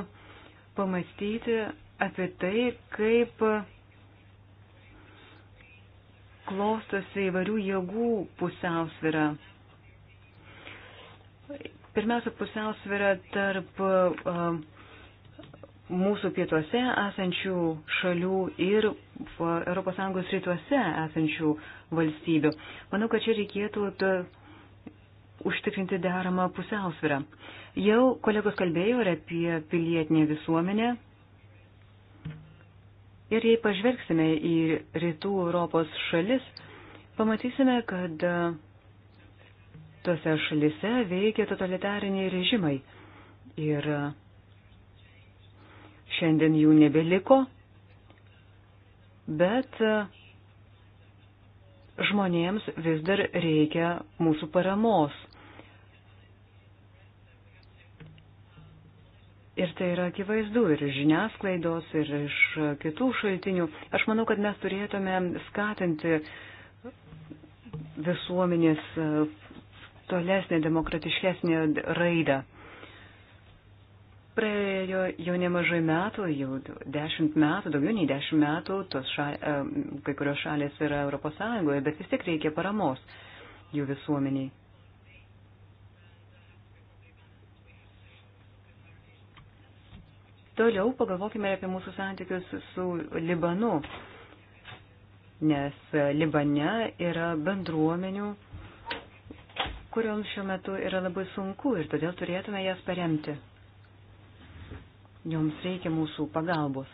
pamastyti apie tai, kaip klostosi įvarių jėgų pusiausvyrą. Pirmiausia, pusiausvyrą tarp mūsų pietuose esančių šalių ir ES rytuose esančių valstybių. Manau, kad čia reikėtų užtikrinti deramą pusiausvyrą. Jau kolegos kalbėjo ir apie pilietinę visuomenę, Ir jei pažvelgsime į rytų Europos šalis, pamatysime, kad e, tose šalise veikia totalitariniai režimai. Ir e, šiandien jų nebeliko, bet e, žmonėms vis dar reikia mūsų paramos. Ir tai yra akivaizdu ir iš žiniasklaidos, ir iš kitų šaltinių. Aš manau, kad mes turėtume skatinti visuomenės tolesnė, demokratiškesnė raida. Praėjo jau nemažai metų, jau dešimt metų, daugiau nei dešimt metų, tos šal, kai kurios šalės yra Europos Sąjungoje, bet vis tiek reikia paramos jų visuomeniai. Toliau pagalvokime apie mūsų santykius su Libanu, nes Libane yra bendruomenių, kurioms šiuo metu yra labai sunku ir todėl turėtume jas paremti. Joms reikia mūsų pagalbos.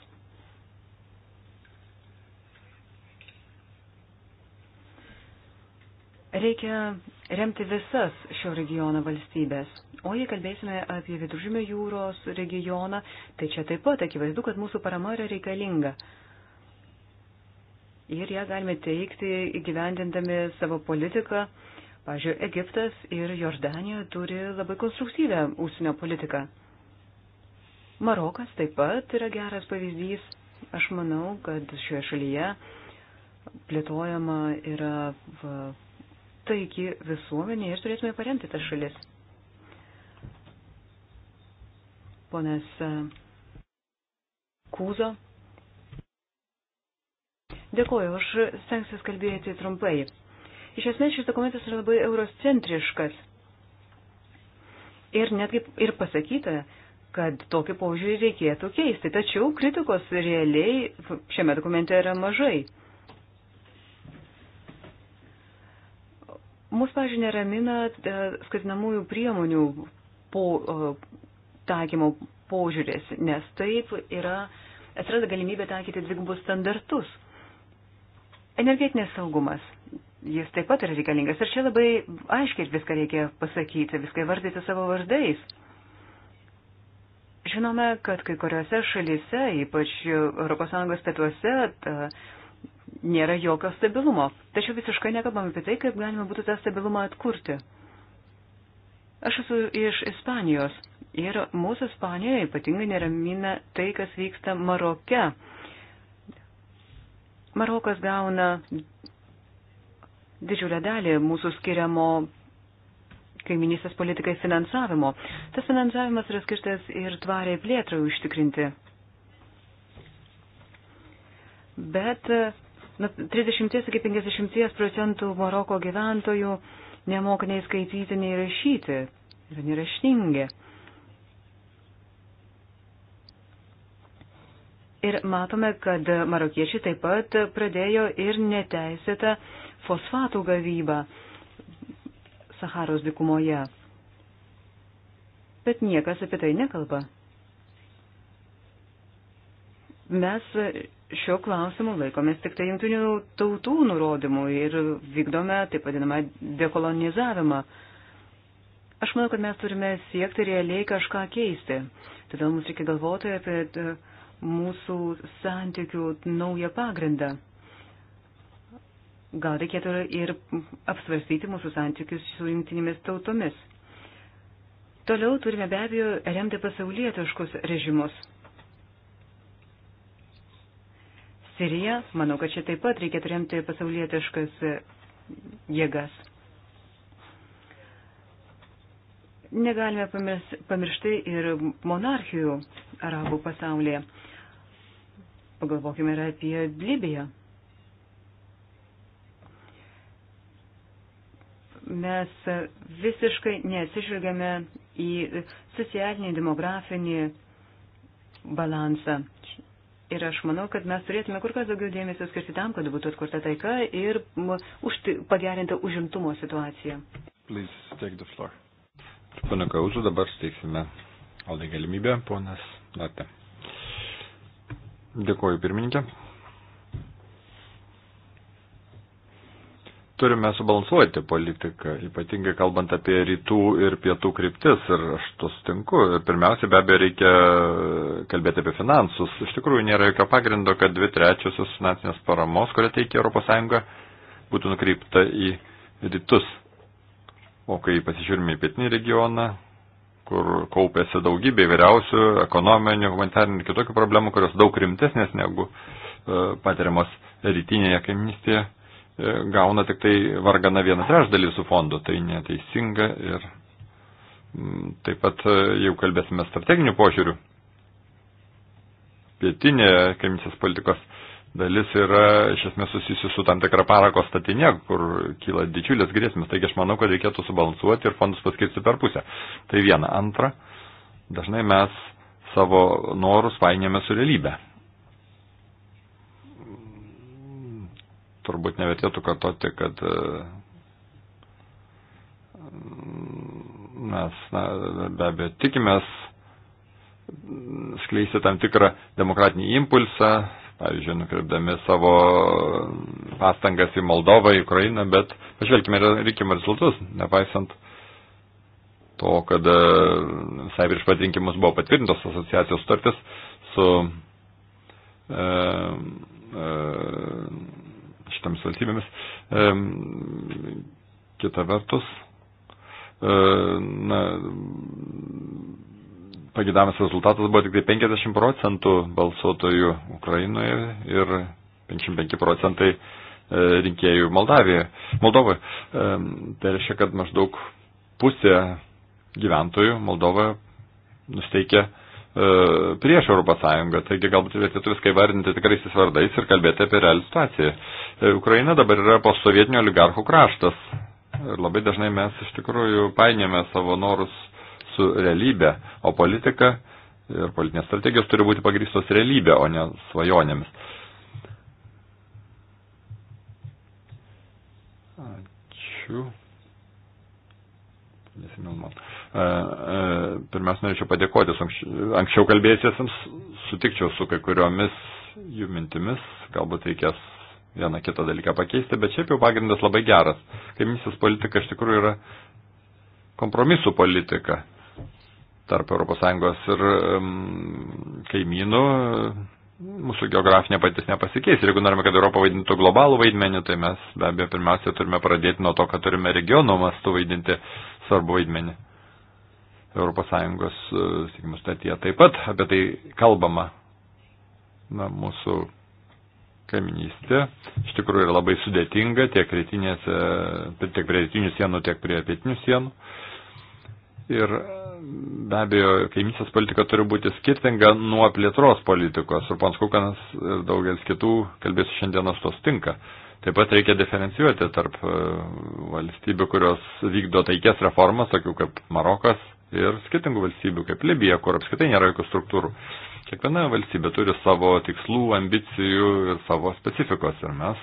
Reikia remti visas šio regiono valstybės. O jei kalbėsime apie Viduržymio jūros regioną, tai čia taip pat akivaizdu, kad mūsų parama yra reikalinga. Ir ją galime teikti įgyvendindami savo politiką. Pavyzdžiui, Egiptas ir Jordanija turi labai konstruktyvę ūsinio politiką. Marokas taip pat yra geras pavyzdys. Aš manau, kad šioje šalyje plėtojama yra taiki visuomenė ir turėtume paremti tas šalis. ponas e, Kūzo. Dėkuoju, aš stengsiuosi kalbėti trumpai. Iš esmės šis dokumentas yra labai eurocentriškas. Ir netgi ir pasakyta, kad tokį požiūrį reikėtų keisti. Tačiau kritikos realiai šiame dokumente yra mažai. Mūsų, pažiūrėjau, neramina e, skatinamųjų priemonių po, e, taikymo požiūris, nes taip yra, atsiranda galimybė taikyti dvigubus standartus. Energetinės saugumas, jis taip pat yra reikalingas ir čia labai aiškiai viską reikia pasakyti, viską vardyti savo vardais. Žinome, kad kai kuriuose šalise, ypač ES pietuose, ta, nėra jokio stabilumo. Tačiau visiškai nekalbam apie tai, kaip galima būtų tą stabilumą atkurti. Aš esu iš Ispanijos ir mūsų Ispanijoje ypatingai neramina tai, kas vyksta Maroke. Marokas gauna didžiulę dalį mūsų skiriamo kaiminystės politikai finansavimo. Tas finansavimas yra skirtas ir tvariai plėtrai užtikrinti. Bet nuo 30 iki 50 procentų Maroko gyventojų uh, nemoka nei skaityti, nei rašyti, yra neraštingi. Ir matome, kad marokiečiai taip pat pradėjo ir neteisėtą fosfatų gavybą Saharos dykumoje. Bet niekas apie tai nekalba. Mes šio klausimu laikomės tik tai jungtinių tautų nurodymų ir vykdome taip vadinamą dekolonizavimą. Aš manau, kad mes turime siekti realiai kažką keisti. Todėl mums reikia galvoti apie e, mūsų santykių naują pagrindą. Gal reikėtų ir apsvarstyti mūsų santykius su jungtinėmis tautomis. Toliau turime be abejo remti pasaulietiškus režimus. Siriją, manau, kad čia taip pat reikėtų remti pasaulietiškas jėgas. Negalime pamiršti ir monarchijų arabų pasaulyje. Pagalvokime ir apie Libiją. Mes visiškai nesižvelgiame į socialinį, demografinį balansą Ir aš manau, kad mes turėtume kur kas daugiau dėmesio skirti tam, kad būtų atkurta taika ir užti, pagerinta užimtumo situacija. Pane Kauzu, dabar steiksime aldai galimybę, ponas Latė. Dėkuoju pirmininkė. turime subalansuoti politiką, ypatingai kalbant apie rytų ir pietų kryptis, ir aš to sutinku. Pirmiausia, be abejo, reikia kalbėti apie finansus. Iš tikrųjų, nėra jokio pagrindo, kad dvi trečiosios finansinės paramos, kurią teikia ES, būtų nukreipta į rytus. O kai pasižiūrime į pietinį regioną, kur kaupėsi daugybė įvairiausių ekonominių, humanitarinių ir kitokių problemų, kurios daug rimtesnės negu e, patiriamos rytinėje kaiminystėje, E, gauna tik tai vargana vieną trečdalį su fondu. Tai neteisinga ir mm, taip pat e, jau kalbėsime strateginių požiūrių. Pietinė kaimynės politikos dalis yra iš esmės susijusi su tam tikra parako statinė, kur kyla didžiulės grėsmės. Taigi aš manau, kad reikėtų subalansuoti ir fondus paskirti per pusę. Tai viena. Antra, dažnai mes savo norus painėme su realybė. turbūt nevertėtų kartoti, kad e, mes na, be abejo tikimės skleisti tam tikrą demokratinį impulsą, pavyzdžiui, nukreipdami savo pastangas į Moldovą, į Ukrainą, bet pažvelkime, reikime rezultatus, nepaisant to, kad e, visai prieš pat rinkimus buvo patvirtintos asociacijos sutartis su e, e, tomis valstybėmis. Kita vertus, e, na, pagėdamas rezultatas buvo tik tai 50 procentų balsuotojų Ukrainoje ir 55 procentai e, rinkėjų Moldavijoje. Moldovoje. Tai reiškia, kad maždaug pusė gyventojų Moldovoje nusteikia e, prieš Europos Sąjungą. Taigi galbūt reikėtų viską įvardinti tikraisiais vardais ir kalbėti apie realią situaciją. E, Ukraina dabar yra posovietinio oligarchų kraštas. Ir labai dažnai mes iš tikrųjų painėme savo norus su realybė, o politika ir politinės strategijos turi būti pagrįstos realybė, o ne svajonėmis. Ačiū. E, e, pirmiausia, norėčiau padėkoti anksčiau kalbėjusiesiams, sutikčiau su kai kuriomis jų mintimis, galbūt reikės vieną kitą dalyką pakeisti, bet šiaip jau pagrindas labai geras. Kaimisis politika iš tikrųjų yra kompromisų politika tarp ES ir um, kaimynų. Mūsų geografinė patys nepasikeis. Ir jeigu norime, kad Europa vaidintų globalų vaidmenį, tai mes be abejo pirmiausia turime pradėti nuo to, kad turime regionų mastu vaidinti svarbu vaidmenį. ES, sakykime, e, statyje taip pat apie tai kalbama. Na, mūsų kaiminystė iš tikrųjų yra labai sudėtinga tiek, tiek prie rytinių sienų, tiek prie pietinių sienų. Ir be abejo, kaimynės politika turi būti skirtinga nuo plėtros politikos. Ir pons Kukanas ir daugelis kitų kalbės šiandienos tos tinka. Taip pat reikia diferencijuoti tarp e, valstybių, kurios vykdo taikės reformas, tokių kaip Marokas, ir skirtingų valstybių kaip Libija, kur apskaitai nėra jokių struktūrų. Uh, Kiekviena valstybė turi savo tikslų, ambicijų ir savo specifikos ir mes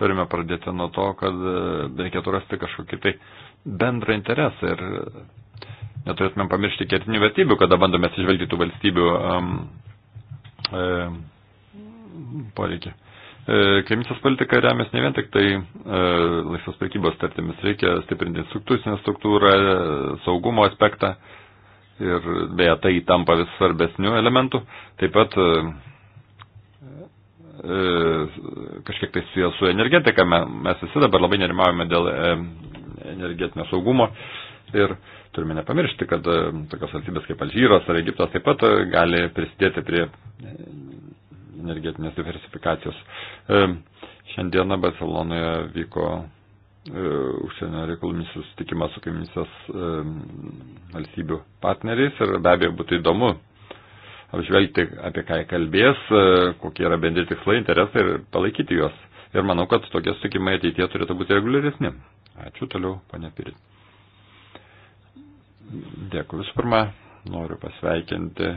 turime pradėti nuo to, kad e, reikėtų rasti kažkokį tai bendrą interesą ir neturėtume pamiršti kertinių vertybių, kada bandome atsižvelgti tų valstybių um, e, poreikį. E, Kaimysios politika remiasi ne vien tik tai e, laisvos prekybos tartimis, reikia stiprinti institucinę struktūrą, e, saugumo aspektą. E, ir beje tai tampa vis svarbesniu elementu. Taip pat e, e kažkiek tai su, su energetika mes visi dabar labai nerimaujame dėl e, energetinio saugumo ir turime nepamiršti, kad e, tokios valstybės kaip Alžyras ar Egiptas taip pat e, gali prisidėti prie e, energetinės diversifikacijos. Šiandieną Barcelonoje vyko E, užsienio reikalų ministrų sutikimą su kaiminysės e, valstybių partneriais ir be abejo būtų įdomu apžvelgti, apie ką jie kalbės, e, kokie yra bendri tikslai, interesai ir palaikyti juos. Ir manau, kad tokie sutikimai ateitie turėtų būti reguliaresni. Ačiū toliau, ponia Pirit. Dėkui visų pirma, noriu pasveikinti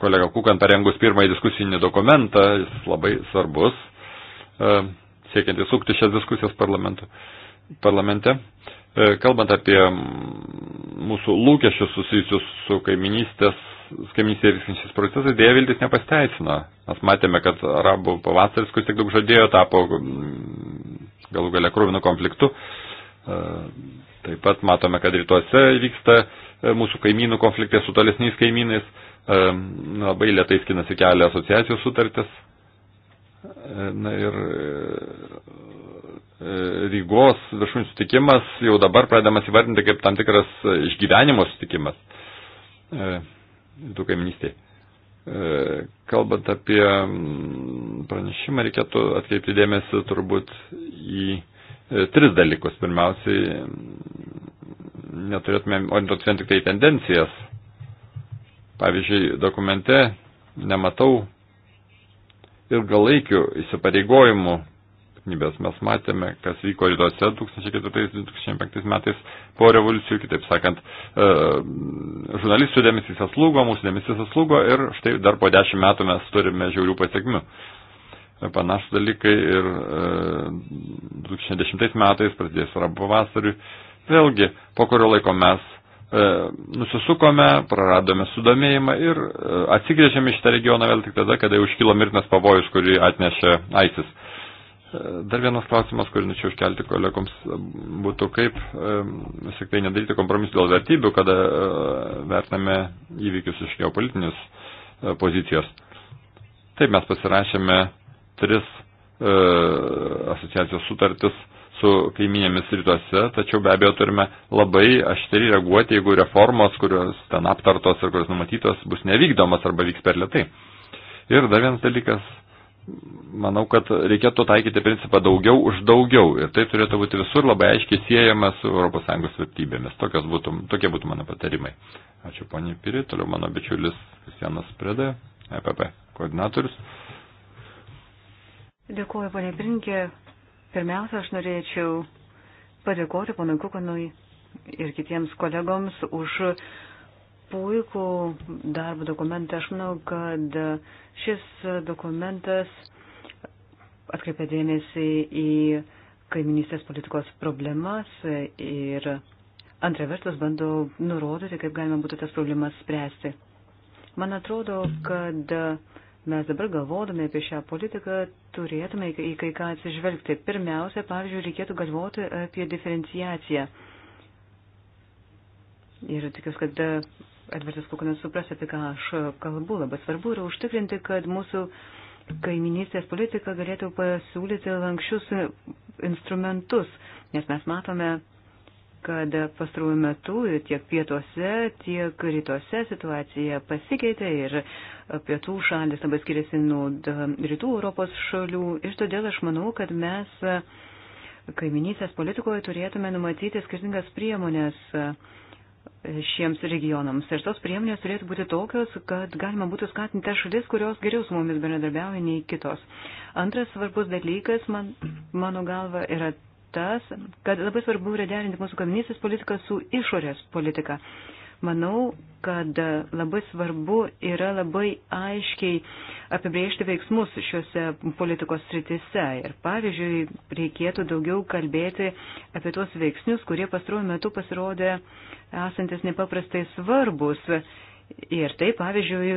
kolega Kukan parengus pirmąjį diskusinį dokumentą, jis labai svarbus siekiant įsukti šias diskusijas parlamente. E, kalbant apie mūsų lūkesčius susijusius su kaiminystės, kaiminystėje vykstančiais procesais, dėja viltis nepasteisino. Mes matėme, kad arabų pavasaris, kuris tiek daug žadėjo, tapo galų gale krūvinų konfliktų. E, taip pat matome, kad rytuose vyksta e, mūsų kaimynų konfliktai su tolesniais kaimynais. Labai lietai skinasi kelia asociacijos sutartis Na ir e, e, Rygos viršūnių sutikimas jau dabar pradedamas įvardinti kaip tam tikras e, išgyvenimo sutikimas rytų kaiminystėje. Kalbant apie mm, pranešimą, reikėtų atkreipti dėmesį turbūt į tris dalykus. Pirmiausiai, mm, neturėtume orientuoti vien tik tai tendencijas. Pavyzdžiui, dokumente nematau ilgalaikių įsipareigojimų. Mes matėme, kas vyko rytuose 2004-2005 metais po revoliucijų, kitaip sakant, e, žurnalistų dėmesys atslūgo, mūsų dėmesys atslūgo ir štai dar po dešimt metų mes turime žiaurių pasiekmių e, panašus dalykai ir 2010 e, metais prasidėjus arabų pavasariui. Vėlgi, po kurio laiko mes E, nusisukome, praradome sudomėjimą ir e, atsigrėžėme šitą regioną vėl tik tada, kada jau iškilo mirtinas pavojus, kurį atnešė ISIS. E, dar vienas klausimas, kurį norėčiau iškelti kolegoms, būtų kaip vis tik tai nedaryti kompromisų dėl vertybių, kada vertiname įvykius iš geopolitinės pozicijos. Taip mes pasirašėme tris asociacijos sutartis su kaiminėmis rytuose, tačiau be abejo turime labai aštriai reaguoti, jeigu reformos, kurios ten aptartos ir kurios numatytos, bus nevykdomas arba vyks per lietai. Ir dar vienas dalykas, manau, kad reikėtų taikyti principą daugiau už daugiau. Ir tai turėtų būti visur labai aiškiai siejama su ES vertybėmis. Būtų, tokie būtų mano patarimai. Ačiū poniai Piri, toliau mano bičiulis Kristianas Preda, EPP koordinatorius. Dėkuoju, ponė Brinkė. Pirmiausia, aš norėčiau padėkoti ponui Kukanui ir kitiems kolegoms už puikų darbo dokumentą. Aš manau, kad šis dokumentas atkreipia dėmesį į kaiminystės politikos problemas ir antra vertus bando nurodyti, kaip galima būtų tas problemas spręsti. Man atrodo, kad mes dabar galvodami apie šią politiką turėtume į kai ką atsižvelgti. Pirmiausia, pavyzdžiui, reikėtų galvoti apie diferenciaciją. Ir tikiuosi, kad e, Edvardas Kukanas supras, apie ką aš kalbu. Labai svarbu yra užtikrinti, kad mūsų kaiminystės politika galėtų pasiūlyti lankščius instrumentus, nes mes matome, kad pastaruoju metu tiek pietuose, tiek rytuose situacija pasikeitė ir pietų šalis labai skiriasi nuo rytų Europos šalių. Ir todėl aš manau, kad mes kaiminysės politikoje turėtume numatyti skirtingas priemonės šiems regionams. Ir tos priemonės turėtų būti tokios, kad galima būtų skatinti tas šalis, kurios geriau su mumis bendradarbiauja nei kitos. Antras svarbus dalykas, man, mano galva, yra tas, kad labai svarbu yra derinti mūsų kaminystės politiką su išorės politika. Manau, kad labai svarbu yra labai aiškiai apibriežti veiksmus šiuose politikos sritise. Ir pavyzdžiui, reikėtų daugiau kalbėti apie tuos veiksnius, kurie pastaruoju metu pasirodė esantis nepaprastai svarbus. Ir tai, pavyzdžiui,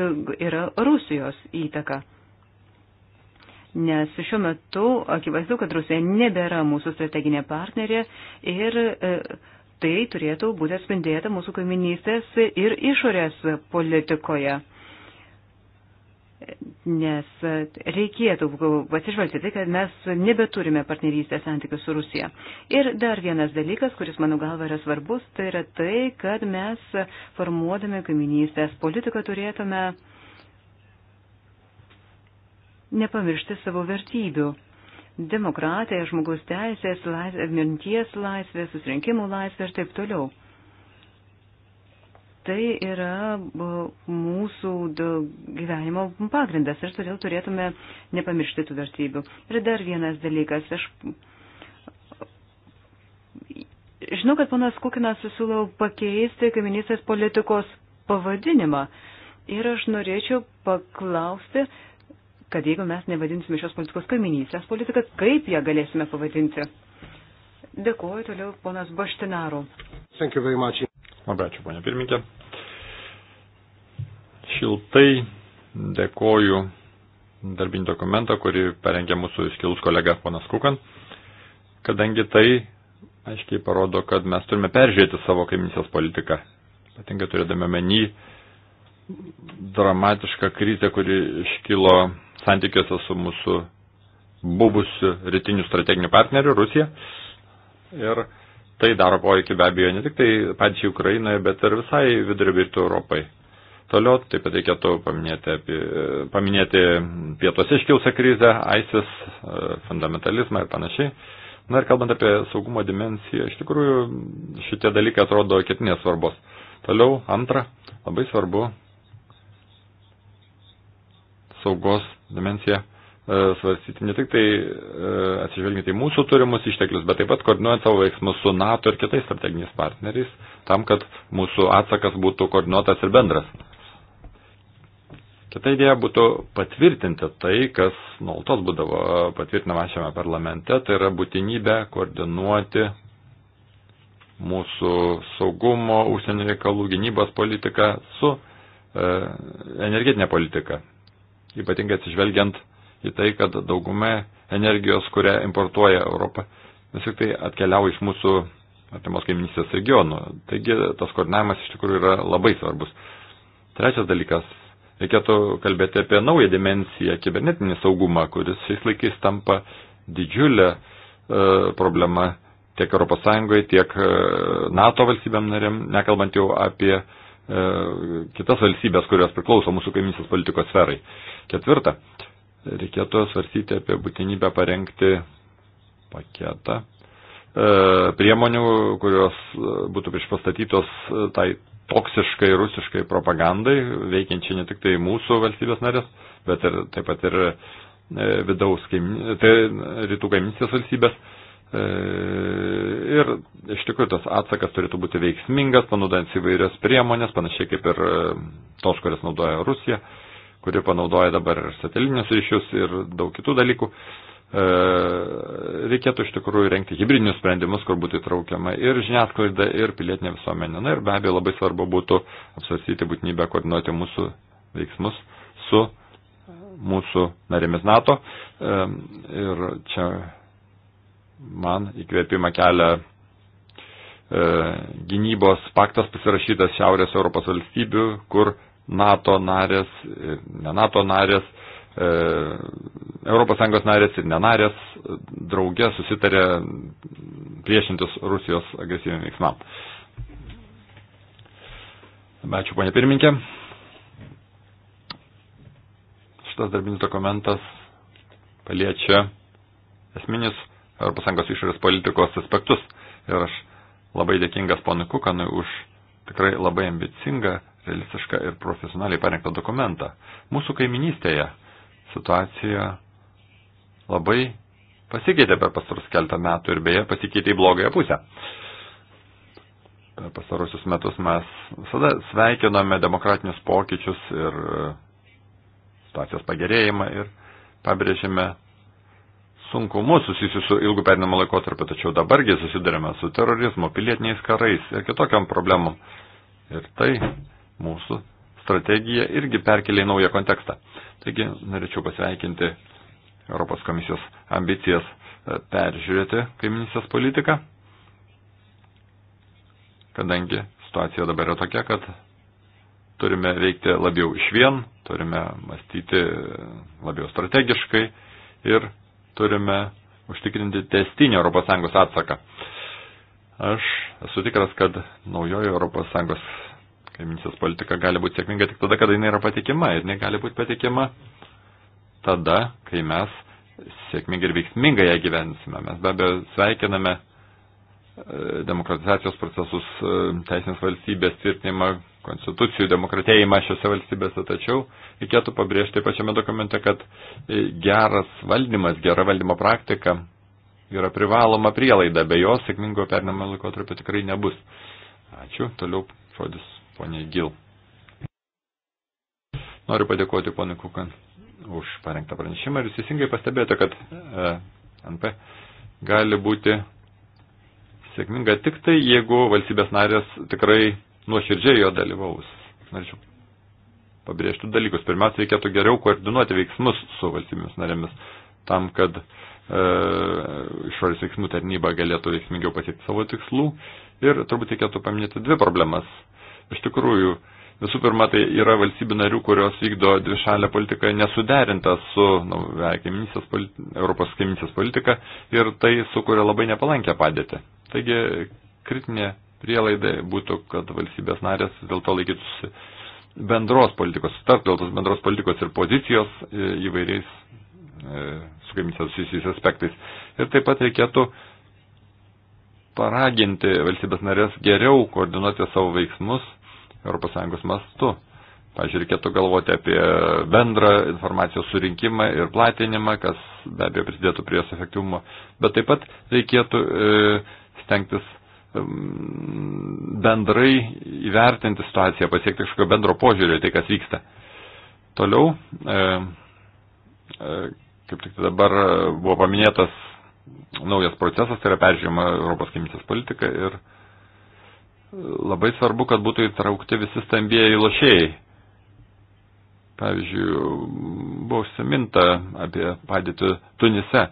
yra Rusijos įtaka nes šiuo metu akivaizdu, kad Rusija nebėra mūsų strateginė partnerė ir e, tai turėtų būti atspindėta mūsų kaiminystės ir išorės politikoje. Nes reikėtų atsižvelgti tai, kad mes nebeturime partnerystės santykių su Rusija. Ir dar vienas dalykas, kuris mano galva yra svarbus, tai yra tai, kad mes formuodami kaiminystės politiką turėtume uh, nepamiršti savo vertybių. Demokratija, žmogus teisės, laisvė, minties laisvė, susirinkimų laisvė ir taip toliau. Tai yra mūsų gyvenimo pagrindas ir todėl turėtume nepamiršti tų vertybių. Ir dar vienas dalykas. Aš žinau, kad ponas Kukinas susilau pakeisti kaiminystės politikos pavadinimą. Ir aš norėčiau paklausti, kad jeigu mes nevadinsime šios politikos kaiminystės politiką, kaip ją galėsime pavadinti? Dėkuoju toliau ponas Baštinaru. Labai ačiū, ponė pirmininkė. Šiltai dėkoju darbinį dokumentą, kurį parengė mūsų iškilus kolega ponas Kukan, kadangi tai aiškiai parodo, kad mes turime peržiūrėti savo kaiminysės politiką, ypatingai turėdami menį dramatišką krizę, kuri iškilo santykiuose su mūsų buvusiu rytiniu strateginiu partneriu Rusija. Ir tai daro poveikį be abejo ne tik tai pačiai Ukrainoje, bet ir visai vidurio rytų Europai. Toliau taip pat reikėtų paminėti, apie, paminėti pietuose iškilusią krizę, ISIS, fundamentalizmą ir panašiai. Na ir kalbant apie saugumo dimensiją, iš tikrųjų šitie dalykai atrodo ketinės svarbos. Toliau, antra, labai svarbu saugos dimenciją e, svarstyti ne tik tai e, atsižvelgiant į mūsų turimus išteklius, bet taip pat koordinuojant savo veiksmus su NATO ir kitais strateginiais partneriais, tam, kad mūsų atsakas būtų koordinuotas ir bendras. Kita idėja būtų patvirtinti tai, kas nuolatos būdavo patvirtinama šiame parlamente, tai yra būtinybė koordinuoti mūsų saugumo, užsienio reikalų, gynybos politiką su e, energetinė politika ypatingai atsižvelgiant į tai, kad dauguma energijos, kurią importuoja Europą, vis tik tai atkeliauja iš mūsų artimos kaiminystės regionų. Taigi tas koordinavimas iš tikrųjų yra labai svarbus. Trečias dalykas. Reikėtų kalbėti apie naują dimensiją - kibernetinį saugumą, kuris šiais laikais tampa didžiulė e, problema tiek ES, tiek e, NATO valstybėm narėm, nekalbant jau apie E, kitas valstybės, kurios priklauso mūsų kaiminsės politikos sferai. Ketvirta, reikėtų svarstyti apie būtinybę parengti paketą e, priemonių, kurios būtų priešpastatytos e, tai toksiškai rusiškai propagandai, veikiančiai ne tik tai mūsų valstybės narės, bet ir taip pat ir vidaus kaim, tai rytų kaimynės valstybės E, ir iš tikrųjų tas atsakas turėtų būti veiksmingas, panaudojant įvairias priemonės, panašiai kaip ir e, tos, kurias naudoja Rusija, kuri panaudoja dabar ir satelinius ryšius ir daug kitų dalykų. E, reikėtų iš tikrųjų renkti hybridinius sprendimus, kur būtų įtraukiama ir žiniasklaida, ir pilietinė visuomenė. Na ir be abejo labai svarbu būtų apsvarstyti būtinybę koordinuoti mūsų veiksmus su mūsų narėmis NATO. Ir čia man įkvėpimą kelia e, gynybos paktas pasirašytas Šiaurės Europos valstybių, kur NATO narės, e, ne NATO narės, e, ES narės ir nenarės draugė susitarė priešintis Rusijos agresyviam veiksmam. Ačiū, ponė pirminkė. Šitas darbinis dokumentas paliečia esminis ES išorės politikos aspektus. Ir aš labai dėkingas ponui Kukanui už tikrai labai ambicingą, realistišką ir profesionaliai parengtą dokumentą. Mūsų kaiminystėje situacija labai pasikeitė per pastarus keltą metų ir beje pasikeitė į blogąją pusę. Per pastarusius metus mes visada sveikinome demokratinius pokyčius ir e, situacijos pagerėjimą ir pabrėžėme sunkumus susijusius su ilgu perinimo laikotarpiu, tačiau dabargi susidarėme su terorizmu, pilietiniais karais ir kitokiam problemom. Ir tai mūsų strategija irgi perkelia į naują kontekstą. Taigi norėčiau pasveikinti Europos komisijos ambicijas e, peržiūrėti kaiminysės politiką, kadangi situacija dabar yra tokia, kad turime veikti labiau iš vien, turime mąstyti labiau strategiškai ir turime užtikrinti testinį ES atsaką. Aš esu tikras, kad naujoji ES kaiminysės politika gali būti sėkminga tik tada, kada jinai yra patikima. Ir jinai gali būti patikima tada, kai mes sėkmingai ir veiksmingai ją gyvensime. Mes be abejo sveikiname e, demokratizacijos procesus, e, teisinės valstybės tvirtinimą, konstitucijų demokratėjimą šiuose valstybėse, tačiau reikėtų pabrėžti pačiame dokumente, kad geras valdymas, gera valdymo praktika yra privaloma prielaida, be jos sėkmingo pernamo laikotarpio tikrai nebus. Ačiū, toliau žodis poniai Gil. Noriu padėkoti ponui Kukan už parengtą pranešimą ir jūs teisingai pastebėjote, kad e, NP gali būti sėkminga tik tai, jeigu valstybės narės tikrai nuoširdžiai jo dalyvaus. Norėčiau pabrėžti dalykus. Pirmiausia, reikėtų geriau koordinuoti veiksmus su valstybėmis narėmis, tam, kad e, išorės veiksmų tarnyba galėtų veiksmingiau pasiekti savo tikslų. Ir turbūt reikėtų paminėti dvi problemas. Iš tikrųjų, visų pirma, tai yra valstybių narių, kurios vykdo dvišalę politiką nesuderintą su nu, kaiminysės politi Europos kaiminysės politika ir tai sukuria labai nepalankę padėtį. Taigi, kritinė prielaidai būtų, kad valstybės narės dėl to laikytųsi bendros politikos, tarp dėl tos bendros politikos ir pozicijos e, įvairiais e, su kaiminėse susijusiais aspektais. Ir taip pat reikėtų paraginti valstybės narės geriau koordinuoti savo veiksmus ES mastu. Pavyzdžiui, reikėtų galvoti apie bendrą informacijos surinkimą ir platinimą, kas be abejo prisidėtų prie jos efektyvumo. Bet taip pat reikėtų e, stengtis Um, bendrai įvertinti situaciją, pasiekti kažkokio bendro požiūrio į tai, kas vyksta. Toliau, e, e, kaip tik dabar buvo paminėtas naujas procesas, tai yra peržiūrima Europos kaimynės politika ir labai svarbu, kad būtų įtraukti visi stambėjai lošėjai. Pavyzdžiui, buvo užsiminta apie padėtį Tunise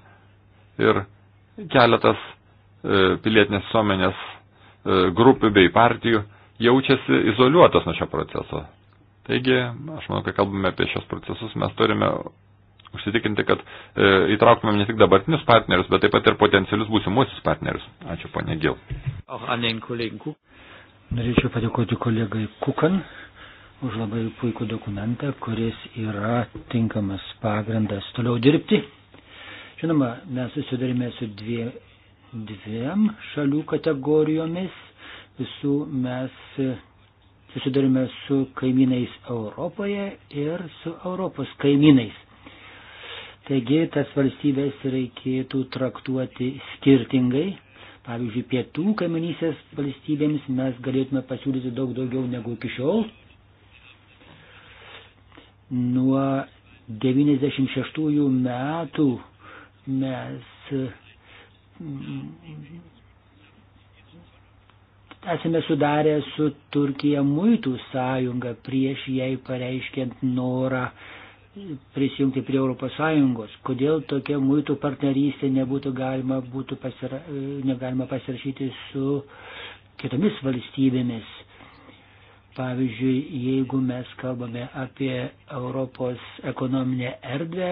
ir keletas e, pilietinės suomenės E, grupių bei partijų jaučiasi izoliuotas nuo šio proceso. Taigi, aš manau, kai kalbame apie šios procesus, mes turime užsitikinti, kad e, įtrauktumėm ne tik dabartinius partnerius, bet taip pat ir potencialius būsimuosius partnerius. Ačiū, ponė Gil. Norėčiau padėkoti kolegai Kukan už labai puikų dokumentą, kuris yra tinkamas pagrindas toliau dirbti. Žinoma, mes susidurime su dviem dviem šalių kategorijomis. Visų mes susidurime su kaimynais Europoje ir su Europos kaimynais. Taigi tas valstybės reikėtų traktuoti skirtingai. Pavyzdžiui, pietų kaiminysės valstybėms mes galėtume pasiūlyti daug daugiau negu iki šiol. Nuo 96 metų mes esame sudarę su Turkija muitų sąjungą prieš jai pareiškiant norą prisijungti prie Europos Sąjungos. Kodėl tokia muitų partnerystė nebūtų galima, būtų pasira, negalima pasirašyti su kitomis valstybėmis? Pavyzdžiui, jeigu mes kalbame apie Europos ekonominę erdvę,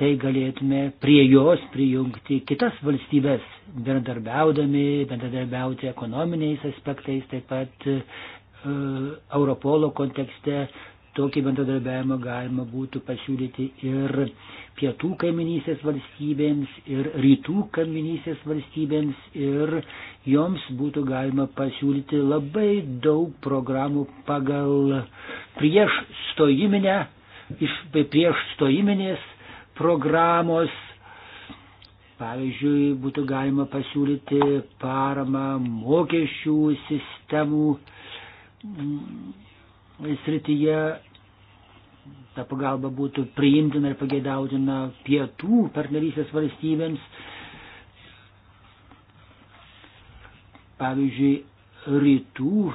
tai galėtume prie jos prijungti kitas valstybės, bendradarbiaudami, bendradarbiauti ekonominiais aspektais, taip pat e, Europolo kontekste tokį bendradarbiavimą galima būtų pasiūlyti ir pietų kaiminysės valstybėms, ir rytų kaiminysės valstybėms, ir joms būtų galima pasiūlyti labai daug programų pagal prieš stojiminę, iš, prieš stojiminės programos. Pavyzdžiui, būtų galima pasiūlyti paramą mokesčių sistemų mm, srityje. Ta pagalba būtų priimtina ir pageidautina pietų partnerysės valstybėms. Pavyzdžiui, rytų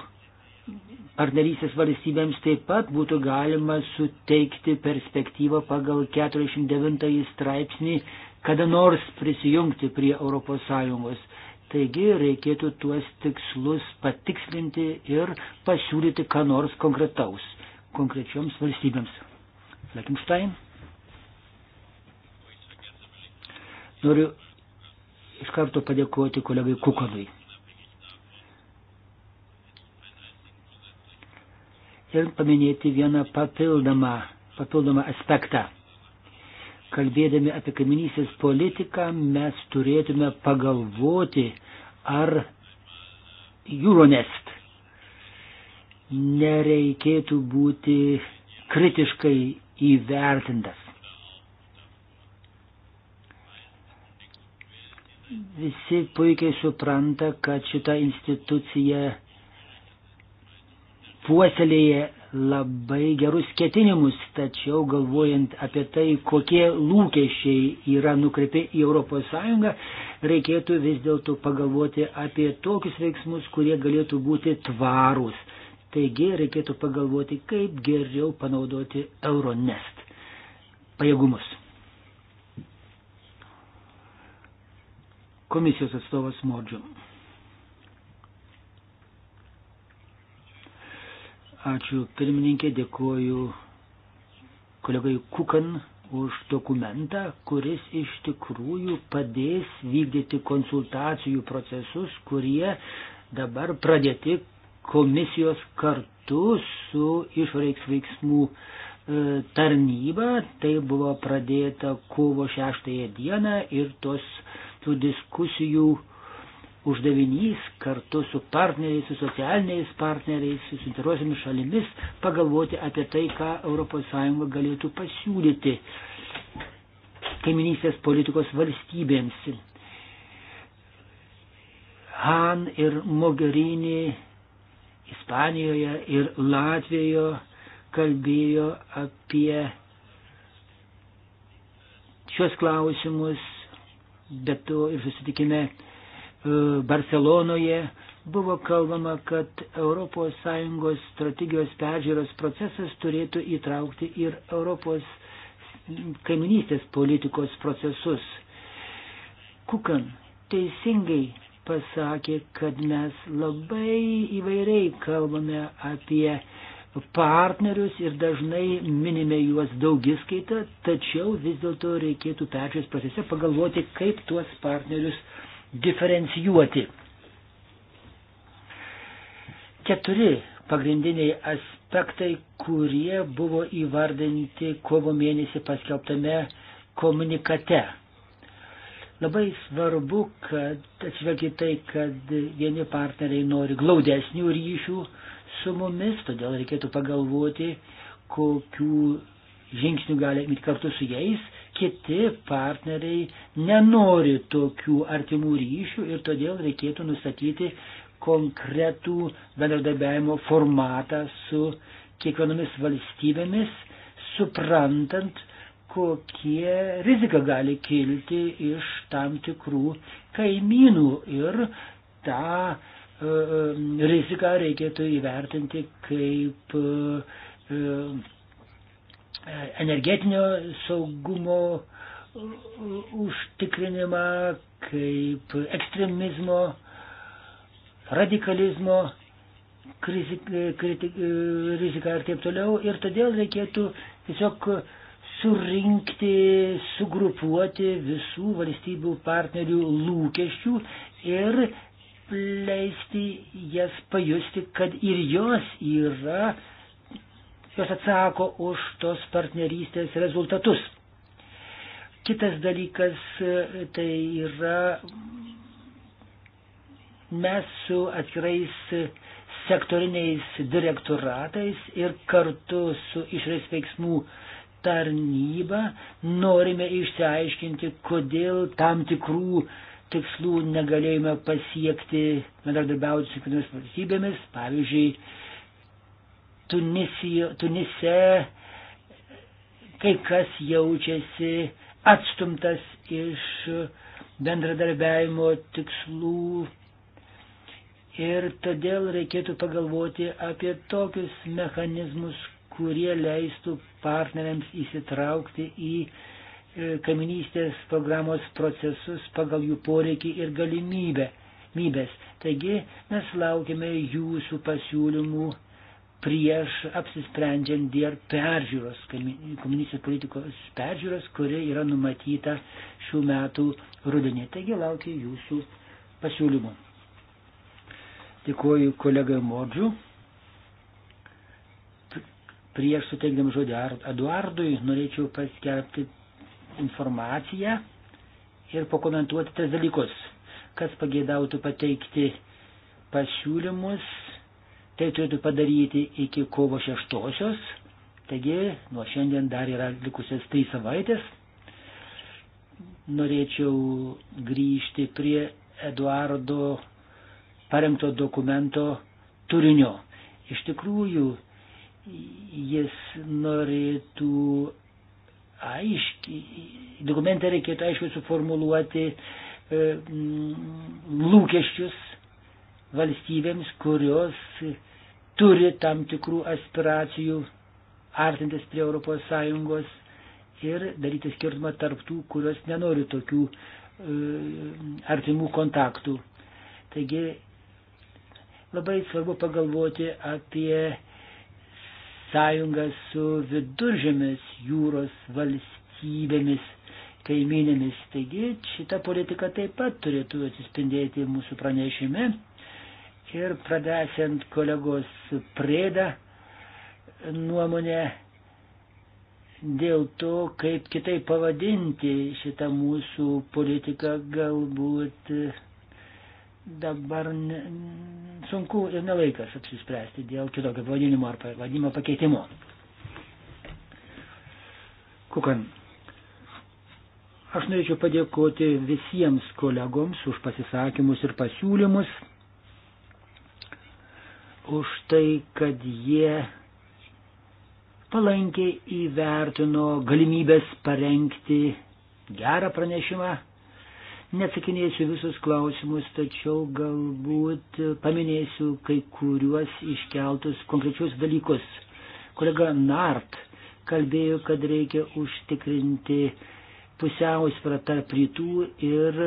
partnerysės valstybėms taip pat būtų galima suteikti perspektyvą pagal 49 straipsnį kada nors prisijungti prie ES. Taigi reikėtų tuos tikslus patikslinti ir pasiūlyti ką nors konkretaus konkrečioms valstybėms. Lekinštain. Noriu iš karto padėkoti kolegai Kukonui. ir paminėti vieną papildomą, papildomą aspektą. Kalbėdami apie kaiminysės politiką, mes turėtume pagalvoti, ar Euronest nereikėtų būti kritiškai įvertintas. Visi puikiai supranta, kad šita institucija puoselėje labai gerus ketinimus, tačiau galvojant apie tai, kokie lūkesčiai yra nukreipi į ES, reikėtų vis dėlto pagalvoti apie tokius veiksmus, kurie galėtų būti tvarūs. Taigi reikėtų pagalvoti, kaip geriau panaudoti Euronest pajėgumus. Komisijos atstovas Modžium. Ačiū pirmininkė, dėkoju kolegai Kukan už dokumentą, kuris iš tikrųjų padės vykdyti konsultacijų procesus, kurie dabar pradėti komisijos kartu su išorės veiksmų e, tarnyba. Tai buvo pradėta kovo 6 dieną ir tos tų diskusijų uždavinys kartu su partneriais, su socialiniais partneriais, su suinteresuotomis šalimis pagalvoti apie tai, ką ES galėtų pasiūlyti kaiminystės politikos valstybėms. Han ir Mogherini Ispanijoje ir Latvijoje kalbėjo apie šios klausimus, bet to ir susitikime Barcelonoje buvo kalbama, kad ES strategijos peržiūros procesas turėtų įtraukti ir Europos kaiminystės politikos procesus. Kukan teisingai pasakė, kad mes labai įvairiai kalbame apie partnerius ir dažnai minime juos daugiskaitą, tačiau vis dėlto reikėtų peržiūros procese pagalvoti, kaip tuos partnerius uh, diferencijuoti. Keturi pagrindiniai aspektai, kurie buvo įvardinti kovo mėnesį paskelbtame komunikate. Labai svarbu, kad atsižvelgiai tai, kad vieni partneriai nori glaudesnių ryšių su mumis, todėl reikėtų pagalvoti, kokių žingsnių galime imti kartu su jais, kiti partneriai nenori tokių artimų ryšių ir todėl reikėtų nustatyti konkretų bendradarbiavimo formatą su kiekvienomis valstybėmis, suprantant, kokie rizika gali kilti iš tam tikrų kaimynų ir tą e, e riziką reikėtų įvertinti kaip e, energetinio saugumo užtikrinimą, kaip ekstremizmo, radikalizmo riziką ir taip toliau. Ir todėl reikėtų tiesiog surinkti, sugrupuoti visų valstybių partnerių lūkesčių ir leisti jas pajusti, kad ir jos yra jos atsako už tos partnerystės rezultatus. Kitas dalykas e, tai yra mes su atskirais sektoriniais direktoratais ir kartu su išrės veiksmų tarnyba norime išsiaiškinti, kodėl tam tikrų tikslų negalėjome pasiekti bendradarbiauti su kitomis valstybėmis, pavyzdžiui, Tunisijo, Tunise kai kas jaučiasi atstumtas iš bendradarbiavimo tikslų ir todėl reikėtų pagalvoti apie tokius mechanizmus, kurie leistų partneriams įsitraukti į e, kaiminystės programos procesus pagal jų poreikį ir galimybę. Mybės. Taigi mes laukime jūsų pasiūlymų prieš apsisprendžiant dėl peržiūros, komunistinės politikos peržiūros, kuri yra numatyta šių metų rudenį. Taigi laukiu jūsų pasiūlymų. Dėkuoju kolegai Modžiu. Prieš suteikdam žodį Eduardui norėčiau paskelbti informaciją ir pakomentuoti tas dalykus, kas pageidautų pateikti pasiūlymus Tai turėtų padaryti iki kovo šeštosios. Taigi, nuo šiandien dar yra likusios trys savaitės. Norėčiau grįžti prie Eduardo parengto dokumento turinio. Iš tikrųjų, jis norėtų aiškiai, dokumentą reikėtų aiškiai suformuluoti e, m, lūkesčius valstybėms, kurios turi tam tikrų aspiracijų artintis prie ES ir daryti skirtumą tarptų, kurios nenori tokių e, artimų kontaktų. Taigi labai svarbu pagalvoti apie sąjungą su viduržėmis jūros valstybėmis kaiminėmis. Taigi šita politika taip pat turėtų atsispindėti mūsų pranešime. Ir pradėsiant kolegos prėdą nuomonę dėl to, kaip kitai pavadinti šitą mūsų politiką, galbūt dabar ne, sunku ir nelaikas apsispręsti dėl kitokio pavadinimo ar pavadinimo pakeitimo. Kukan, aš norėčiau padėkoti visiems kolegoms už pasisakymus ir pasiūlymus už tai, kad jie palankiai įvertino galimybės parengti gerą pranešimą. Neatsakinėsiu visus klausimus, tačiau galbūt paminėsiu kai kuriuos iškeltus konkrečius dalykus. Kolega Nart kalbėjo, kad reikia užtikrinti pusiausvyrą tarp rytų ir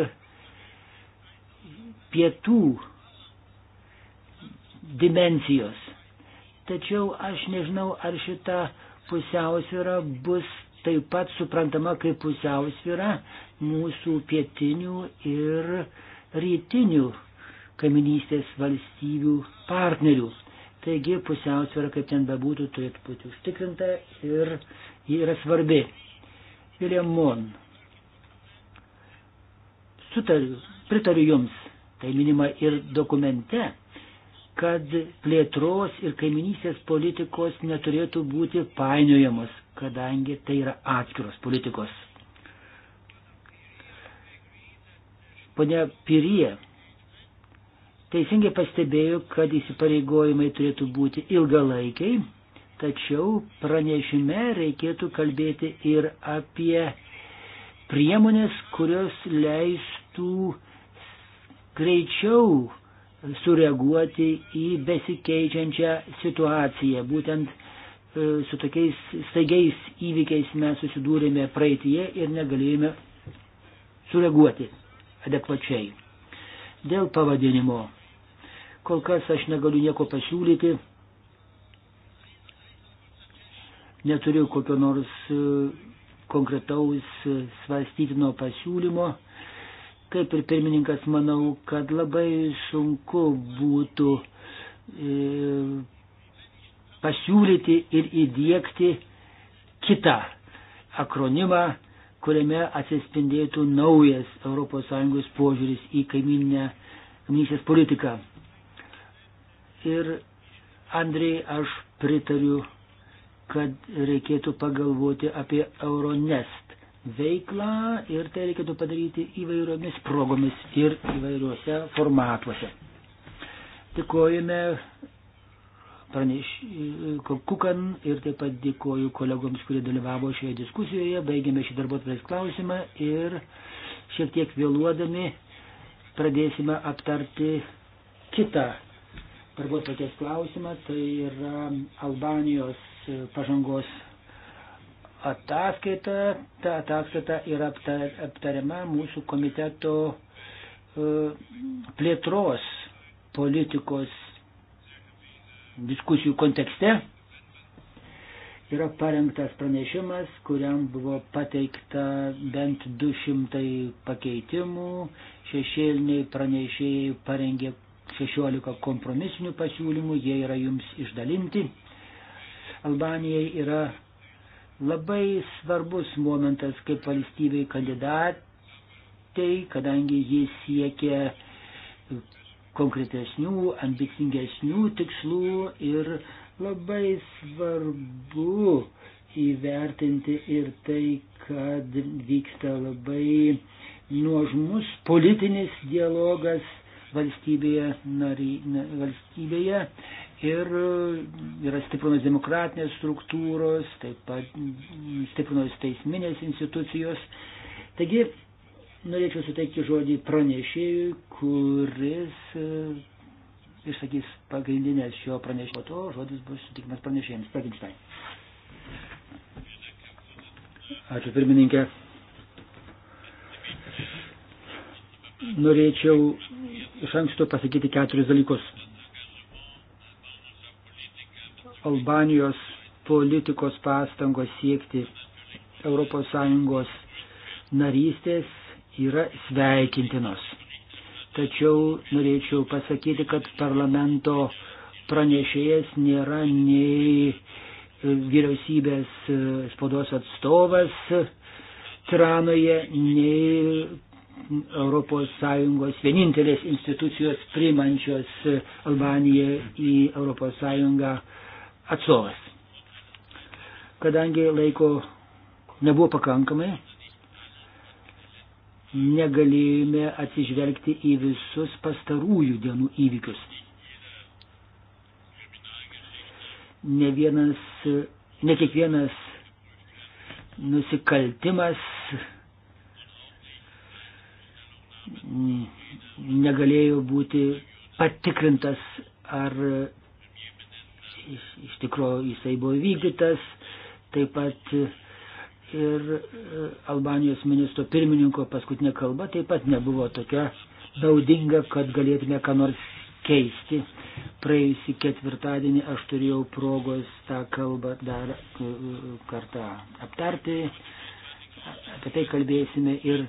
pietų dimensijos. Tačiau aš nežinau, ar šita pusiausvyrą bus taip pat suprantama kaip pusiausvyrą mūsų pietinių ir rytinių kaiminystės valstybių partnerių. Taigi pusiausvyrą, kaip ten bebūtų, turėtų būti užtikrinta ir ji yra svarbi. William Mon. Sutariu, pritariu Jums, tai minima ir dokumente, kad plėtros ir kaiminysės politikos neturėtų būti painiojamos, kadangi tai yra atskiros politikos. Pone Pirie teisingai pastebėjo, kad įsipareigojimai turėtų būti ilgalaikiai, tačiau pranešime reikėtų kalbėti ir apie priemonės, kurios leistų greičiau sureaguoti į besikeičiančią situaciją. Būtent e, su tokiais staigiais įvykiais mes susidūrėme praeitie ir negalėjome sureaguoti adekvačiai. Dėl pavadinimo. Kol kas aš negaliu nieko pasiūlyti. Neturiu kokio nors e, konkretaus e, svarstytino pasiūlymo Kaip ir pirmininkas, manau, kad labai sunku būtų e, pasiūlyti ir įdėkti kitą akronimą, kuriame atsispindėtų naujas ES požiūris į kaiminę kaiminysės politiką. Ir Andrei, aš pritariu, kad reikėtų pagalvoti apie Euronest veiklą ir tai reikėtų padaryti įvairiomis progomis ir įvairiuose formatuose. Dėkojame praneš Kukan ir taip pat dėkoju kolegoms, kurie dalyvavo šioje diskusijoje. Baigėme šį darbotvarės klausimą ir šiek tiek vėluodami pradėsime aptarti kitą darbotvarkės klausimą, tai yra Albanijos pažangos ataskaita. Ta ataskaita yra aptariama mūsų komiteto e, plėtros politikos diskusijų kontekste. Yra parengtas pranešimas, kuriam buvo pateikta bent 200 pakeitimų. Šešėliniai pranešėjai parengė 16 kompromisinių pasiūlymų, jie yra jums išdalinti. Albanijai yra Labai svarbus momentas kaip valstybei kandidatai, kadangi jis siekia konkretesnių, ambicingesnių tikslų ir labai svarbu įvertinti ir tai, kad vyksta labai nuožmus politinis dialogas valstybėje, nary, valstybėje ir e, yra stiprinos demokratinės struktūros, taip pat stiprinos teisminės institucijos. Taigi, norėčiau suteikti žodį pranešėjui, kuris e, išsakys pagrindinės šio pranešimo, to žodis bus sutikimas pranešėjams. Praginštai. Ačiū pirmininkė. Norėčiau iš anksto pasakyti keturis dalykus. Albanijos politikos pastangos siekti ES narystės yra sveikintinos. Tačiau norėčiau pasakyti, kad parlamento pranešėjas nėra nei e, vyriausybės e, spaudos atstovas Tranoje, nei ES vienintelės institucijos primančios Albaniją į ES atstovas. Kadangi laiko nebuvo pakankamai, negalėjome atsižvelgti į visus pastarųjų dienų įvykius. Ne vienas, ne kiekvienas nusikaltimas negalėjo būti patikrintas ar iš tikrųjų jisai buvo vykdytas, taip pat ir e, Albanijos ministro pirmininko paskutinė kalba taip pat nebuvo tokia naudinga, kad galėtume ką nors keisti. Praėjusį ketvirtadienį aš turėjau progos tą kalbą dar e, kartą aptarti, apie tai kalbėsime ir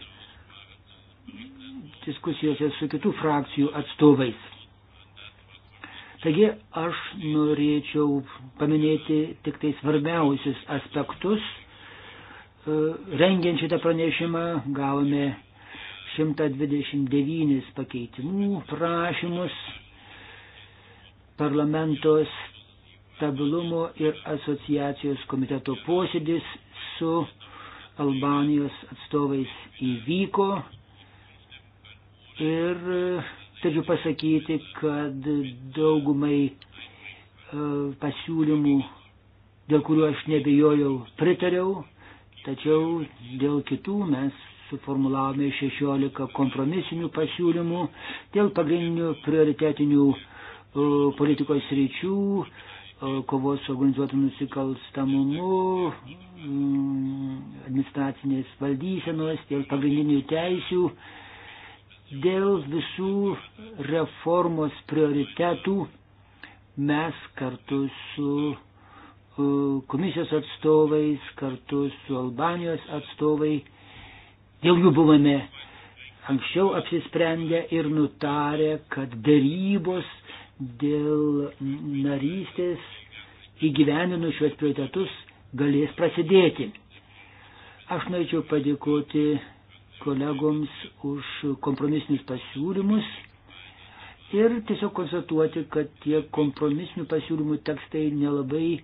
diskusijose su kitų frakcijų atstovais. Taigi aš norėčiau paminėti tik tai svarbiausius aspektus. E, rengiant šitą pranešimą gavome 129 pakeitimų prašymus parlamentos stabilumo ir asociacijos komiteto posėdis su Albanijos atstovais įvyko ir Turiu pasakyti, kad daugumai e, pasiūlymų, dėl kurių aš nebejojau, pritariau, tačiau dėl kitų mes suformulavome 16 kompromisinių pasiūlymų dėl pagrindinių prioritetinių e, politikos ryčių, e, kovos su organizuotų nusikalstamumu, mm, administracinės valdysenos, dėl pagrindinių teisių Dėl visų reformos prioritetų mes kartu su e, komisijos atstovais, kartu su Albanijos atstovai, dėl jų buvome anksčiau apsisprendę ir nutarę, kad darybos dėl narystės įgyveninus šiuos prioritetus galės prasidėti. Aš norėčiau padėkoti kolegoms už kompromisinius pasiūlymus ir tiesiog konstatuoti, kad tie kompromisinių pasiūlymų tekstai nelabai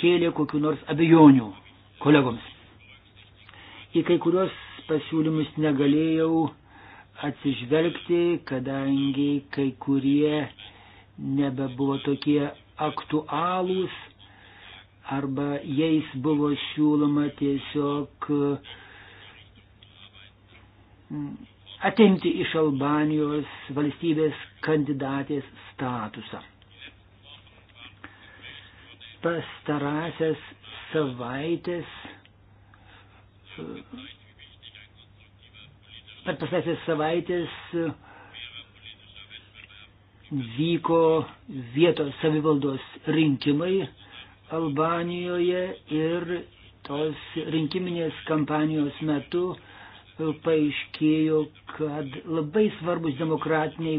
kėlė kokiu nors abejonių kolegoms. Į kai kurios pasiūlymus negalėjau atsižvelgti, kadangi kai kurie nebebuvo tokie aktualūs arba jais buvo siūloma tiesiog mm, atimti iš Albanijos valstybės kandidatės statusą. Pastarasias savaitės, per pastarasias savaitės vyko vietos savivaldos rinkimai Albanijoje ir tos rinkiminės kampanijos metu paaiškėjo, kad labai svarbus demokratiniai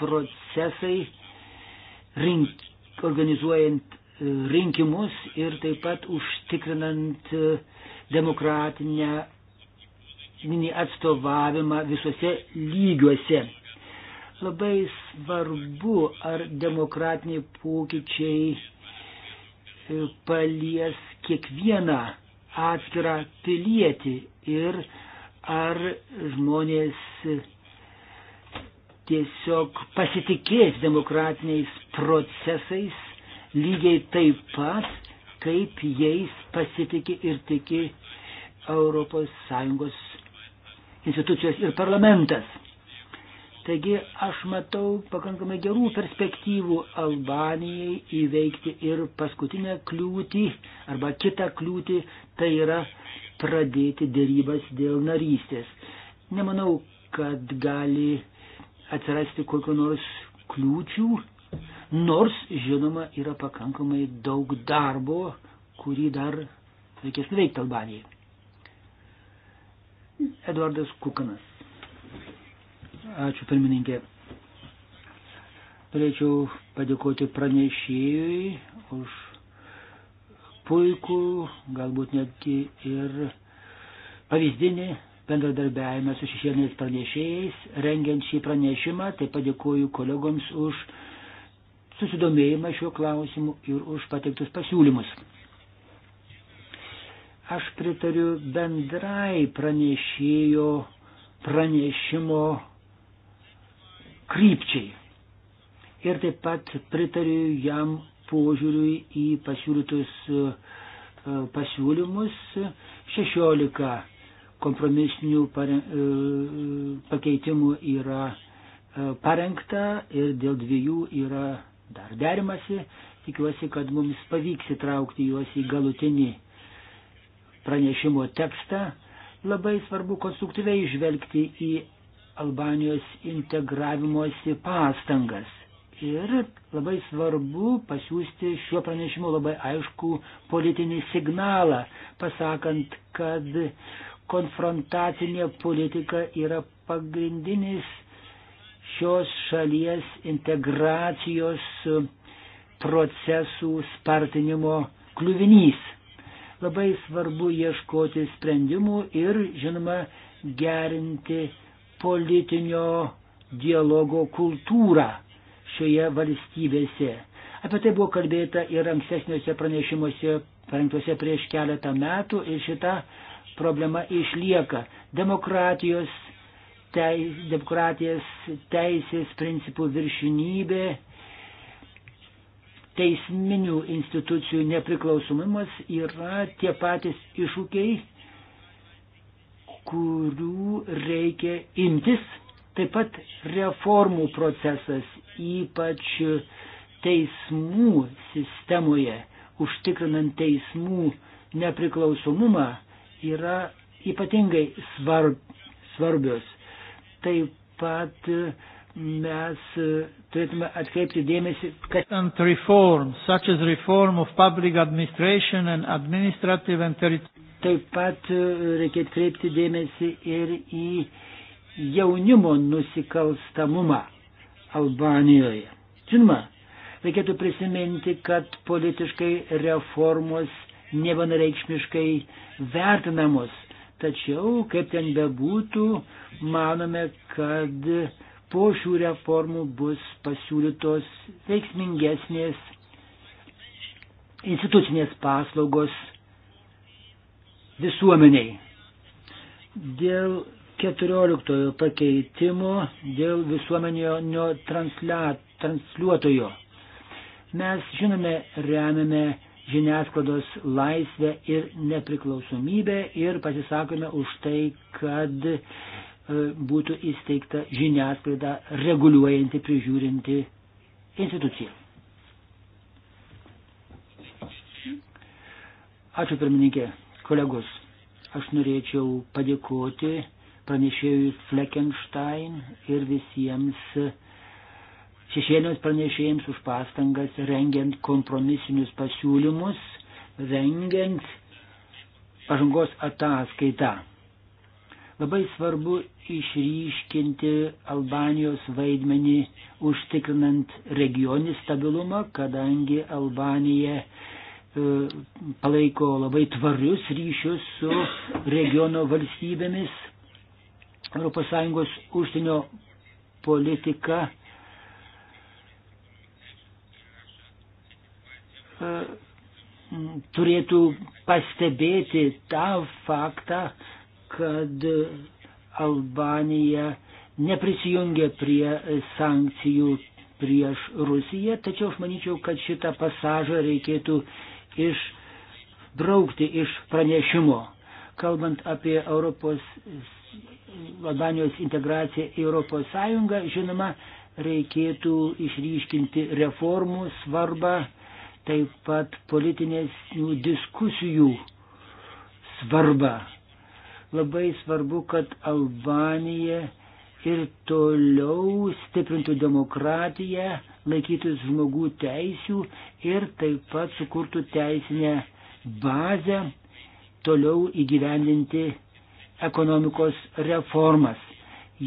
procesai rink, organizuojant e, rinkimus ir taip pat užtikrinant e, demokratinę atstovavimą visuose lygiuose. Labai svarbu, ar demokratiniai pokyčiai palies kiekvieną atskirą pilietį ir ar žmonės tiesiog pasitikės demokratiniais procesais lygiai taip pat, kaip jais pasitikė ir tiki ES institucijos ir parlamentas. Taigi aš matau pakankamai gerų perspektyvų Albanijai įveikti ir paskutinę kliūtį arba kitą kliūtį, tai yra pradėti dėrybas dėl narystės. Nemanau, kad gali atsirasti kokiu nors kliūčių, nors, žinoma, yra pakankamai daug darbo, kurį dar reikės nuveikti Albanijai. Eduardas Kukanas. Ačiū pirmininkė. Norėčiau padėkoti pranešėjui už puikų, galbūt netgi ir pavyzdinį bendradarbiavimą su šešėliniais pranešėjais, rengiant šį pranešimą, tai padėkoju kolegoms už susidomėjimą šiuo klausimu ir už pateiktus pasiūlymus. Aš pritariu bendrai pranešėjo pranešimo krypčiai. Ir taip pat pritariu jam požiūriui į pasiūlytus e, pasiūlymus 16 kompromisinių e, pakeitimų yra e, parengta ir dėl dviejų yra dar derimasi. Tikiuosi, kad mums pavyks įtraukti juos į galutinį pranešimo tekstą. Labai svarbu konstruktyviai žvelgti į Albanijos integravimosi pastangas. Ir labai svarbu pasiūsti šiuo pranešimu labai aišku politinį signalą, pasakant, kad konfrontacinė politika yra pagrindinis šios šalies integracijos procesų spartinimo kliuvinys. Labai svarbu ieškoti sprendimų ir, žinoma, gerinti politinio dialogo kultūrą šioje valstybėse. Apie tai buvo kalbėta ir ankstesniuose pranešimuose, parengtuose prieš keletą metų ir šita problema išlieka. Demokratijos, teis, demokratijos teisės principų viršinybė, teisminių institucijų nepriklausomumas yra tie patys iššūkiai kurių reikia imtis. Taip pat reformų procesas, ypač teismų sistemoje, užtikrinant teismų nepriklausomumą, yra ypatingai svarb, svarbios. Taip pat mes e, turėtume atkreipti dėmesį, kad reform, such as reform of public administration and administrative and Taip pat e, reikia atkreipti dėmesį ir į jaunimo nusikalstamumą Albanijoje. Žinoma, reikėtų prisiminti, kad politiškai reformos nevanareikšmiškai vertinamos. Tačiau, kaip ten bebūtų, manome, kad po šių reformų bus pasiūlytos veiksmingesnės institucinės paslaugos visuomeniai. Dėl 14 pakeitimo, dėl visuomenio transliuotojo. Mes žinome, remiame žiniasklaidos laisvę ir nepriklausomybę ir pasisakome už tai, kad E, būtų įsteigta žiniasklaida reguliuojanti, prižiūrinti institucija. Ačiū pirmininkė, kolegos. Aš norėčiau padėkoti pranešėjui Fleckenstein ir visiems šešėliams pranešėjams už pastangas rengiant kompromisinius pasiūlymus, rengiant pažangos ataskaitą. Labai svarbu išryškinti Albanijos vaidmenį užtikrinant regionį stabilumą, kadangi Albanija e, palaiko labai tvarius ryšius su regiono valstybėmis. ES užsienio politika e, turėtų pastebėti tą faktą, kad Albanija neprisijungė prie sankcijų prieš Rusiją, tačiau aš manyčiau, kad šitą pasažą reikėtų išbraukti iš pranešimo. Kalbant apie Europos, Albanijos integraciją į Europos Sąjungą, žinoma, reikėtų išryškinti reformų svarbą, taip pat politinės diskusijų svarbą Labai svarbu, kad Albanija ir toliau stiprintų demokratiją, laikytus žmogų teisių ir taip pat sukurtų teisinę bazę toliau įgyvendinti ekonomikos reformas.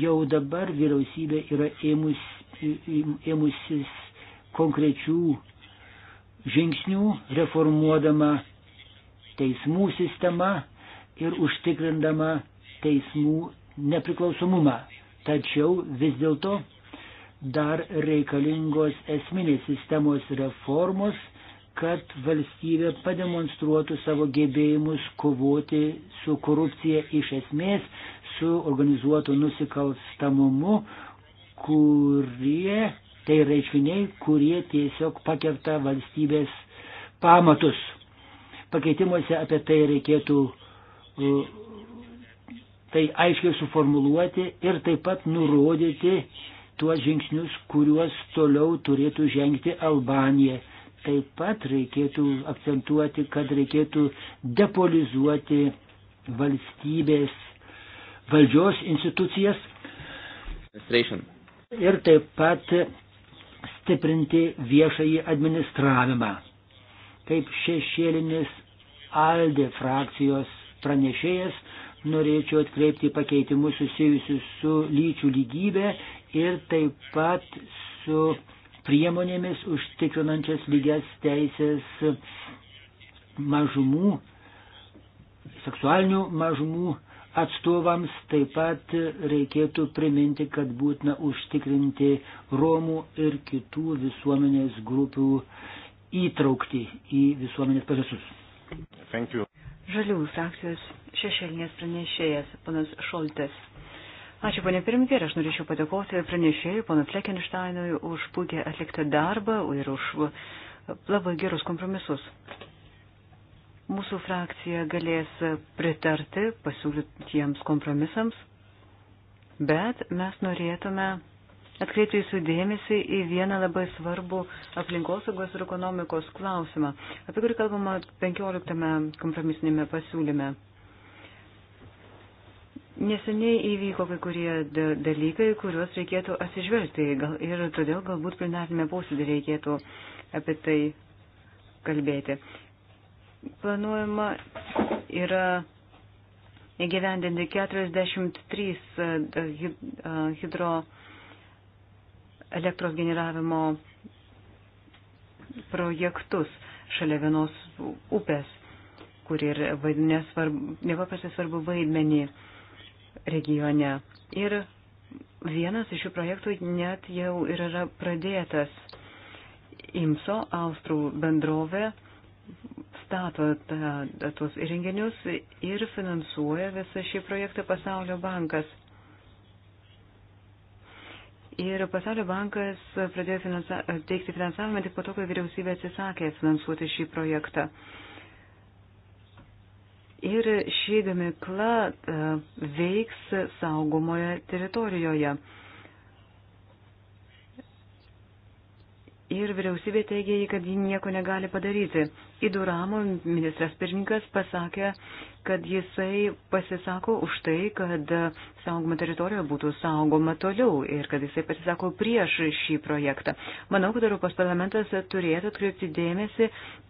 Jau dabar vyriausybė yra ėmus, ėmusis konkrečių žingsnių reformuodama teismų sistemą, ir užtikrindama teismų nepriklausomumą. Tačiau vis dėlto dar reikalingos esminės sistemos reformos, kad valstybė pademonstruotų savo gebėjimus kovoti su korupcija iš esmės, su organizuotu nusikalstamumu, kurie, tai reiškiniai, kurie tiesiog pakerta valstybės pamatus. Pakeitimuose apie tai reikėtų tai aiškiai suformuluoti ir taip pat nurodyti tuos žingsnius, kuriuos toliau turėtų žengti Albanija. Taip pat reikėtų akcentuoti, kad reikėtų depolizuoti valstybės valdžios institucijas ir taip pat stiprinti viešąjį administravimą. Kaip šešėlinis Aldė frakcijos pranešėjas, norėčiau atkreipti pakeitimus susijusius su lyčių lygybė ir taip pat su priemonėmis užtikrinančias lygias teisės mažumų, seksualinių mažumų atstovams. Taip pat reikėtų priminti, kad būtina užtikrinti Romų ir kitų visuomenės grupių įtraukti į visuomenės procesus. Žaliųjų frakcijos šešėlinės pranešėjas, panas Šoltas. Ačiū, ponė pirmininkė, ir aš norėčiau padėkoti pranešėjui, panas Lekenšteinui, už puikiai atliktą darbą ir už labai gerus kompromisus. Mūsų frakcija galės pritarti pasiūlytiems kompromisams, bet mes norėtume atkreipti jūsų dėmesį į vieną labai svarbų aplinkosaugos ir ekonomikos klausimą, apie kurį kalbama 15 kompromisinėme pasiūlyme. Neseniai įvyko kai kurie dalykai, kuriuos reikėtų atsižvelgti gal, ir todėl galbūt plenarinėme posėdė reikėtų apie tai kalbėti. Planuojama yra įgyvendinti 43 hidro. Uh, elektros generavimo projektus šalia vienos upės, kur ir vaidinė svarbu, nepaprastai svarbu vaidmenį regione. Ir vienas iš šių projektų net jau ir yra pradėtas. IMSO, Austrų bendrovė, stato tuos įrenginius ir finansuoja visą šį projektą Pasaulio bankas. Ir Pasaulio bankas pradėjo finansa teikti finansavimą tik po to, kai vyriausybė atsisakė finansuoti šį projektą. Ir ši gamikla e, veiks saugomoje teritorijoje. Ir vyriausybė teigia, kad ji nieko negali padaryti. Iduramo ministras pirmininkas pasakė, kad jisai pasisako už tai, kad saugoma teritorija būtų saugoma toliau ir kad jisai pasisako prieš šį projektą. Manau, kad Europos parlamentas turėtų atkreipti dėmesį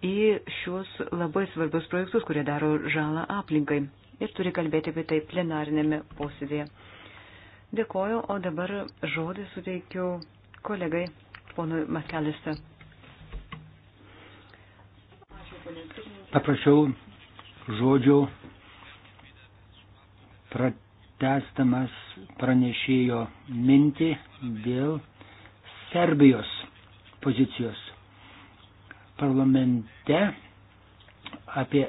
į šios labai svarbius projektus, kurie daro žalą aplinkai ir turi kalbėti apie tai plenarinėme posėdėje. Dėkoju, o dabar žodį suteikiu kolegai ponui Makelistą paprašiau žodžio pratestamas pranešėjo mintį dėl Serbijos pozicijos. Parlamente apie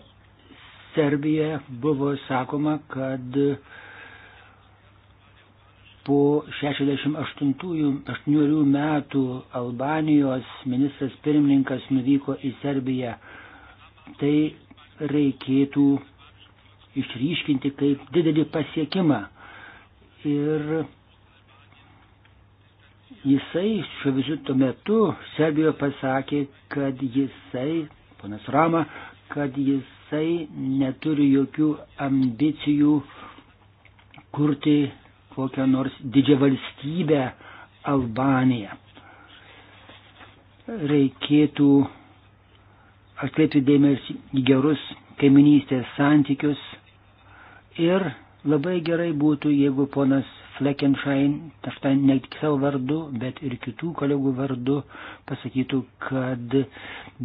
Serbiją buvo sakoma, kad po 68 metų Albanijos ministras pirmininkas nuvyko į Serbiją tai reikėtų išryškinti kaip didelį pasiekimą. Ir jisai šio vizito metu Serbijoje pasakė, kad jisai, ponas Rama, kad jisai neturi jokių ambicijų kurti kokią nors didžią valstybę Albaniją. Reikėtų atkreipti dėmesį į gerus kaiminystės santykius ir labai gerai būtų, jeigu ponas Fleckenstein, aš ten ne tik savo vardu, bet ir kitų kolegų vardu pasakytų, kad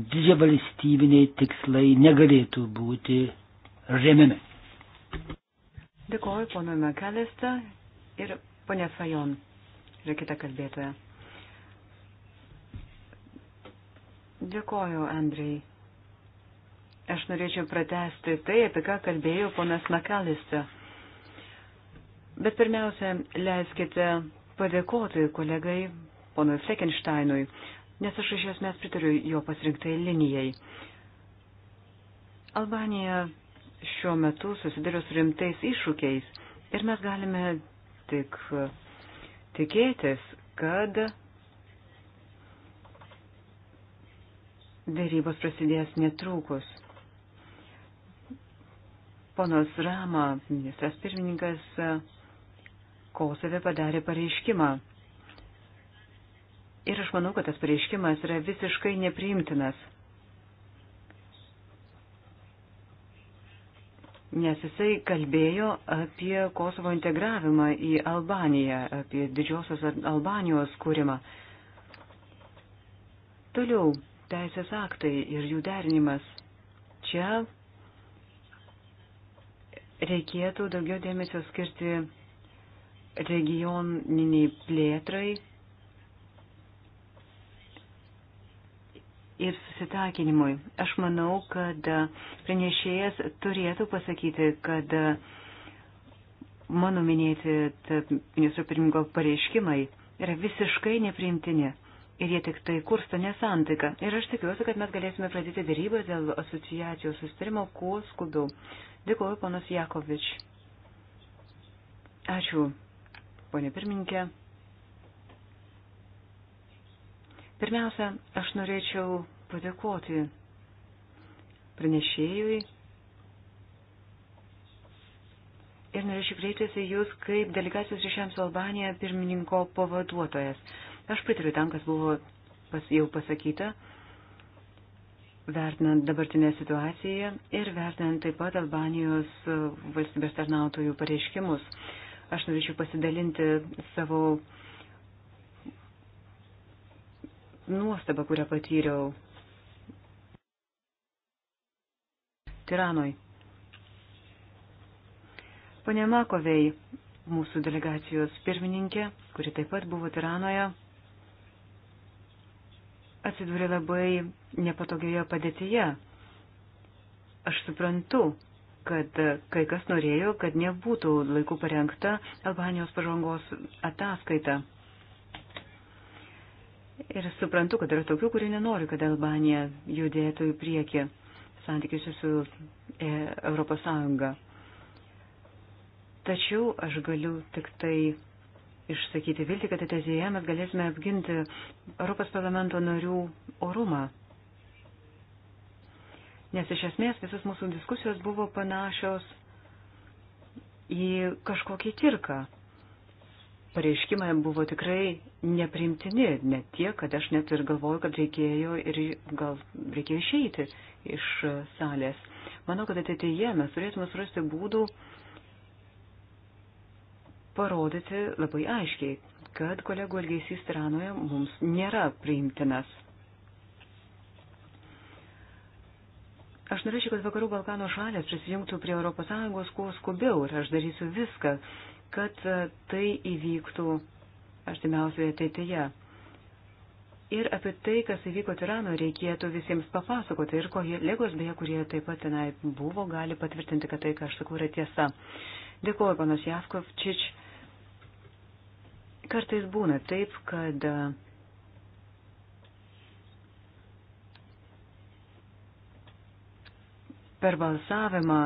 didžia valstybiniai tikslai negalėtų būti remiami. Dėkuoju ponui Mekalistą ir ponė Fajon, yra kita kalbėtoja. Dėkuoju, Andrei. Aš norėčiau pratesti tai, apie ką kalbėjo ponas Makalista. Bet pirmiausia, leiskite padėkoti kolegai ponui Fleckensteinui, nes aš iš esmės pritariu jo pasirinktai linijai. Albanija šiuo metu susiduria su rimtais iššūkiais ir mes galime tik tikėtis, kad dėrybos prasidės netrukus. Ponas Rama, ministras pirmininkas Kosove padarė pareiškimą. Ir aš manau, kad tas pareiškimas yra visiškai nepriimtinas. Nes jisai kalbėjo apie Kosovo integravimą į Albaniją, apie didžiosios Albanijos kūrimą. Toliau, teisės aktai ir jų derinimas. Čia reikėtų daugiau dėmesio skirti regioniniai plėtrai ir susitakinimui. Aš manau, kad pranešėjas turėtų pasakyti, kad mano minėti ministro pirmingo pareiškimai yra visiškai nepriimtini ir jie tik tai kursto nesantaiką. Ir aš tikiuosi, kad mes galėsime pradėti dėrybą dėl asociacijos sustarimo kuo skubiau. Dėkuoju, ponas Jakovič. Ačiū, ponė pirmininkė. Pirmiausia, aš norėčiau padėkoti pranešėjui ir norėčiau kreiptis į Jūs kaip delegacijos ryšiams su Albanija pirmininko pavaduotojas. Aš pritariu tam, kas buvo pas, jau pasakyta vertinant dabartinę situaciją ir vertinant taip pat Albanijos valstybės tarnautojų pareiškimus. Aš norėčiau pasidalinti savo nuostabą, kurią patyriau Tiranoj. Pane Makovei, mūsų delegacijos pirmininkė, kuri taip pat buvo Tiranoje, atsidūrė labai nepatogioje padėtyje. Aš suprantu, kad kai kas norėjo, kad nebūtų laiku parengta Albanijos pažangos ataskaita. Ir suprantu, kad yra tokių, kurie nenori, kad Albanija judėtų į priekį santykiuose su e, Europos Sąjunga. Tačiau aš galiu tik tai išsakyti viltį, kad ateityje mes galėsime apginti Europos parlamento narių orumą. Nes iš esmės visos mūsų diskusijos buvo panašios į kažkokį tirką. Pareiškimai buvo tikrai neprimtini, net tie, kad aš net ir galvoju, kad reikėjo ir gal reikėjo išeiti iš salės. Manau, kad ateityje mes turėtume surasti būdų, uh, parodyti labai aiškiai, kad kolegų elgesys Iranoje mums nėra priimtinas. Aš norėčiau, kad vakarų Balkano šalės prisijungtų prie ES kuo skubiau ir aš darysiu viską, kad e, tai įvyktų artimiausioje ateityje. Ir apie tai, kas įvyko Tirano, reikėtų visiems papasakoti. Ir kolegos, beje, kurie taip pat tenai buvo, gali patvirtinti, kad tai, ką aš sakau, yra tiesa. Dėkuoju, panas Jaskovčič. Kartais būna taip, kad e, per balsavimą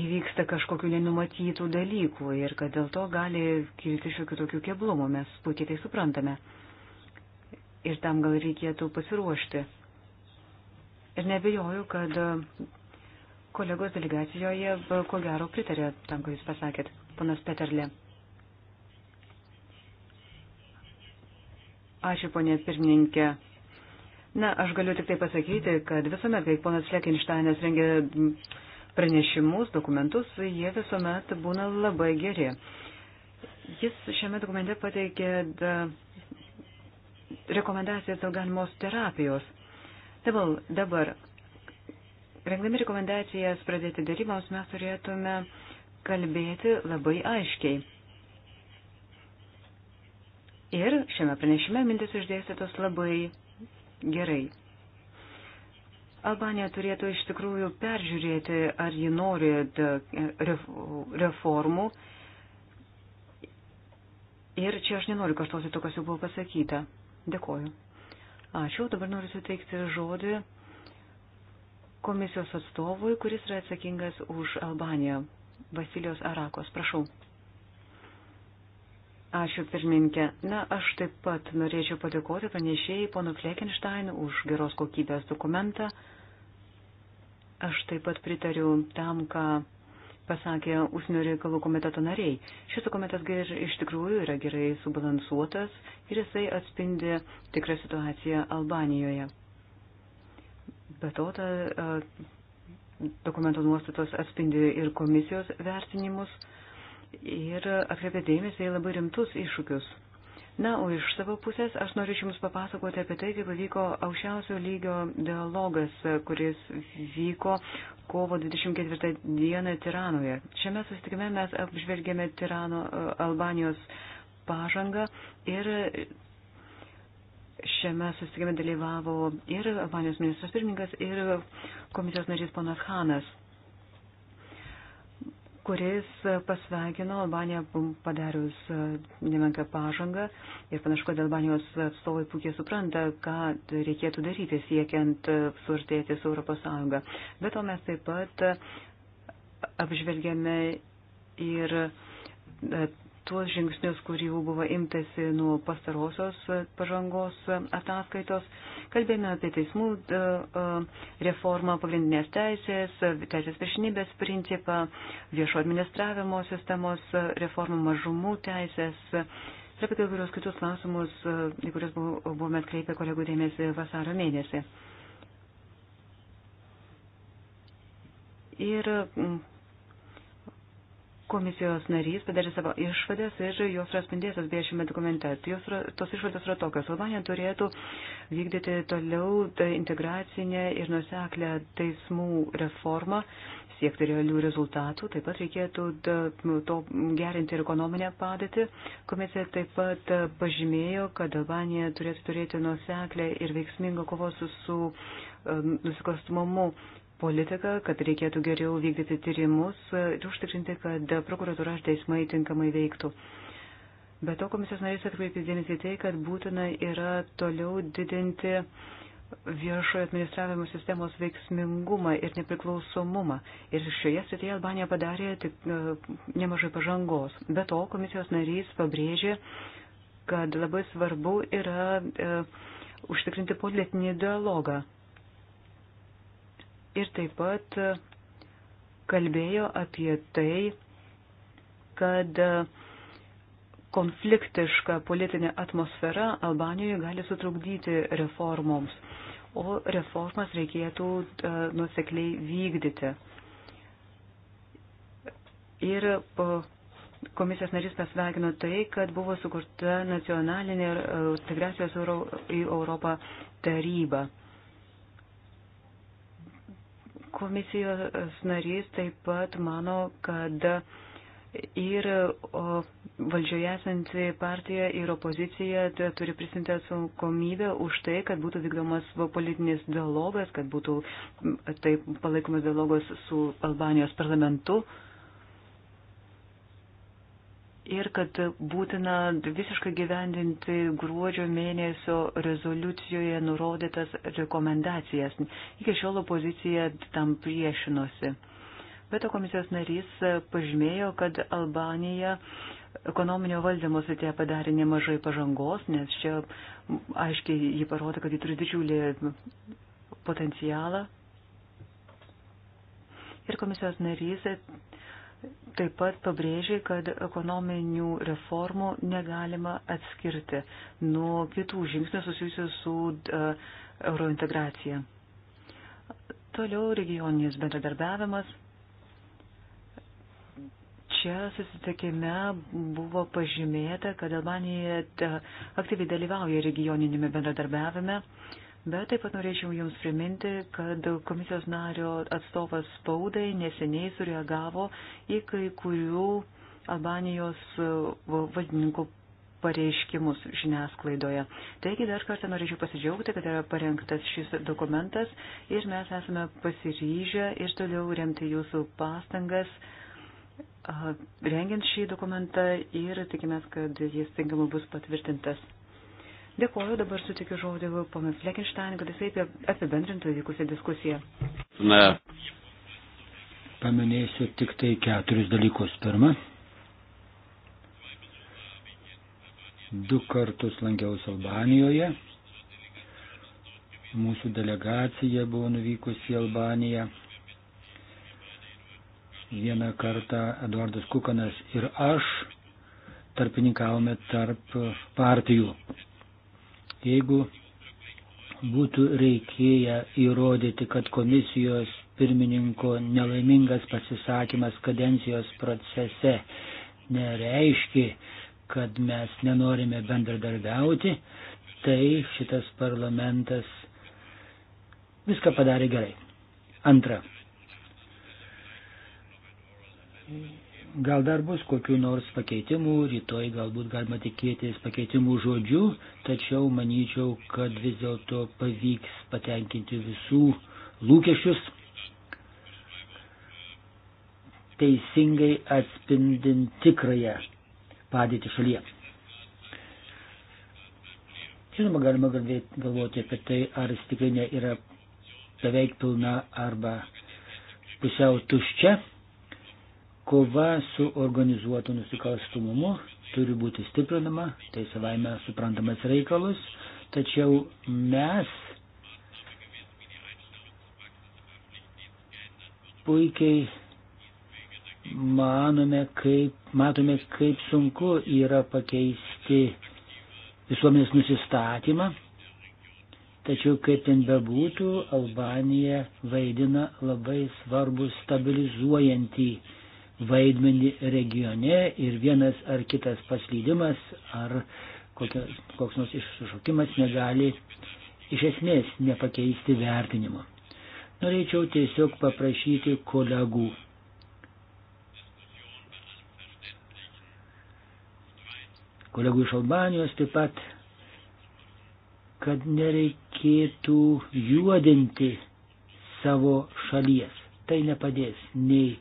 įvyksta kažkokių nenumatytų dalykų ir kad dėl to gali kilti šiokių tokių keblumų, mes puikiai tai suprantame. Ir tam gal reikėtų pasiruošti. Ir nebejoju, kad e, kolegos delegacijoje e, ko gero pritarė tam, ką jūs pasakėt panas Peterle. Ačiū, ponė pirmininkė. Na, aš galiu tik tai pasakyti, kad visuomet, kai ponas Lekinštainas rengia pranešimus, dokumentus, jie visuomet būna labai geri. Jis šiame dokumente pateikė rekomendacijas dėl galimos terapijos. Dabar, dabar, rengdami rekomendacijas pradėti dėrybams, mes turėtume uh, kalbėti labai aiškiai. Ir šiame pranešime mintis išdėstytos labai gerai. Albanija turėtų iš tikrųjų peržiūrėti, ar ji nori reformų. Ir čia aš nenoriu kartuoti to, kas jau buvo pasakyta. Dėkoju. Ačiū. Dabar noriu suteikti žodį komisijos atstovui, kuris yra atsakingas už Albaniją. Vasilijos Arakos. Prašau. Ačiū pirmininkė. Na, aš taip pat norėčiau padėkoti pranešėjai ponu Fleckensteinu už geros kokybės dokumentą. Aš taip pat pritariu tam, ką pasakė Užsienio reikalų komiteto nariai. Šis dokumentas ger, iš tikrųjų yra gerai subalansuotas ir jisai atspindi tikrą situaciją Albanijoje. Be to, ta, dokumento nuostatos atspindi ir komisijos vertinimus ir atkreipia dėmesį į labai rimtus iššūkius. Na, o iš savo pusės aš norėčiau Jums papasakoti apie tai, kaip vyko aukščiausio lygio dialogas, kuris vyko kovo 24 dieną Tiranoje. Šiame susitikime mes apžvelgėme Tirano Albanijos pažangą ir Šiame susitikime dalyvavo ir Albanijos ministras pirmininkas, ir komisijos narys ponas Hanas, kuris pasveikino Albaniją padarius nemenką pažangą ir panašu, kad Albanijos atstovai puikiai supranta, ką reikėtų daryti siekiant suartėti su ES. Bet to mes taip pat apžvelgėme ir tuos žingsnius, kurių buvo imtasi nuo pastarosios pažangos ataskaitos. Kalbėjome apie teismų e, e, reformą, pagrindinės teisės, teisės viršinybės principą, viešo administravimo sistemos reformą, mažumų teisės. Ir apie kai kurios kitus klausimus, e, į kuriuos buvome atkreipę kolegų dėmesį vasaro mėnesį. Ir komisijos narys padarė savo išvadas ir jos yra spindėtas beje šiame dokumente. Tai jos, tos išvadas yra tokios. Albanija turėtų vykdyti toliau integracinę ir nuseklę teismų reformą, siekti realių rezultatų. Taip pat reikėtų to gerinti ir ekonominę padėtį. Komisija taip pat pažymėjo, kad Albanija turėtų turėti nuseklę ir veiksmingą kovos su nusikalstumumu politiką, kad reikėtų geriau vykdyti tyrimus ir užtikrinti, kad prokuratūra ir teismai tinkamai veiktų. Be to komisijos narys atkreipė dėmesį tai, kad būtina yra toliau didinti viešojo administravimo sistemos veiksmingumą ir nepriklausomumą. Ir šioje srityje Albanija padarė tik e, nemažai pažangos. Be to komisijos narys pabrėžė, kad labai svarbu yra e, užtikrinti politinį dialogą ir taip pat kalbėjo apie tai, kad konfliktiška politinė atmosfera Albanijoje gali sutrukdyti reformoms, o reformas reikėtų e, nusekliai vykdyti. Ir e, komisijos narys pasveikino tai, kad buvo sukurta nacionalinė e, integracijos į Europą taryba. Komisijos narys taip pat mano, kad ir valdžioje esanti partija ir opozicija turi prisimti atsakomybę už tai, kad būtų vykdomas politinis dialogas, kad būtų taip palaikomas dialogas su Albanijos parlamentu. Uh, ir kad būtina visiškai gyvendinti gruodžio mėnesio rezoliucijoje nurodytas rekomendacijas. Iki šiol opozicija tam priešinosi. Veto komisijos narys pažymėjo, kad Albanija ekonominio valdymo srityje padarė nemažai pažangos, nes čia aiškiai jį parodo, kad jį turi didžiulį potencialą. Ir komisijos narys taip pat pabrėžė, kad ekonominių reformų negalima atskirti nuo kitų žingsnių susijusių su e, eurointegracija. Toliau regioninis bendradarbiavimas. Čia susitikime buvo pažymėta, kad Albanija e, aktyviai dalyvauja regioninėme bendradarbiavime. Uh, Bet taip pat norėčiau Jums priminti, kad komisijos nario atstovas spaudai neseniai sureagavo į kai kurių Albanijos valdininkų pareiškimus žiniasklaidoje. Taigi dar kartą norėčiau pasidžiaugti, kad yra parengtas šis dokumentas ir mes esame pasiryžę ir toliau remti Jūsų pastangas rengiant šį dokumentą ir tikimės, kad jis tinkamai bus patvirtintas. Dėkuoju, dabar sutikiu žodį ponas Lekinštain, kad jisai apibendrintų įvykusią diskusiją. Ne. Paminėsiu tik tai keturis dalykus. Pirma, du kartus lankiausi Albanijoje. Mūsų delegacija buvo nuvykusi į Albaniją. Vieną kartą Eduardas Kukanas ir aš tarpininkavome tarp partijų. Jeigu būtų reikėję įrodyti, kad komisijos pirmininko nelaimingas pasisakymas kadencijos procese nereiškia, kad mes nenorime bendradarbiauti, tai šitas parlamentas viską padarė gerai. Antra. Gal dar bus kokiu nors pakeitimu, rytoj galbūt galima tikėtis pakeitimų žodžių, tačiau manyčiau, kad vis dėlto pavyks patenkinti visų lūkesčius teisingai atspindint tikrąją padėtį šalyje. Žinoma, galima galvoti apie tai, ar stiklinė yra beveik pilna arba pusiau tuščia kova su organizuotu nusikalstumumu turi būti stiprinama, tai savaime suprantamas reikalus, tačiau mes puikiai manome, kaip, matome, kaip sunku yra pakeisti visuomenės nusistatymą. Tačiau kaip ten bebūtų, Albanija vaidina labai svarbų stabilizuojantį vaidmenį regione ir vienas ar kitas paslydimas ar kokio, koks nors iššūkimas negali iš esmės nepakeisti vertinimo. Norėčiau tiesiog paprašyti kolegų. Kolegų iš Albanijos taip pat, kad nereikėtų juodinti savo šalies. Tai nepadės nei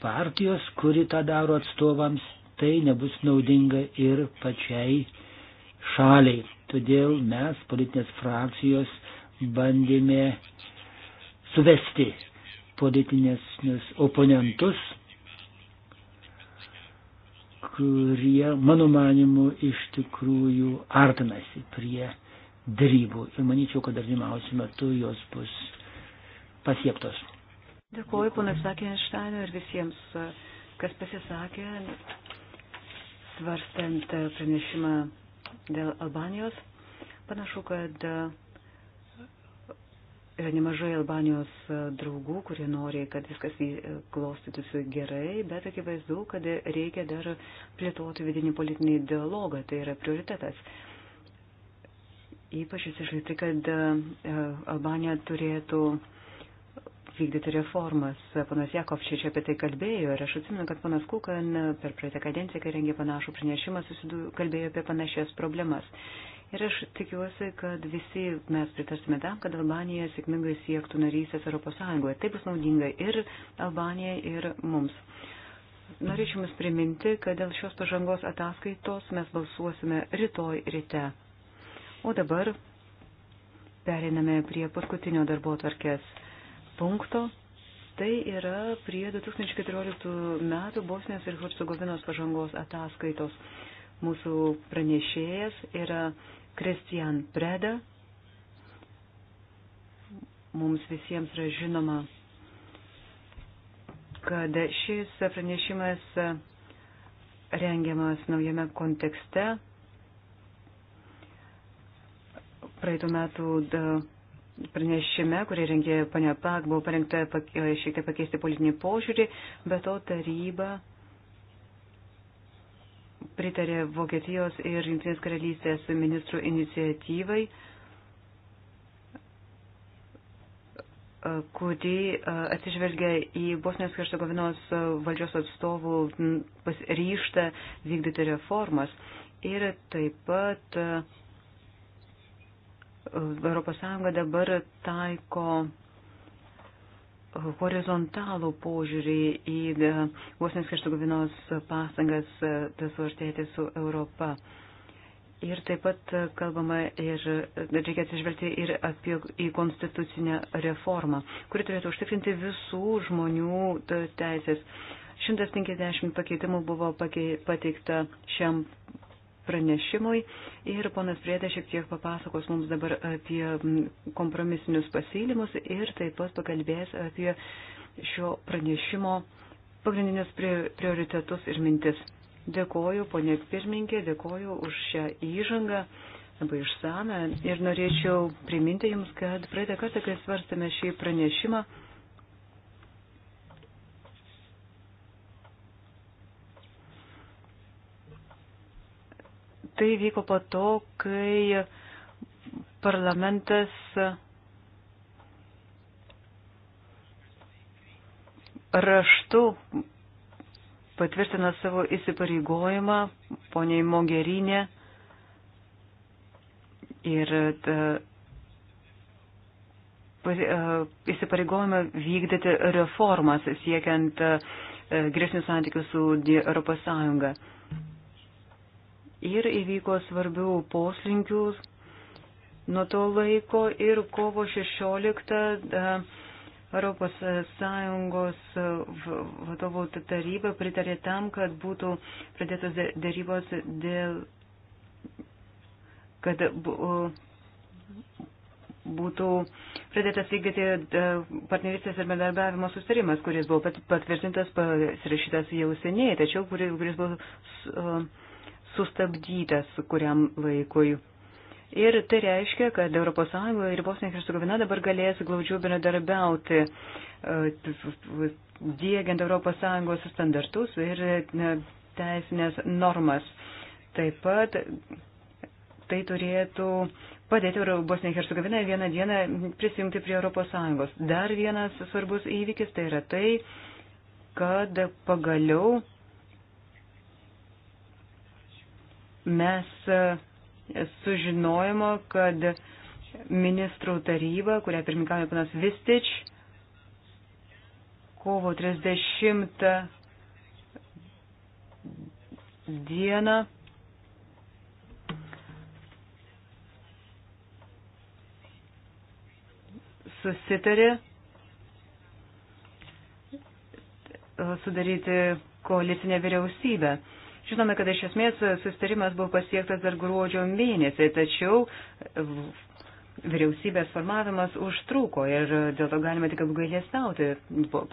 partijos, kuri tą daro atstovams, tai nebus naudinga ir pačiai šaliai. Todėl mes, politinės frakcijos, bandėme suvesti politinės oponentus, kurie, mano manimu, iš tikrųjų artinasi prie darybų. Ir manyčiau, kad artimiausiu metu jos bus pasiektos. Dėkuoju ponui Sakinštainui ir visiems, e, kas pasisakė, svarstant e, pranešimą dėl Albanijos. Panašu, kad e, yra nemažai Albanijos draugų, kurie nori, kad viskas klostytųsi gerai, bet akivaizdu, kad reikia dar plėtoti vidinį politinį dialogą, tai yra prioritetas. Ypač išsižaisti, kad Albanija turėtų vykdyti reformas. Panas Jakovčič apie tai kalbėjo ir aš atsimenu, kad panas Kukan per praeitą kadenciją, kai rengė panašų pranešimą, susidu, kalbėjo apie panašias problemas. Ir aš tikiuosi, kad visi mes pritarsime tam, kad Albanija sėkmingai siektų narysės Europos Sąjungoje. Tai bus naudinga ir Albanija, ir mums. Norėčiau Jums priminti, kad dėl šios pažangos ataskaitos mes balsuosime rytoj ryte. O dabar periname prie paskutinio darbo tvarkės punkto. Tai yra prie 2014 metų Bosnijos ir Hercegovinos pažangos ataskaitos. Mūsų pranešėjas yra Kristijan Preda. Mums visiems yra žinoma, kad šis pranešimas rengiamas naujame kontekste. Praeitų metų pranešime, kurį rengė ponia Pak, buvo parengta e, šiek tiek pakeisti politinį požiūrį, bet to taryba pritarė Vokietijos ir Junktinės karalystės ministrų iniciatyvai, e, kuri e, atsižvelgia į Bosnijos Hercegovinos valdžios atstovų ryštą vykdyti reformas. Ir taip pat uh, ES dabar taiko horizontalų požiūrį į e, Bosnijos Hercegovinos pastangas e, suartėti su Europa. Ir taip pat kalbama ir reikia atsižvelgti ir apie į konstitucinę reformą, kuri turėtų užtikrinti visų žmonių teisės. 150 pakeitimų buvo pateikta šiam pranešimui ir ponas Priedė šiek tiek papasakos mums dabar apie kompromisinius pasiūlymus ir taip pat pakalbės apie šio pranešimo pagrindinius prioritetus ir mintis. Dėkoju, ponė pirmininkė, dėkoju už šią įžangą labai išsame ir norėčiau priminti Jums, kad praeitą kartą, kai svarstame šį pranešimą, tai vyko po to, kai parlamentas raštu patvirtina savo įsipareigojimą poniai Mogerinė ir ta, e, įsipareigojimą vykdyti reformas siekiant e, geresnių santykių su Europos Sąjunga ir įvyko svarbių poslinkių nuo to laiko ir kovo 16 Europos Sąjungos vadovų taryba pritarė tam, kad būtų pradėtos darybos dėl, kad būtų pradėtas vykdyti partnerystės ir bendarbiavimo sustarimas, kuris buvo patvirtintas, pasirašytas jau seniai, tačiau kuris, kuris buvo sustabdytas kuriam laikui. Ir tai reiškia, kad ES ir Bosnija ir Hercegovina dabar galės glaudžiau bendradarbiauti, e, dėgiant ES standartus ir e, teisinės normas. Taip pat tai turėtų padėti Bosnijai Hercegovinai vieną dieną prisijungti prie ES. Dar vienas svarbus įvykis tai yra tai, kad pagaliau mes e, sužinojimo, kad ministrų taryba, kurią pirmininkavo panas Vistič, kovo 30 dieną susitarė sudaryti koalicinę vyriausybę. Žinome, kad iš esmės sustarimas buvo pasiektas dar gruodžio mėnesį, tačiau vyriausybės formavimas užtruko ir dėl to galime tik apgailėstauti,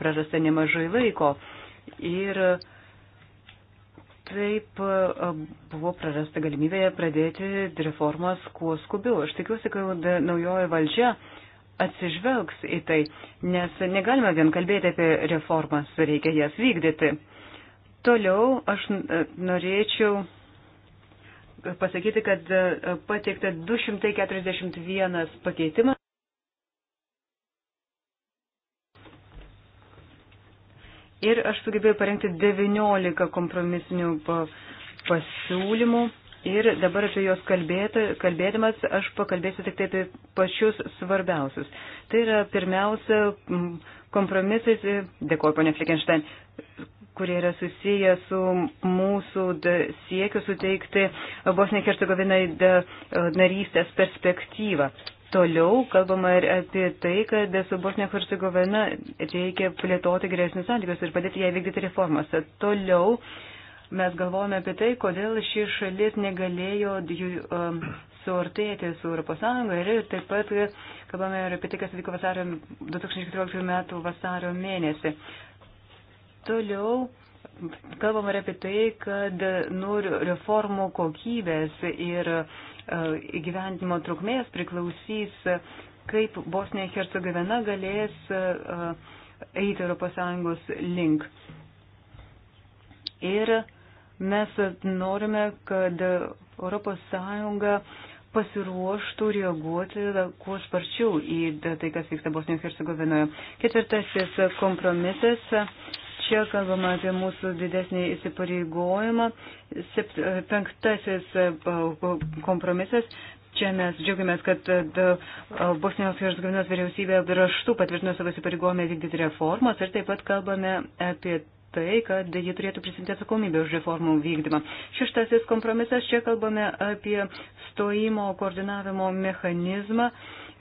prarasta nemažai laiko. Ir taip e, buvo prarasta galimybė pradėti reformas kuo skubiau. Aš tikiuosi, kad naujoji valdžia atsižvelgs į tai, nes negalime vien kalbėti apie reformas, reikia jas vykdyti. Toliau aš e, norėčiau pasakyti, kad e, pateikta 241 pakeitimas. Ir aš sugebėjau parengti 19 kompromisinių pasiūlymų. Ir dabar apie juos kalbėti, kalbėdamas aš pakalbėsiu tik tai apie pačius svarbiausius. Tai yra pirmiausia kompromisais, dėkoju ponia Flikenštain, kurie yra susiję su mūsų siekiu suteikti Bosniai Hercegovinai narystės perspektyvą. Toliau kalbama ir apie tai, kad su Bosnija Hercegovina reikia plėtoti geresnius santykius ir padėti ją vykdyti reformas. Toliau mes galvojame apie tai, kodėl ši šalis negalėjo um, suartėti su Europos Sąjunga ir taip pat kalbame ir apie tai, kas vyko vasario, 2014 metų vasario mėnesį. Toliau kalbam ir apie tai, kad nuo reformų kokybės ir e, įgyvendimo trukmės priklausys, kaip Bosnija ir Hercegovina galės e, eiti ES link. Ir mes norime, kad ES pasiruoštų reaguoti kuo sparčiau į tai, kas vyksta Bosnijos ir Hercegovinoje. Ketvirtasis kompromisas Čia kalbama apie mūsų didesnį įsipareigojimą. Sept, penktasis e, kompromisas. Čia mes džiaugiamės, kad Bosnijos ir Hercegovinos vyriausybė raštu patvirtino savo įsipareigojimą vykdyti reformas ir taip pat kalbame apie tai, kad jie turėtų prisimti atsakomybę už reformų vykdymą. Šeštasis kompromisas, čia kalbame apie stojimo koordinavimo mechanizmą,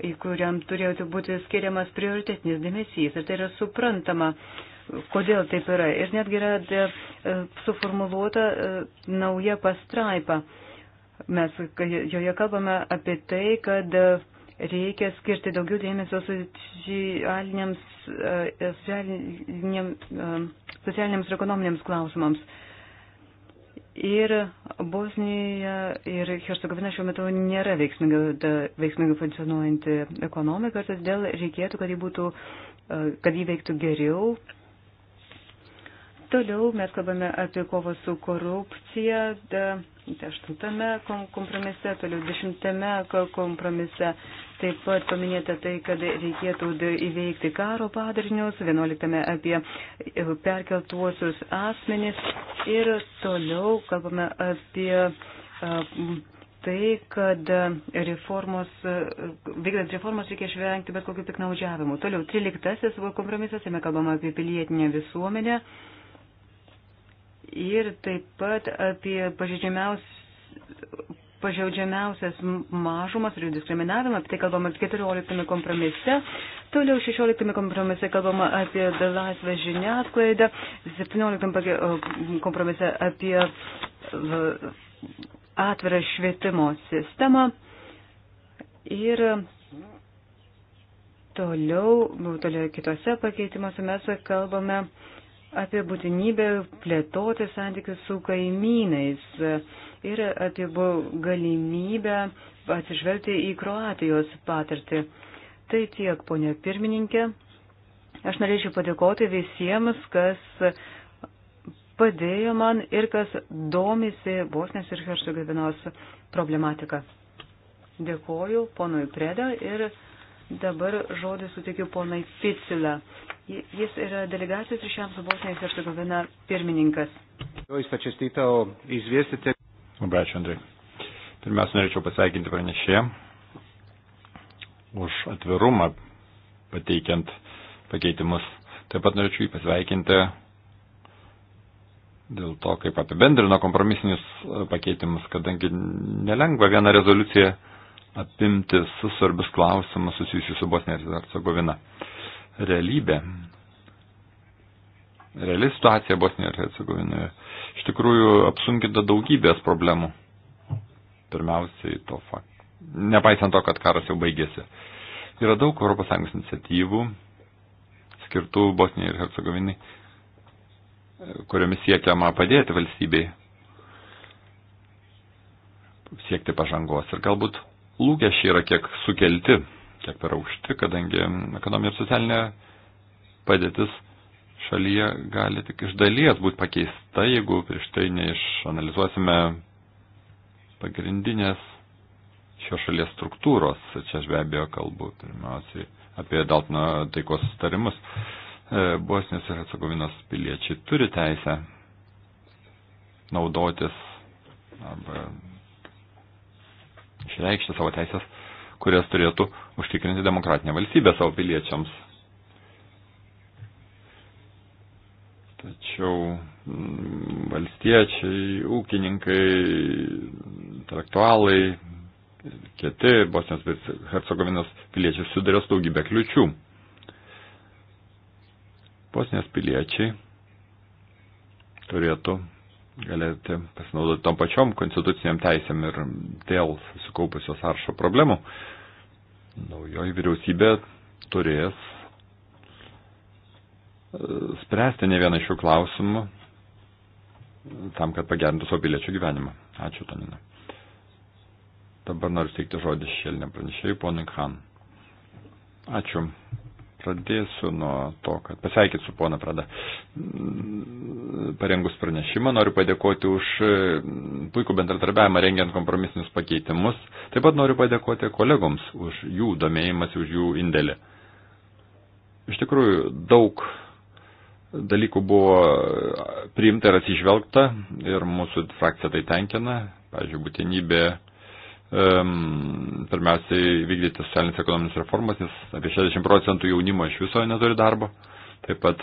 į kuriam turėtų būti skiriamas prioritetinis dėmesys. Ir tai yra suprantama. Uh, kodėl taip yra. Ir netgi yra de, e, suformuluota e, nauja pastraipa. Mes joje kalbame apie tai, kad e, reikia skirti daugiau dėmesio socialiniams, socialiniams, socialiniams ir ekonominiams klausimams. Ir Bosnija ir Hercegovina šiuo metu nėra veiksmingai, veiksmingai funkcionuojanti ekonomika, todėl reikėtų, kad jį būtų, kad jį veiktų geriau, Toliau mes kalbame apie kovą su korupcija, tai aštuntame kompromise, toliau dešimtame kompromise. Taip pat paminėta tai, kad reikėtų įveikti karo padarinius, vienuoliktame apie e, perkeltuosius asmenis ir toliau kalbame apie tai, kad reformos, vykdant reformas reikia išvengti bet kokių piknaudžiavimų. Toliau, 13 kompromisas, jame kalbama apie pilietinę visuomenę ir taip pat apie pažeidžiamiausias mažumas ir jų diskriminavimą. Apie tai kalbama 14 kompromise. Toliau 16 kompromise kalbama apie laisvę žiniasklaidą. 17 kompromise apie e, atvirą švietimo sistemą. Ir toliau, toliau kitose pakeitimuose mes kalbame apie būtinybę plėtoti santykius su kaimynais ir apie galimybę atsižvelgti į Kroatijos patirtį. Tai tiek, ponė pirmininkė. Aš norėčiau padėkoti visiems, kas padėjo man ir kas domisi Bosnės ir Hercegovinos problematika. Dėkoju ponui Preda ir dabar žodį sutikiu ponai Picilą. Jis yra delegacijos ryšiams su Bosnijos ir Hercegovina pirmininkas. Labai ačiū, Andrei. Pirmiausia, norėčiau pasveikinti pranešėją už atvirumą pateikiant pakeitimus. Taip pat norėčiau jį pasveikinti dėl to, kaip apibendrino kompromisinius pakeitimus, kadangi nelengva vieną rezoliuciją apimti su svarbius klausimus susijusius su Bosnija ir Hercegovina. Ir realybė. Reali situacija Bosnijoje ir Hercegovinoje iš tikrųjų apsunkinta daugybės problemų. Pirmiausiai to fakt. Nepaisant to, kad karas jau baigėsi. Yra daug ES iniciatyvų skirtų Bosnijai ir Hercegovinai, kuriomis siekiama padėti valstybei siekti pažangos. Ir galbūt lūkesčiai yra kiek sukelti kiek per aukšti, kadangi ekonominė ir socialinė padėtis šalyje gali tik iš dalies būti pakeista, jeigu prieš tai neišanalizuosime pagrindinės šios šalies struktūros. Čia aš be abejo kalbu pirmiausiai apie Daltono taikos sustarimus. E, Bosnijos ir Hercegovinos piliečiai turi teisę naudotis arba išreikšti savo teisės kurias turėtų užtikrinti demokratinė valstybė savo piliečiams. Tačiau mm, valstiečiai, ūkininkai, intelektualai, kiti Bosnijos ir Hercegovinos piliečiai sudarė su daugybė kliučių. Bosnijos piliečiai turėtų galėti pasinaudoti tom pačiom konstituciniam teisėm ir dėl susikaupusios aršo problemų. Naujoji vyriausybė turės e, spręsti ne vieną šių klausimų tam, kad pagerintų savo piliečių gyvenimą. Ačiū, Tonina. Dabar noriu steikti žodį šėlinę pranešėjų, ponui Khan. Ačiū. Pradėsiu nuo to, kad pasveikit su pona Prada. Parengus pranešimą noriu padėkoti už e, puikų bendradarbiavimą rengiant kompromisinius pakeitimus. Taip pat noriu padėkoti kolegoms už jų domėjimas, už jų indėlį. Iš tikrųjų, daug dalykų buvo priimta ir atsižvelgta ir mūsų frakcija tai tenkina. Pavyzdžiui, būtinybė pirmiausiai vykdyti socialinės ekonominės reformas, nes apie 60 procentų jaunimo iš viso neturi darbo. Taip pat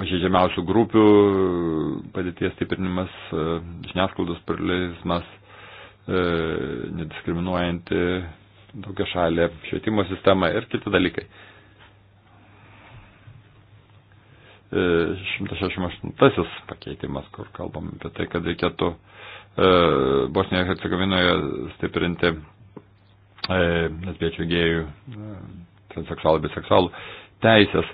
pažeidžiamiausių grupių e, padėties stiprinimas, e, žiniasklaidos paralizmas, e, nediskriminuojanti daugia šalė švietimo sistema ir kiti dalykai. 168 pakeitimas, kur kalbam apie tai, kad reikėtų uh, E, Bosnijoje Hercegovinoje stiprinti e, lesbiečių gėjų, e, transseksualų, biseksualų teisės.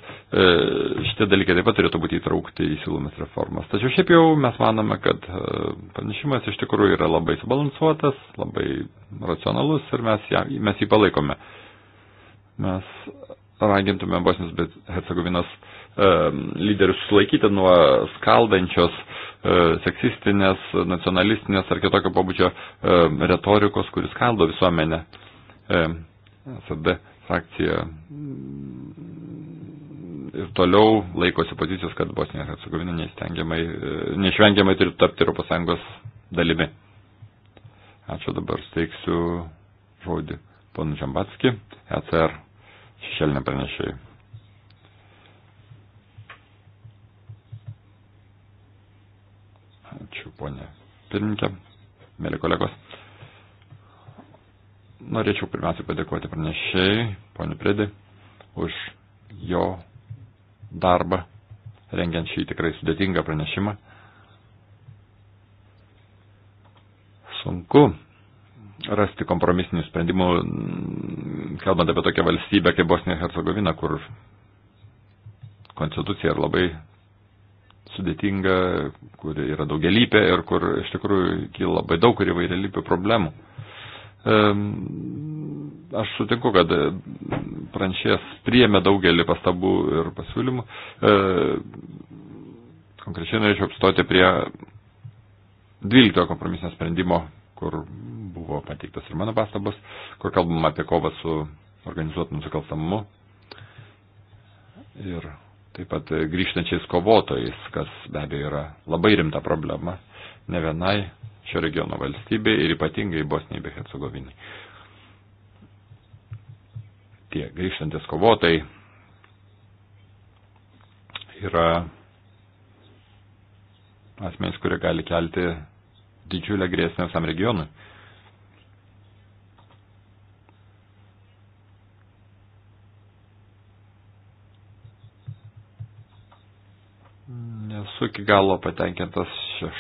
Šitie dalykai taip pat turėtų būti įtraukti į siūlomas reformas. Tačiau šiaip jau mes manome, kad pranešimas iš tikrųjų yra labai subalansuotas, labai racionalus ir mes, ją, mes jį palaikome. Mes ragintume Bosnijos Hercegovinos e, lyderius sulaikyti nuo skaldančios E, seksistinės, nacionalistinės ar kitokio pabudžio e, retorikos, kuris kaldo visuomenę. E, SD frakcija mm, ir toliau laikosi pozicijos, kad Bosnija ir Hercegovina neišvengiamai turi tapti Europos Sąjungos dalimi. Ačiū dabar steiksiu žodį ponu Žambatski, ECR šešėlinė pranešėjai. Ačiū, ponė pirmininkė, mėly kolegos. Norėčiau pirmiausia padėkoti pranešėjai, ponė Predi, už jo darbą, rengiant šį tikrai sudėtingą pranešimą. Sunku rasti kompromisinių sprendimų, kalbant apie tokią valstybę kaip Bosnija Hercegovina, kur konstitucija yra labai sudėtinga, kuri yra daugialypė ir kur iš tikrųjų kyla labai daug ir įvairialypių problemų. Aš sutinku, kad pranšės priėmė daugelį pastabų ir pasiūlymų. E, konkrečiai norėčiau apstoti prie 12 kompromisinio sprendimo, kur buvo pateiktas ir mano pastabas, kur kalbam apie kovą su organizuotų nusikalstamumu ir taip pat e, grįžtančiais kovotojais, kas be abejo yra labai rimta problema ne vienai šio regiono valstybei ir ypatingai Bosnijai bei Hercegovinai. Tie grįžtantis kovotojai yra asmenys, kurie gali kelti didžiulę grėsmę visam regionui. nesu iki galo patenkintas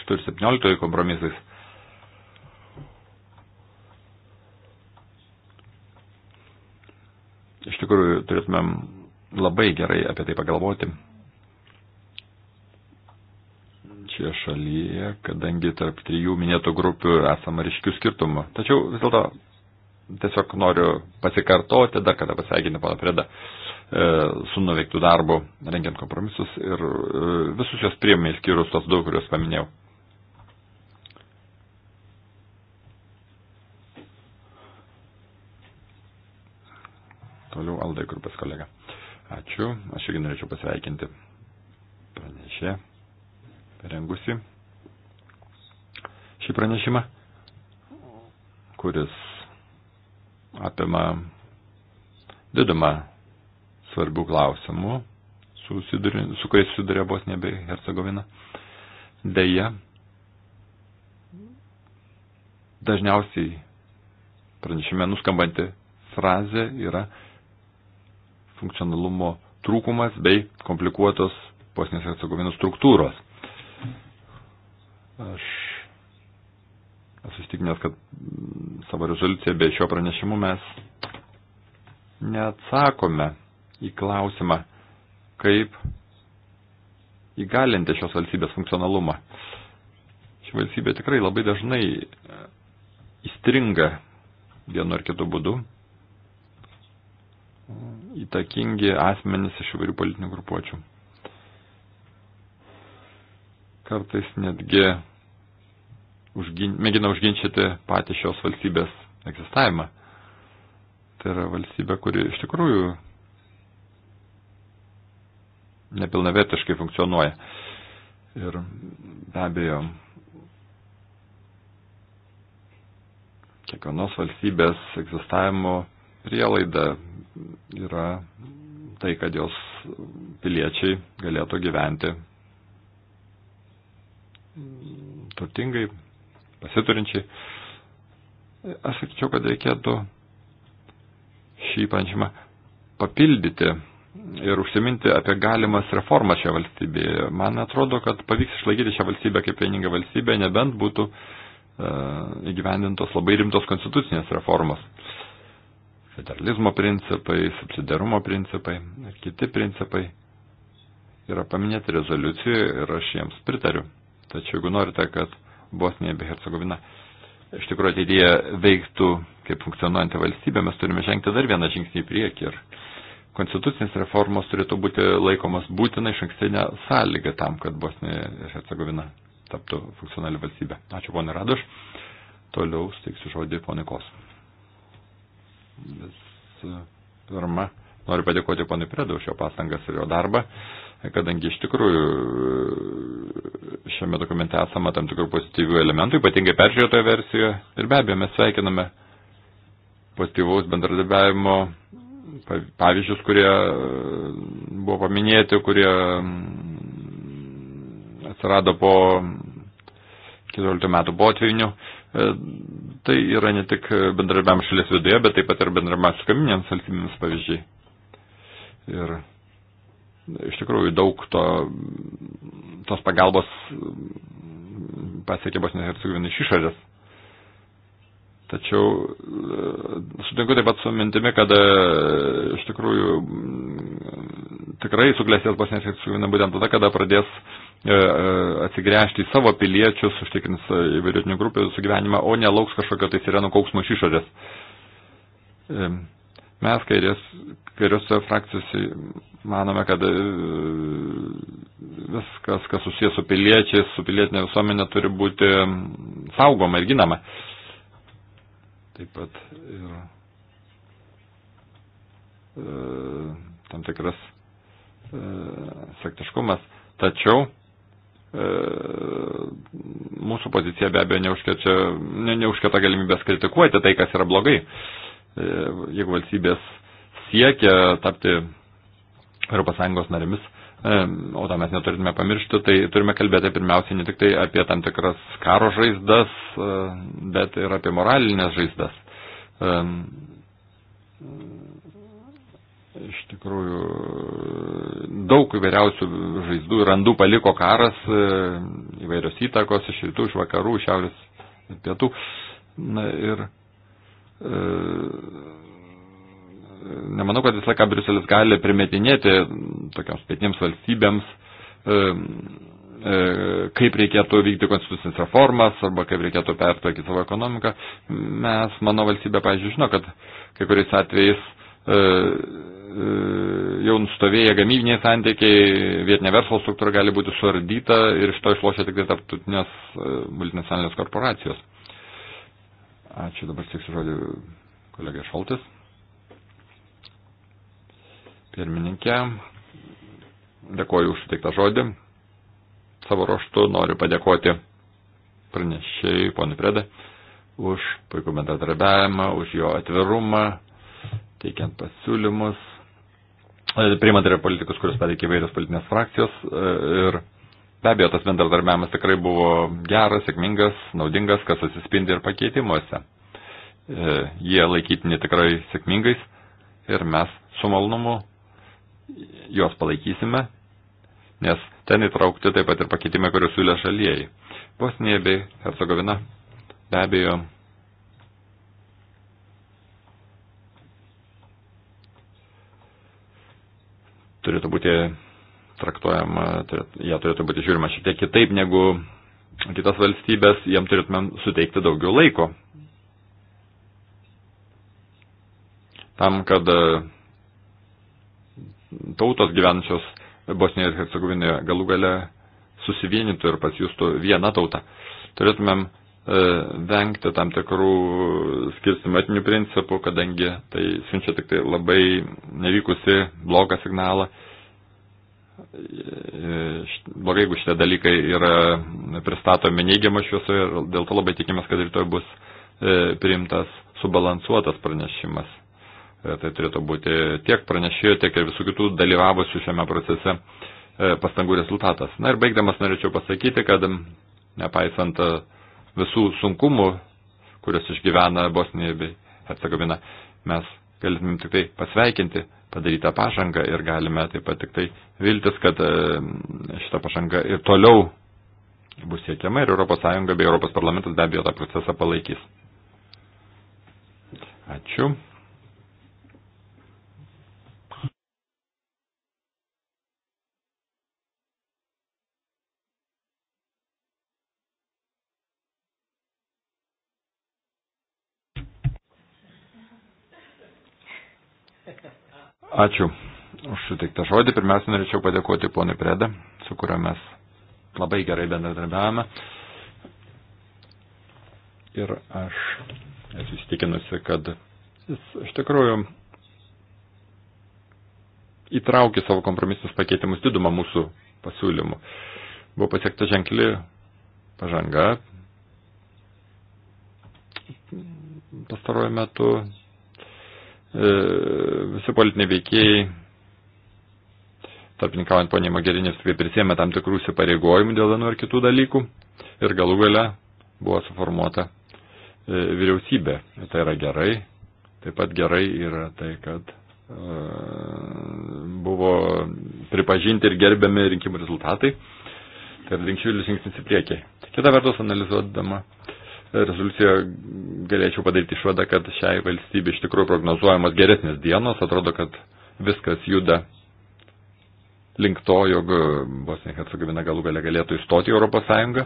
6 ir 17 kompromisais. Iš tikrųjų, turėtumėm labai gerai apie tai pagalvoti. Čia šalyje, kadangi tarp trijų minėtų grupių esama ryškių skirtumų. Tačiau vis dėlto tiesiog noriu pasikartoti, dar kada pasveikinti pana Fredą. Uh, E, su nuveiktų darbu, rengiant kompromisus ir e, visus jos priemai, skyrus tos daug, kuriuos paminėjau. Toliau Aldai Krupas kolega. Ačiū. Aš irgi norėčiau pasveikinti pranešę, rengusi šį pranešimą, kuris apima didumą svarbių klausimų, su, siduri, su kuriais susiduria Bosnija bei Hercegovina. Deja, dažniausiai pranešime nuskambanti frazė yra funkcionalumo trūkumas bei komplikuotos Bosnijos Hercegovinos struktūros. Aš esu įstikinęs, kad savo rezoliuciją bei šio pranešimu mes neatsakome į klausimą, kaip įgalinti šios valstybės funkcionalumą. Ši valstybė tikrai labai dažnai e, įstringa vienu ar kitu būdu. Įtakingi asmenys iš įvairių politinių grupuočių. Kartais netgi užgin, mėgina užginčyti patį šios valstybės egzistavimą. Tai yra valstybė, kuri iš tikrųjų nepilnavertiškai funkcionuoja. Ir be abejo, kiekvienos valstybės egzistavimo prielaida yra tai, kad jos piliečiai galėtų gyventi turtingai, pasiturinčiai. Aš sakyčiau, kad reikėtų šį panšymą papildyti ir užsiminti apie galimas reformas šią valstybę. Man atrodo, kad pavyks išlaikyti šią valstybę kaip vieningą valstybę, nebent būtų e, įgyvendintos labai rimtos konstitucinės reformos. Federalizmo principai, subsidarumo principai ir kiti principai yra paminėti rezoliucijoje ir aš jiems pritariu. Tačiau jeigu norite, kad Bosnija bei Hercegovina iš tikrųjų ateityje veiktų kaip funkcionuojanti valstybė, mes turime žengti dar vieną žingsnį į priekį ir uh, konstitucinės reformos turėtų būti laikomas būtina iš ankstinė sąlyga tam, kad Bosnija ir Hercegovina taptų funkcionali valstybė. Ačiū, ponė Radoš. Toliau steiksiu žodį ponė Kos. Vis e, pirma, noriu padėkoti ponui Predu už jo pastangas ir jo darbą, kadangi iš tikrųjų e, šiame dokumente esama tam tikrų pozityvių elementų, ypatingai peržiūrėtoje versijoje. Ir be abejo, mes sveikiname pozityvaus bendradarbiavimo pavyzdžius, kurie e, buvo paminėti, kurie atsirado po 14 metų potvinių. E, tai yra ne tik bendrabiam šalies viduje, bet taip pat ir bendrabiam su kaminėms valstybėms pavyzdžiai. Ir iš tikrųjų daug to, tos pagalbos pasiekė Bosnijos ir Hercegoviną iš išorės. Tačiau e, sutinku taip pat su mintimi, kad e, iš tikrųjų tikrai suklėsės Bosnijos Hercegovina būtent tada, kada pradės e, atsigręžti į savo piliečius, užtikrins įvairiotinių grupių sugyvenimą, o nelauks kažkokio tai sirenų kauksmo iš išorės. Mes kairės, kairiuose frakcijose manome, kad viskas, kas susijęs su piliečiais, su pilietinė visuomenė, turi būti saugoma ir ginama taip pat ir e, tam tikras e, sektiškumas. Tačiau e, mūsų pozicija be abejo neužkėčia, ne, neužkėta galimybės kritikuoti tai, kas yra blogai. E, jeigu valstybės siekia tapti ES narėmis, o to mes neturime pamiršti, tai turime kalbėti pirmiausiai ne tik tai apie tam tikras karo žaizdas, e, bet ir apie moralinės žaizdas. Iš tikrųjų, daug įvairiausių žaizdų ir randų paliko karas, e, įvairios įtakos iš rytų, iš vakarų, šiaurės, pietų. Na, ir e, nemanau, kad visą laiką Briuselis gali primetinėti tokiams pietinėms valstybėms, e, e, kaip reikėtų vykti konstitucinės reformas arba kaip reikėtų pertvarkyti savo ekonomiką. Mes, mano valstybė, pažiūrėjau, žino, kad kai kuriais atvejais e, jau nustovėję gamybiniai santykiai, vietinė verslo struktūra gali būti suardyta ir iš to išlošia tik tai tarptautinės multinacionalinės korporacijos. Ačiū, dabar tik žodžiu kolega Šaltis pirmininkė. Dėkoju už suteiktą žodį. Savo ruoštų noriu padėkoti pranešėjai, ponui Predai, už puikų bendradarbiavimą, už jo atvirumą, teikiant pasiūlymus, e, priimant yra politikus, kuriuos pateikė įvairios politinės frakcijos. E, ir be abejo, tas bendradarbiavimas tikrai buvo geras, sėkmingas, naudingas, kas atsispindi ir pakeitimuose. E, jie laikytini tikrai sėkmingais ir mes su malonumu juos palaikysime, nes ten įtraukti taip pat ir pakeitimai, kuriuos siūlė šalieji. Bosnija bei Hercegovina be abejo turėtų būti traktuojama, turėtų, jie turėtų būti žiūrima šiek tiek kitaip negu kitas valstybės, jiem turėtumėm suteikti daugiau laiko. Tam, kad tautos gyvenančios Bosnijoje ir Hercegovinoje galų gale susivienytų ir pasijustų vieną tautą. Turėtumėm e, vengti tam tikrų skirstimatinių principų, kadangi tai siunčia tik tai labai nevykusi blogą signalą. E, blogai, jeigu šitie dalykai yra pristatomi neigiamą šviesoje ir dėl to labai tikimės, kad rytoj bus e, priimtas subalansuotas pranešimas. E, tai turėtų būti tiek pranešėjo, tiek ir visų kitų dalyvavusių šiame procese e, pastangų rezultatas. Na ir baigdamas norėčiau pasakyti, kad nepaisant e, visų sunkumų, kurios išgyvena Bosnija bei Hercegovina, mes galėtumėm tik tai pasveikinti padarytą pažangą ir galime taip pat tik tai viltis, kad šita pažanga ir toliau bus siekiama ir ES bei ES be abejo tą procesą palaikys. Ačiū. Ačiū už suteiktą žodį. Pirmiausia, norėčiau padėkoti ponui Preda, su kuriuo mes labai gerai bendradarbiavame. Ir aš esu įstikinusi, kad jis iš tikrųjų įtraukė savo kompromisus pakeitimus didumą mūsų pasiūlymų. Buvo pasiekta ženkli pažanga. Pastaruoju metu E, visi politiniai veikėjai, tarpininkaujant ponė Magerinės, kaip prisėmė tam tikrų įsipareigojimų dėl vienų ar kitų dalykų ir galų gale buvo suformuota e, vyriausybė. Tai yra gerai. Taip pat gerai yra tai, kad e, buvo pripažinti ir gerbiami rinkimų rezultatai. Tai yra rinkčiulis žingsnis į priekį. Kita vertus, analizuodama rezoliucijoje galėčiau padaryti išvadą, kad šiai valstybei iš tikrųjų prognozuojamos geresnės dienos, atrodo, kad viskas juda link to, jog Bosnija Hercegovina galų gale galėtų įstoti į Europos Sąjungą.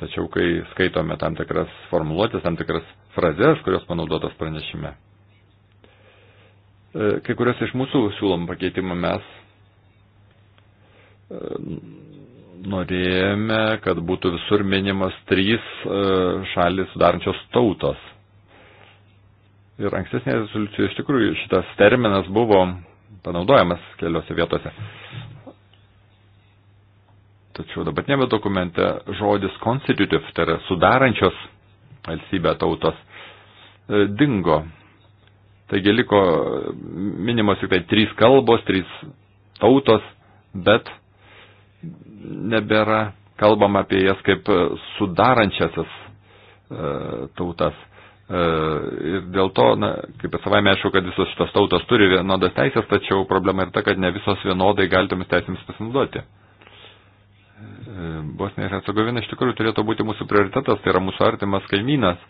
Tačiau, kai skaitome tam tikras formuluotės, tam tikras frazes, kurios panaudotos pranešime, e, kai kurios iš mūsų siūlom pakeitimą mes e, norėjome, kad būtų visur minimas trys e, šalis sudarančios tautos. Ir ankstesnėje rezoliucijoje iš tikrųjų šitas terminas buvo panaudojamas keliose vietose. Tačiau dabartinėme dokumente žodis constitutive, tai yra sudarančios valstybę tautos, e, dingo. Taigi liko minimos tik tai trys kalbos, trys tautos, bet nebėra kalbama apie jas kaip sudarančiasias e, tautas. E, ir dėl to, na, kaip ir savai aišku, kad visos šitos tautos turi vienodas teisės, tačiau problema yra ta, kad ne visos vienodai gali tomis teisėmis pasinaudoti. E, Bosnija ir Hercegovina iš tikrųjų turėtų būti mūsų prioritetas, tai yra mūsų artimas kaimynas.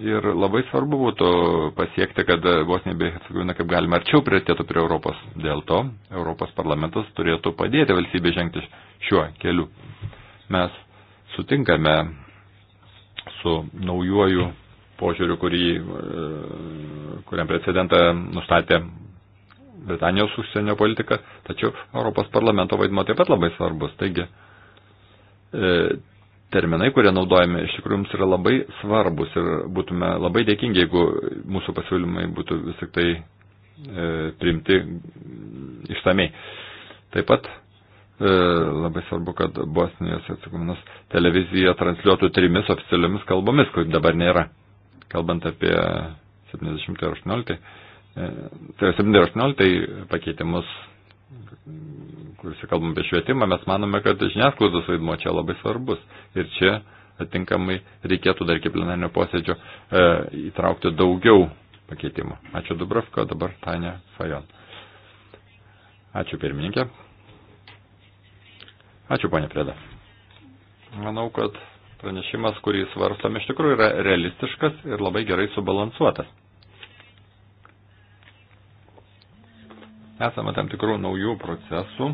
Ir labai svarbu būtų pasiekti, kad Bosnija bei Hercegovina kaip galima arčiau prieartėtų prie Europos. Dėl to Europos parlamentas turėtų padėti valstybė žengti šiuo keliu. Mes sutinkame su naujuoju požiūriu, kurį, e, kuriam precedentą nustatė Britanijos užsienio politika, tačiau Europos parlamento vaidmo taip pat labai svarbus. Taigi, e, terminai, kurie naudojami, iš tikrųjų mums yra labai svarbus ir būtume labai dėkingi, jeigu mūsų pasiūlymai būtų vis tik tai e, priimti ištamei. Taip pat e, labai svarbu, kad Bosnijos atsakominas televizija transliuotų trimis oficialiomis kalbomis, kur dabar nėra. Kalbant apie 70 ir 18, e, tai yra 70 ir 18 pakeitimus kuriuose kalbam apie švietimą, mes manome, kad žiniasklaidos vaidmo čia labai svarbus. Ir čia atinkamai reikėtų dar iki plenarinio posėdžio e, įtraukti daugiau pakeitimų. Ačiū Dubravka, dabar Tanja Fajon. Ačiū pirmininkė. Ačiū, ponė Preda. Manau, kad pranešimas, kurį svarstome, iš tikrųjų yra realistiškas ir labai gerai subalansuotas. Esame tam tikrų naujų procesų,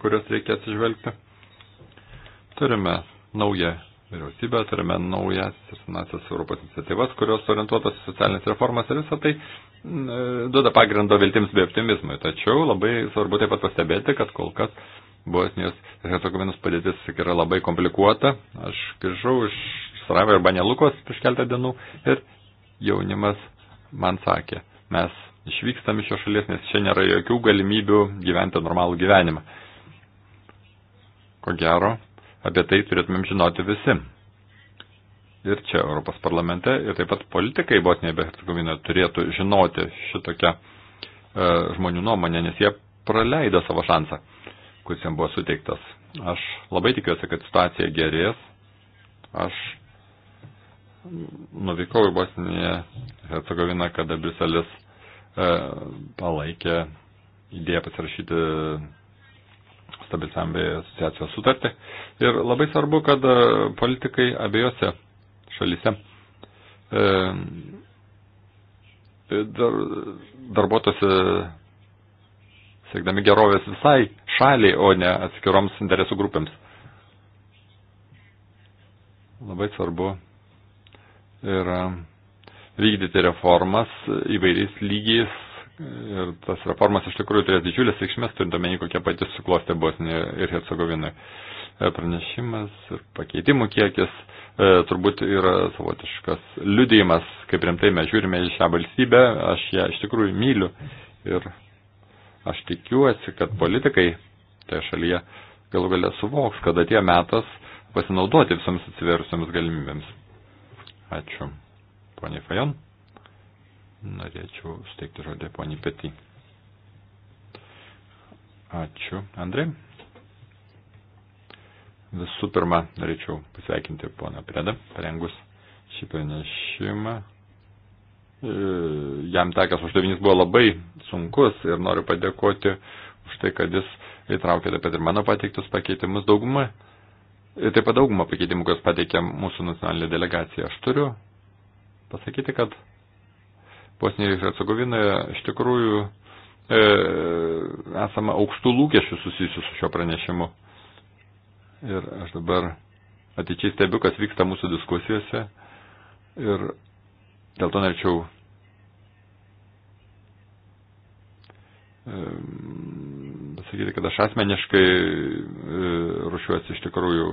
kuriuos reikia atsižvelgti. Turime naują vyriausybę, turime naujas ir senasias Europos iniciatyvas, kurios orientuotas į socialinės reformas ir visą tai mm, e, duoda pagrindo viltims bei optimizmui. Tačiau labai svarbu taip pat pastebėti, kad kol kas Bosnijos ir Hercegovinos padėtis yra labai komplikuota. Aš grįžau iš Sarajevo ir Banelukos prieš keltą dienų ir jaunimas man sakė, mes išvykstam iš šios šalies, nes čia nėra jokių galimybių gyventi normalų gyvenimą. Ko gero, apie tai turėtumėm žinoti visi. Ir čia Europos parlamente, ir taip pat politikai Bosnijoje bei Hercegovinoje turėtų žinoti šitokią e, žmonių nuomonę, nes jie praleido savo šansą, kuris jam buvo suteiktas. Aš labai tikiuosi, kad situacija gerės. Aš nuvykau į Bosniją Hercegoviną, kada Briselis E, palaikė idėją pasirašyti stabilizavimo bei asociacijos sutartį. Ir labai svarbu, kad e, politikai abiejose šalyse e, dar, darbuotose siekdami gerovės visai šaliai, o ne atskiroms interesų grupėms. Labai svarbu yra vykdyti reformas įvairiais lygiais. Ir tas reformas iš tikrųjų turės didžiulės reikšmės, turint omeny, kokia pati suklostė Bosnijoje ir Hercegovinoje. Pranešimas ir pakeitimų kiekis e, turbūt yra savotiškas liudėjimas, kaip rimtai mes žiūrime į šią valstybę. Aš ją iš tikrųjų myliu ir aš tikiuosi, kad politikai toje šalyje galų galę suvoks, kad atėjo metas pasinaudoti visoms atsiverusiams galimybėms. Ačiū poniai Fajon. Norėčiau steigti žodį poniai Peti. Ačiū, Andrei. Visų pirma, norėčiau pasveikinti poną Predą, parengus šį pranešimą. E, jam tekęs uždavinys buvo labai sunkus ir noriu padėkoti už tai, kad jis įtraukė taip pat ir mano pateiktus pakeitimus daugumą. Ir taip pat daugumą pakeitimų, kurias pateikė mūsų nacionalinė delegacija. Aš turiu pasakyti, kad Bosnijoje ir Hercegovinoje iš tikrųjų e, esama aukštų lūkesčių susijusių su šio pranešimu. Ir aš dabar ateičiai stebiu, kas vyksta mūsų diskusijose ir dėl to norėčiau e, pasakyti, kad aš asmeniškai e, rušiuosi iš tikrųjų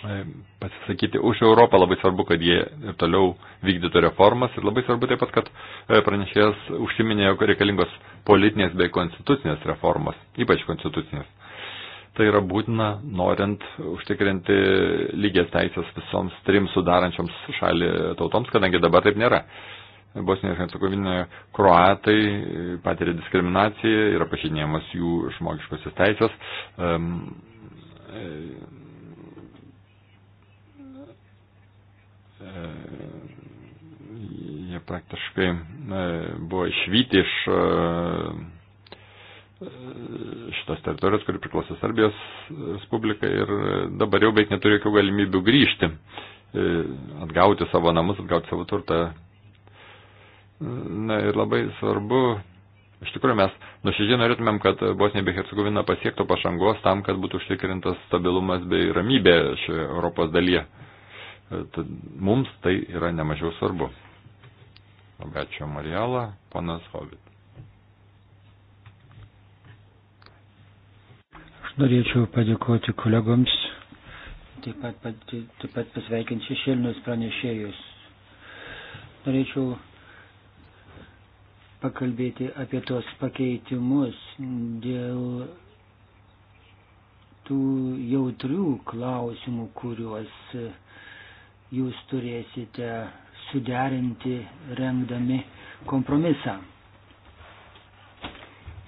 E, pasisakyti už Europą, labai svarbu, kad jie ir toliau vykdytų reformas ir labai svarbu taip pat, kad e, pranešėjas užsiminė, jog reikalingos politinės bei konstitucinės reformos, ypač konstitucinės. Tai yra būtina, norint užtikrinti lygias teisės visoms trims sudarančioms šalį tautoms, kadangi dabar taip nėra. Bosnijos Hercegovinė kroatai patiria diskriminaciją, yra pažinėjimas jų žmogiškosios teisės. Um, jie praktiškai e, buvo išvykti iš e, e, šitos teritorijos, kuri priklausė Serbijos Respublikai ir dabar jau beveik neturi jokių galimybių grįžti, atgauti savo namus, atgauti savo turtą. Na ir labai svarbu, iš tikrųjų mes nuoširdžiai norėtumėm, kad Bosnija bei Hercegovina pasiektų pažangos tam, kad būtų užtikrintas stabilumas bei ramybė šioje Europos dalyje. E, mums tai yra nemažiau svarbu. Labai ačiū Marijala, panas Hovit. Aš norėčiau padėkoti kolegoms, taip pat, pat, taip pat pasveikinti šešėlinius pranešėjus. Norėčiau pakalbėti apie tos pakeitimus dėl tų jautrių klausimų, kuriuos uh, jūs turėsite suderinti rengdami kompromisą.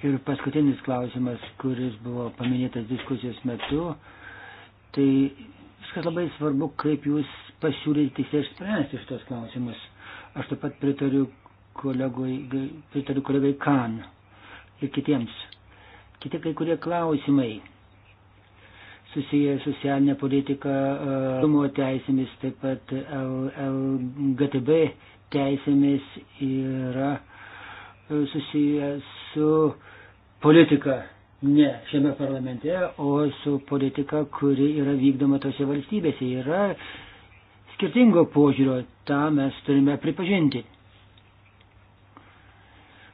Ir paskutinis klausimas, kuris buvo paminėtas diskusijos metu, tai viskas labai svarbu, kaip jūs pasiūlysite išspręsti šitos klausimus. Aš taip pat pritariu kolegui, pritariu kolegai Kan ir kitiems. Kiti kai kurie klausimai susiję socialinė politika, žmogumo teisėmis, taip pat LGTB teisėmis yra e, susiję su politika. Ne šiame parlamente, o su politika, kuri yra vykdoma tose valstybėse. Yra skirtingo požiūrio, tą mes turime pripažinti.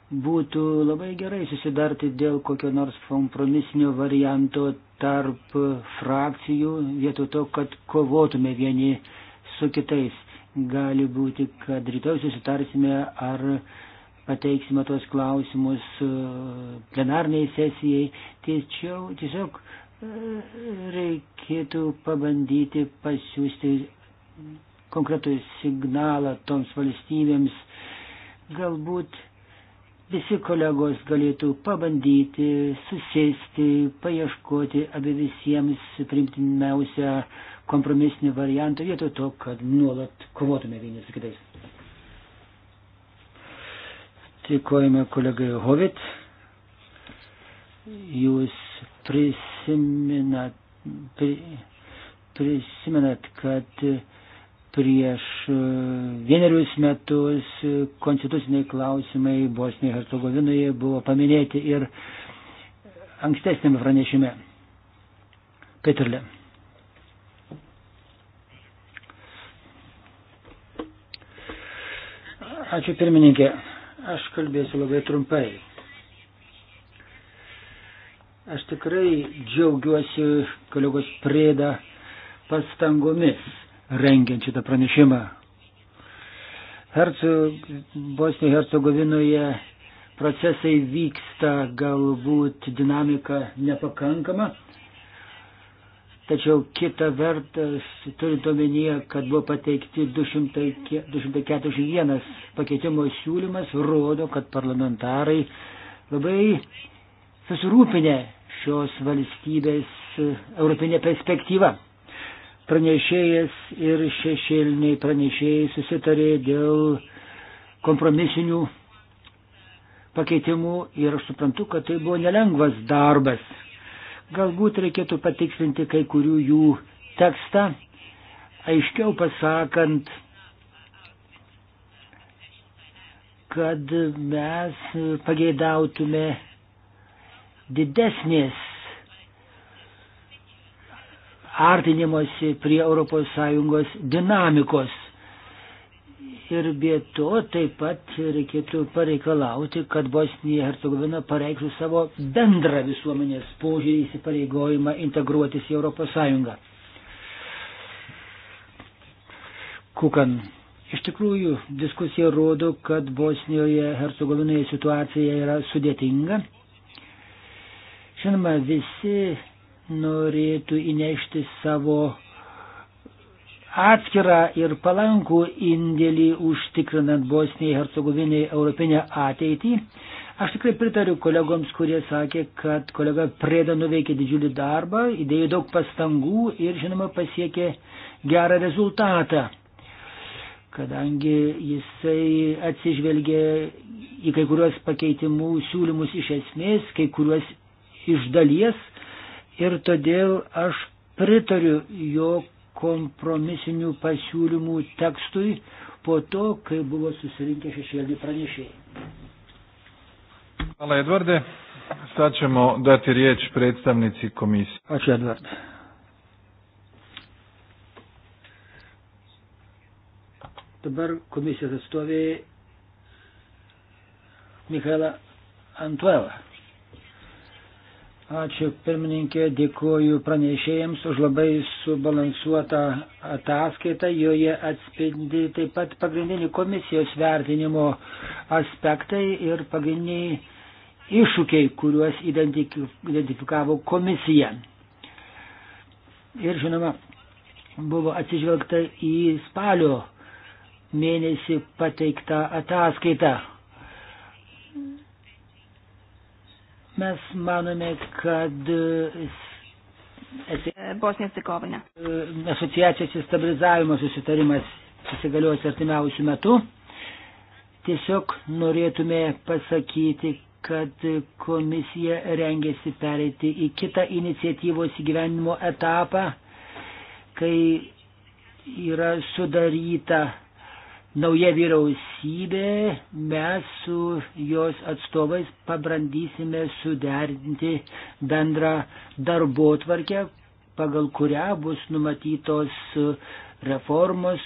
Būtų labai gerai susidarti dėl kokio nors kompromisinio varianto tarp frakcijų, vietoj to, kad kovotume vieni su kitais. Gali būti, kad rytoj susitarsime ar pateiksime tos klausimus e, plenarniai sesijai. Tačiau tiesiog e, reikėtų pabandyti pasiūsti konkretų signalą toms valstybėms. Galbūt visi kolegos galėtų pabandyti, susėsti, paieškoti abi visiems primtiniausią kompromisinį variantą vietoj to, kad nuolat kovotume vieni su kitais. Tikojame kolegai Hovit. Jūs prisiminat, pri, prisimenat, kad Prieš e, vienerius metus e, konstituciniai klausimai Bosnijoje ir Hercegovinoje buvo paminėti ir ankstesnėme pranešime. Petrulė. Ačiū pirmininkė. Aš kalbėsiu labai trumpai. Aš tikrai džiaugiuosi kolegos prėda pastangomis rengiant šitą pranešimą. Herceg, Bosnijoje Hercegovinoje procesai vyksta, galbūt dinamika nepakankama, tačiau kita vertas, turint omenyje, kad buvo pateikti 200, 241 pakeitimo siūlymas, rodo, kad parlamentarai labai susirūpinę šios valstybės europinė perspektyva pranešėjas ir šešėliniai pranešėjai susitarė dėl kompromisinių pakeitimų ir aš suprantu, kad tai buvo nelengvas darbas. Galbūt reikėtų patikslinti kai kurių jų tekstą, aiškiau pasakant, kad mes pageidautume didesnės artinimuose prie ES dinamikos. Ir bėto taip pat reikėtų pareikalauti, kad Bosnija Hercegovina pareikštų savo bendrą visuomenės požiūrį įsipareigojimą integruotis į ES. Kukan. Iš tikrųjų, diskusija rodo, kad Bosnijoje Hercegovinoje situacija yra sudėtinga. Žinoma, visi norėtų įnešti savo atskirą ir palankų indėlį užtikrinant Bosnijai Hercegoviniai europinę ateitį. Aš tikrai pritariu kolegoms, kurie sakė, kad kolega Preda nuveikė didžiulį darbą, įdėjo daug pastangų ir, žinoma, pasiekė gerą rezultatą, kadangi jisai atsižvelgė į kai kuriuos pakeitimų siūlymus iš esmės, kai kuriuos iš dalies ir todėl aš pritariu jo kompromisinių pasiūlymų tekstui po to, kai buvo susirinkę šešėlį pranešėjai. Hvala Edvarde. Sad ćemo dati riječ predstavnici komisije. Ačiū Edvarde. Dabar komisijos atstovė Michaela Antuela. Ačiū pirmininkė, dėkuoju pranešėjams už labai subalansuotą ataskaitą. Joje atspindi taip pat pagrindinį komisijos vertinimo aspektai ir pagrindiniai iššūkiai, kuriuos identifikavo komisija. Ir žinoma, buvo atsižvelgta į spalio mėnesį pateiktą ataskaitą Mes manome, kad e, e, Bosnijos Hercegovina. E, asociacijos ir stabilizavimo susitarimas įsigalios artimiausių metų. Tiesiog norėtume pasakyti, kad komisija rengėsi pereiti į kitą iniciatyvos įgyvenimo etapą, kai yra sudaryta nauja vyriausybė, mes su jos atstovais pabrandysime suderinti bendrą darbo tvarkę, pagal kurią bus numatytos reformos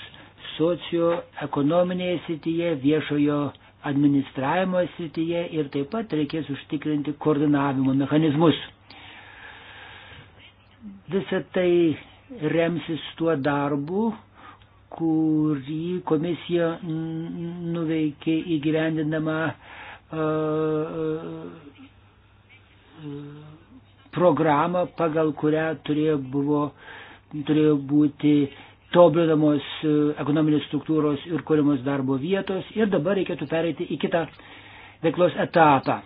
socioekonominėje srityje, viešojo administravimo srityje ir taip pat reikės užtikrinti koordinavimo mechanizmus. Visą tai remsis tuo darbu, kurį komisija nuveikė įgyvendinama programą, pagal kurią turėjo, buvo, turėjo būti tobulinamos ekonominės struktūros ir kūrimos darbo vietos ir dabar reikėtų pereiti į kitą veiklos etapą.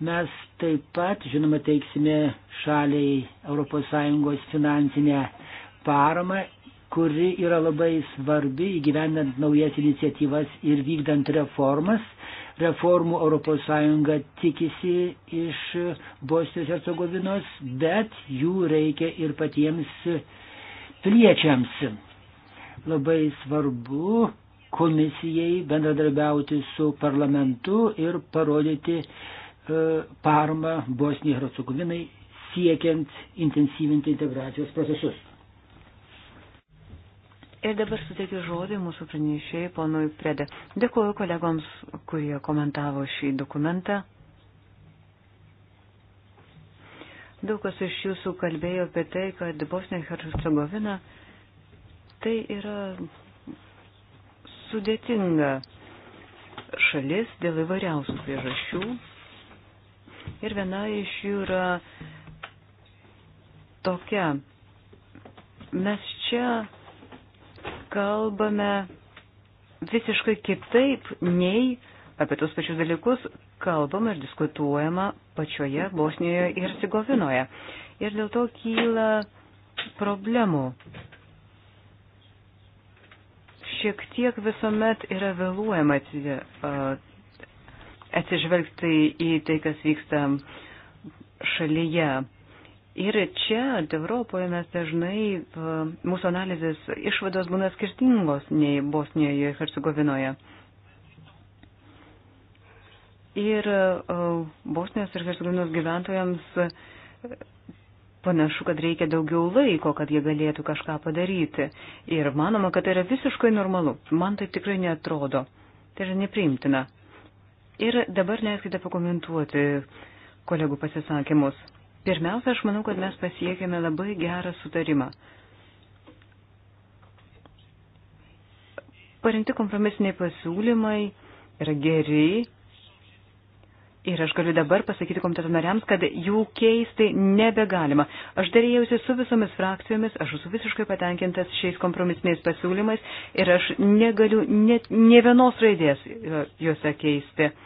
Mes taip pat, žinoma, teiksime šaliai ES finansinę paramą kuri yra labai svarbi įgyvendant naujas iniciatyvas ir vykdant reformas. Reformų ES tikisi iš Bosnijos ir Cegovinos, bet jų reikia ir patiems piliečiams. Labai svarbu komisijai bendradarbiauti su parlamentu ir parodyti e, parmą Bosnijai ir Hercegovinai siekiant intensyvinti integracijos procesus. Ir dabar suteikiu žodį mūsų pranešėjai ponui Prede. Dėkuoju kolegoms, kurie komentavo šį dokumentą. Daug kas iš jūsų kalbėjo apie tai, kad Bosnija ir Hercegovina tai yra sudėtinga šalis dėl įvairiausių priežasčių. Ir viena iš jų yra tokia. Mes čia kalbame visiškai kitaip nei apie tos pačius dalykus kalbama ir diskutuojama pačioje Bosnijoje ir Sigovinoje. Ir dėl to kyla problemų. Šiek tiek visuomet yra vėluojama atsižvelgti į tai, kas vyksta šalyje. Ir čia, Europoje, mes dažnai, e, mūsų analizės išvados būna skirtingos nei Bosnijoje ir Hercegovinoje. Ir e, Bosnijos ir Hercegovinos gyventojams e, panašu, kad reikia daugiau laiko, kad jie galėtų kažką padaryti. Ir manoma, kad tai yra visiškai normalu. Man tai tikrai netrodo. Tai yra nepriimtina. Ir dabar leiskite pakomentuoti kolegų pasisakymus. Pirmiausia, aš manau, kad mes pasiekėme labai gerą sutarimą. Parinkti kompromisiniai pasiūlymai yra geri. Ir aš galiu dabar pasakyti komiteto nariams, kad jų keisti nebegalima. Aš darėjausi su visomis frakcijomis, aš esu visiškai patenkintas šiais kompromisiniais pasiūlymais ir aš negaliu net ne vienos raidės e, juose keisti. Uh,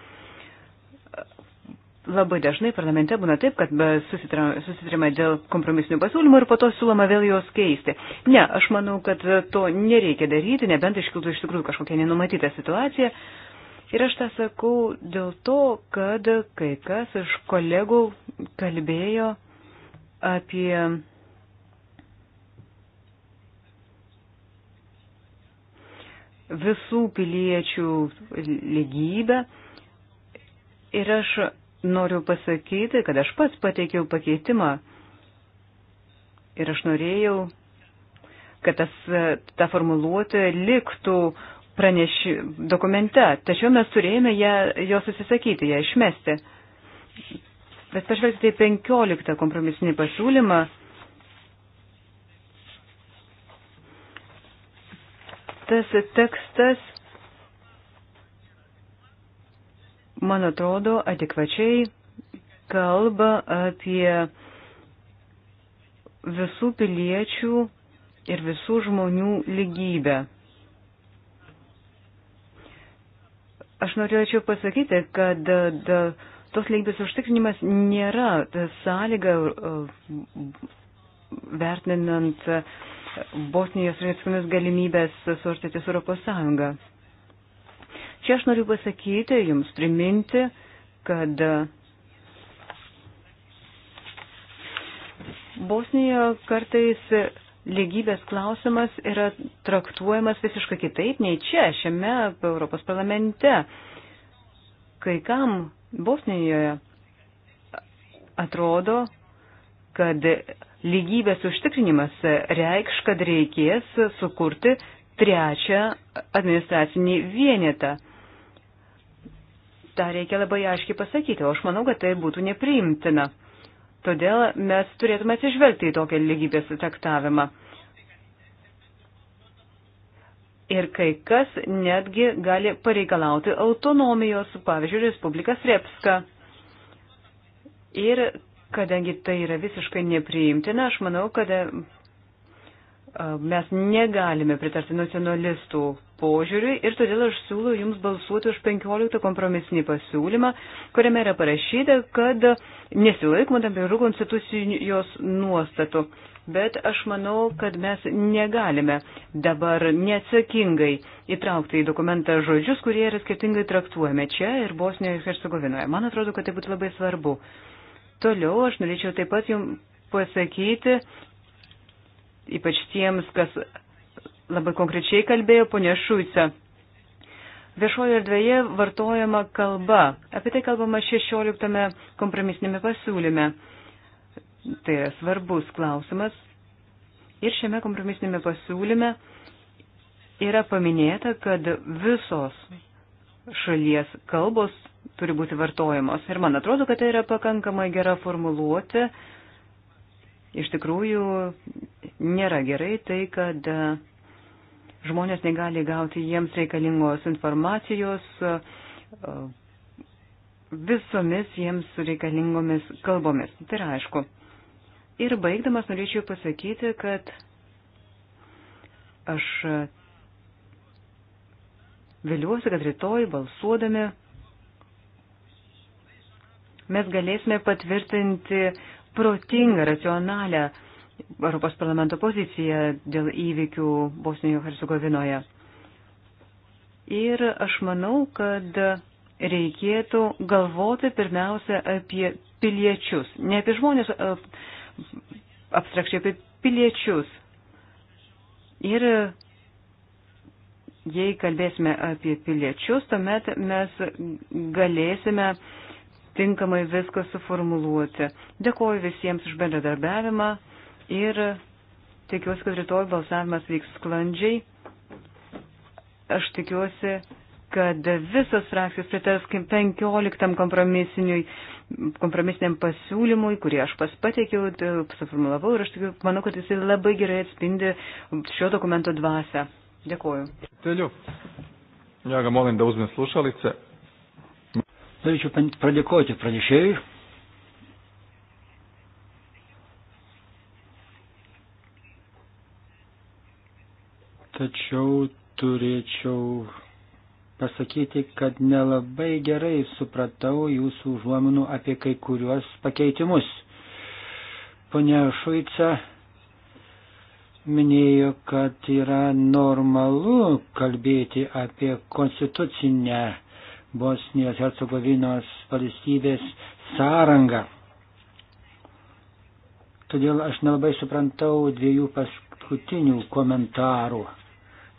Labai dažnai parlamente būna taip, kad susitarima dėl kompromisinių pasiūlymų ir po to siūloma vėl juos keisti. Ne, aš manau, kad to nereikia daryti, nebent iškiltų iš tikrųjų kažkokia nenumatyta situacija. Ir aš tą sakau dėl to, kad kai kas iš kolegų kalbėjo apie. visų piliečių lygybę ir aš noriu pasakyti, kad aš pats pateikiau pakeitimą ir aš norėjau, kad tas, ta formuluotė liktų praneši, dokumente, tačiau mes turėjome ją, jos atsisakyti, ją išmesti. Bet pažvelgite į 15 kompromisinį pasiūlymą. Tas tekstas man atrodo, adekvačiai kalba apie visų piliečių ir visų žmonių lygybę. Aš norėčiau pasakyti, kad da, tos lygybės užtikrinimas nėra sąlyga uh, vertinant Bosnijos ir Hercegovinos galimybės suartėti su Europos Sąjunga. Čia aš noriu pasakyti, jums priminti, kad Bosnijoje kartais lygybės klausimas yra traktuojamas visiškai kitaip nei čia, šiame Europos parlamente. Kai kam Bosnijoje atrodo, kad lygybės užtikrinimas reikš, kad reikės sukurti trečią administracinį vienetą tą reikia labai aiškiai pasakyti, o aš manau, kad tai būtų nepriimtina. Todėl mes turėtume atsižvelgti į tokią lygybės traktavimą. Ir kai kas netgi gali pareikalauti autonomijos, pavyzdžiui, Respublika Srepska. Ir kadangi tai yra visiškai nepriimtina, aš manau, kad mes negalime pritarti nacionalistų požiūriui ir todėl aš siūlau Jums balsuoti už 15 kompromisinį pasiūlymą, kuriame yra parašyta, kad nesilaikoma tam tikrų konstitucijos nuostatų. Bet aš manau, kad mes negalime dabar neatsakingai įtraukti į dokumentą žodžius, kurie yra skirtingai traktuojami čia ir Bosnijoje ir Hercegovinoje. Man atrodo, kad tai būtų labai svarbu. Toliau aš norėčiau taip pat Jums pasakyti, ypač tiems, kas labai konkrečiai kalbėjo ponė Šuica. Viešojo erdvėje vartojama kalba. Apie tai kalbama 16 kompromisinėme pasiūlyme. Tai yra svarbus klausimas. Ir šiame kompromisinėme pasiūlyme yra paminėta, kad visos šalies kalbos turi būti vartojamos. Ir man atrodo, kad tai yra pakankamai gera formuluoti, uh, Iš tikrųjų, nėra gerai tai, kad e, žmonės negali gauti jiems reikalingos informacijos e, visomis jiems reikalingomis kalbomis. Tai yra aišku. Ir baigdamas norėčiau pasakyti, kad aš e, viliuosi, kad rytoj balsuodami mes galėsime patvirtinti protingą, racionalią Europos parlamento poziciją dėl įvykių Bosnijoje Hercegovinoje. Ir aš manau, kad reikėtų galvoti pirmiausia apie piliečius, ne apie žmonės abstrakčiai, apie piliečius. Ir jei kalbėsime apie piliečius, tuomet mes galėsime uh, tinkamai viską suformuluoti. Dėkuoju visiems už bendradarbiavimą ir tikiuosi, kad rytoj balsavimas vyks sklandžiai. Aš tikiuosi, kad visos frakcijos pritars 15 kompromisiniam pasiūlymui, kurį aš pas pateikiau, suformulavau ir aš tikiu, manau, kad jis labai gerai atspindi šio dokumento dvasę. Dėkuoju. Telju. Ja ga molim da uzme slušalice. Norėčiau pradėkoti pranešėjai. Tačiau turėčiau pasakyti, kad nelabai gerai supratau jūsų užuominų apie kai kuriuos pakeitimus. Pone Šuica minėjo, kad yra normalu kalbėti apie konstitucinę Bosnijos Hercegovinos valstybės sąrangą. Todėl aš nelabai suprantau dviejų paskutinių komentarų.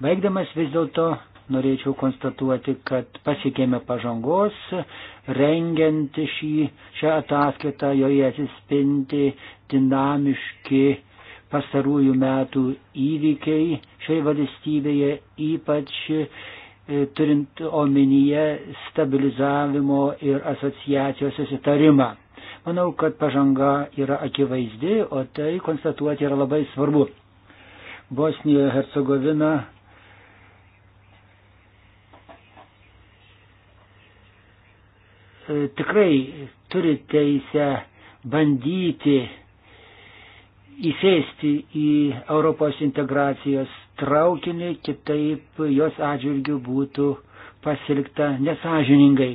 Baigdamas vis dėlto norėčiau konstatuoti, kad pasikėmė pažangos, rengiant šį, šią ataskaitą, joje atsispinti dinamiški pastarųjų metų įvykiai šioje valstybėje, ypač E, turint omenyje stabilizavimo ir asociacijos susitarimą. Manau, kad pažanga yra akivaizdi, o tai konstatuoti yra labai svarbu. Bosnija Hercegovina e, tikrai turi teisę bandyti įsėsti į Europos integracijos traukinį, kitaip jos atžvilgių būtų pasilikta nesažiningai.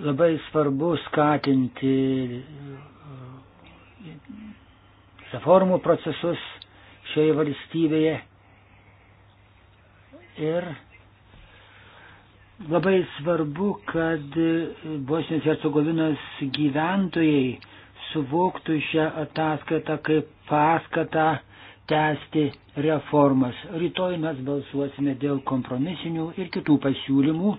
Labai svarbu skatinti uh, reformų procesus šioje valstybėje ir labai svarbu, kad Bosnijos Hercegovinos gyventojai suvoktų šią ataskaitą kaip paskatą tęsti reformas. Rytoj mes balsuosime dėl kompromisinių ir kitų pasiūlymų.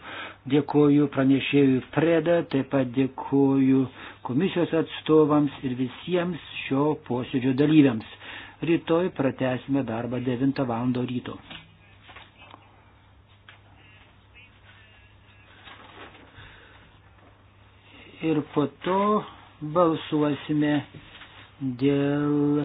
Dėkoju pranešėjui Preda, taip pat dėkoju komisijos atstovams ir visiems šio posėdžio dalyviams. Rytoj pratesime darbą 9 val. ryto. ir po to balsuosime dėl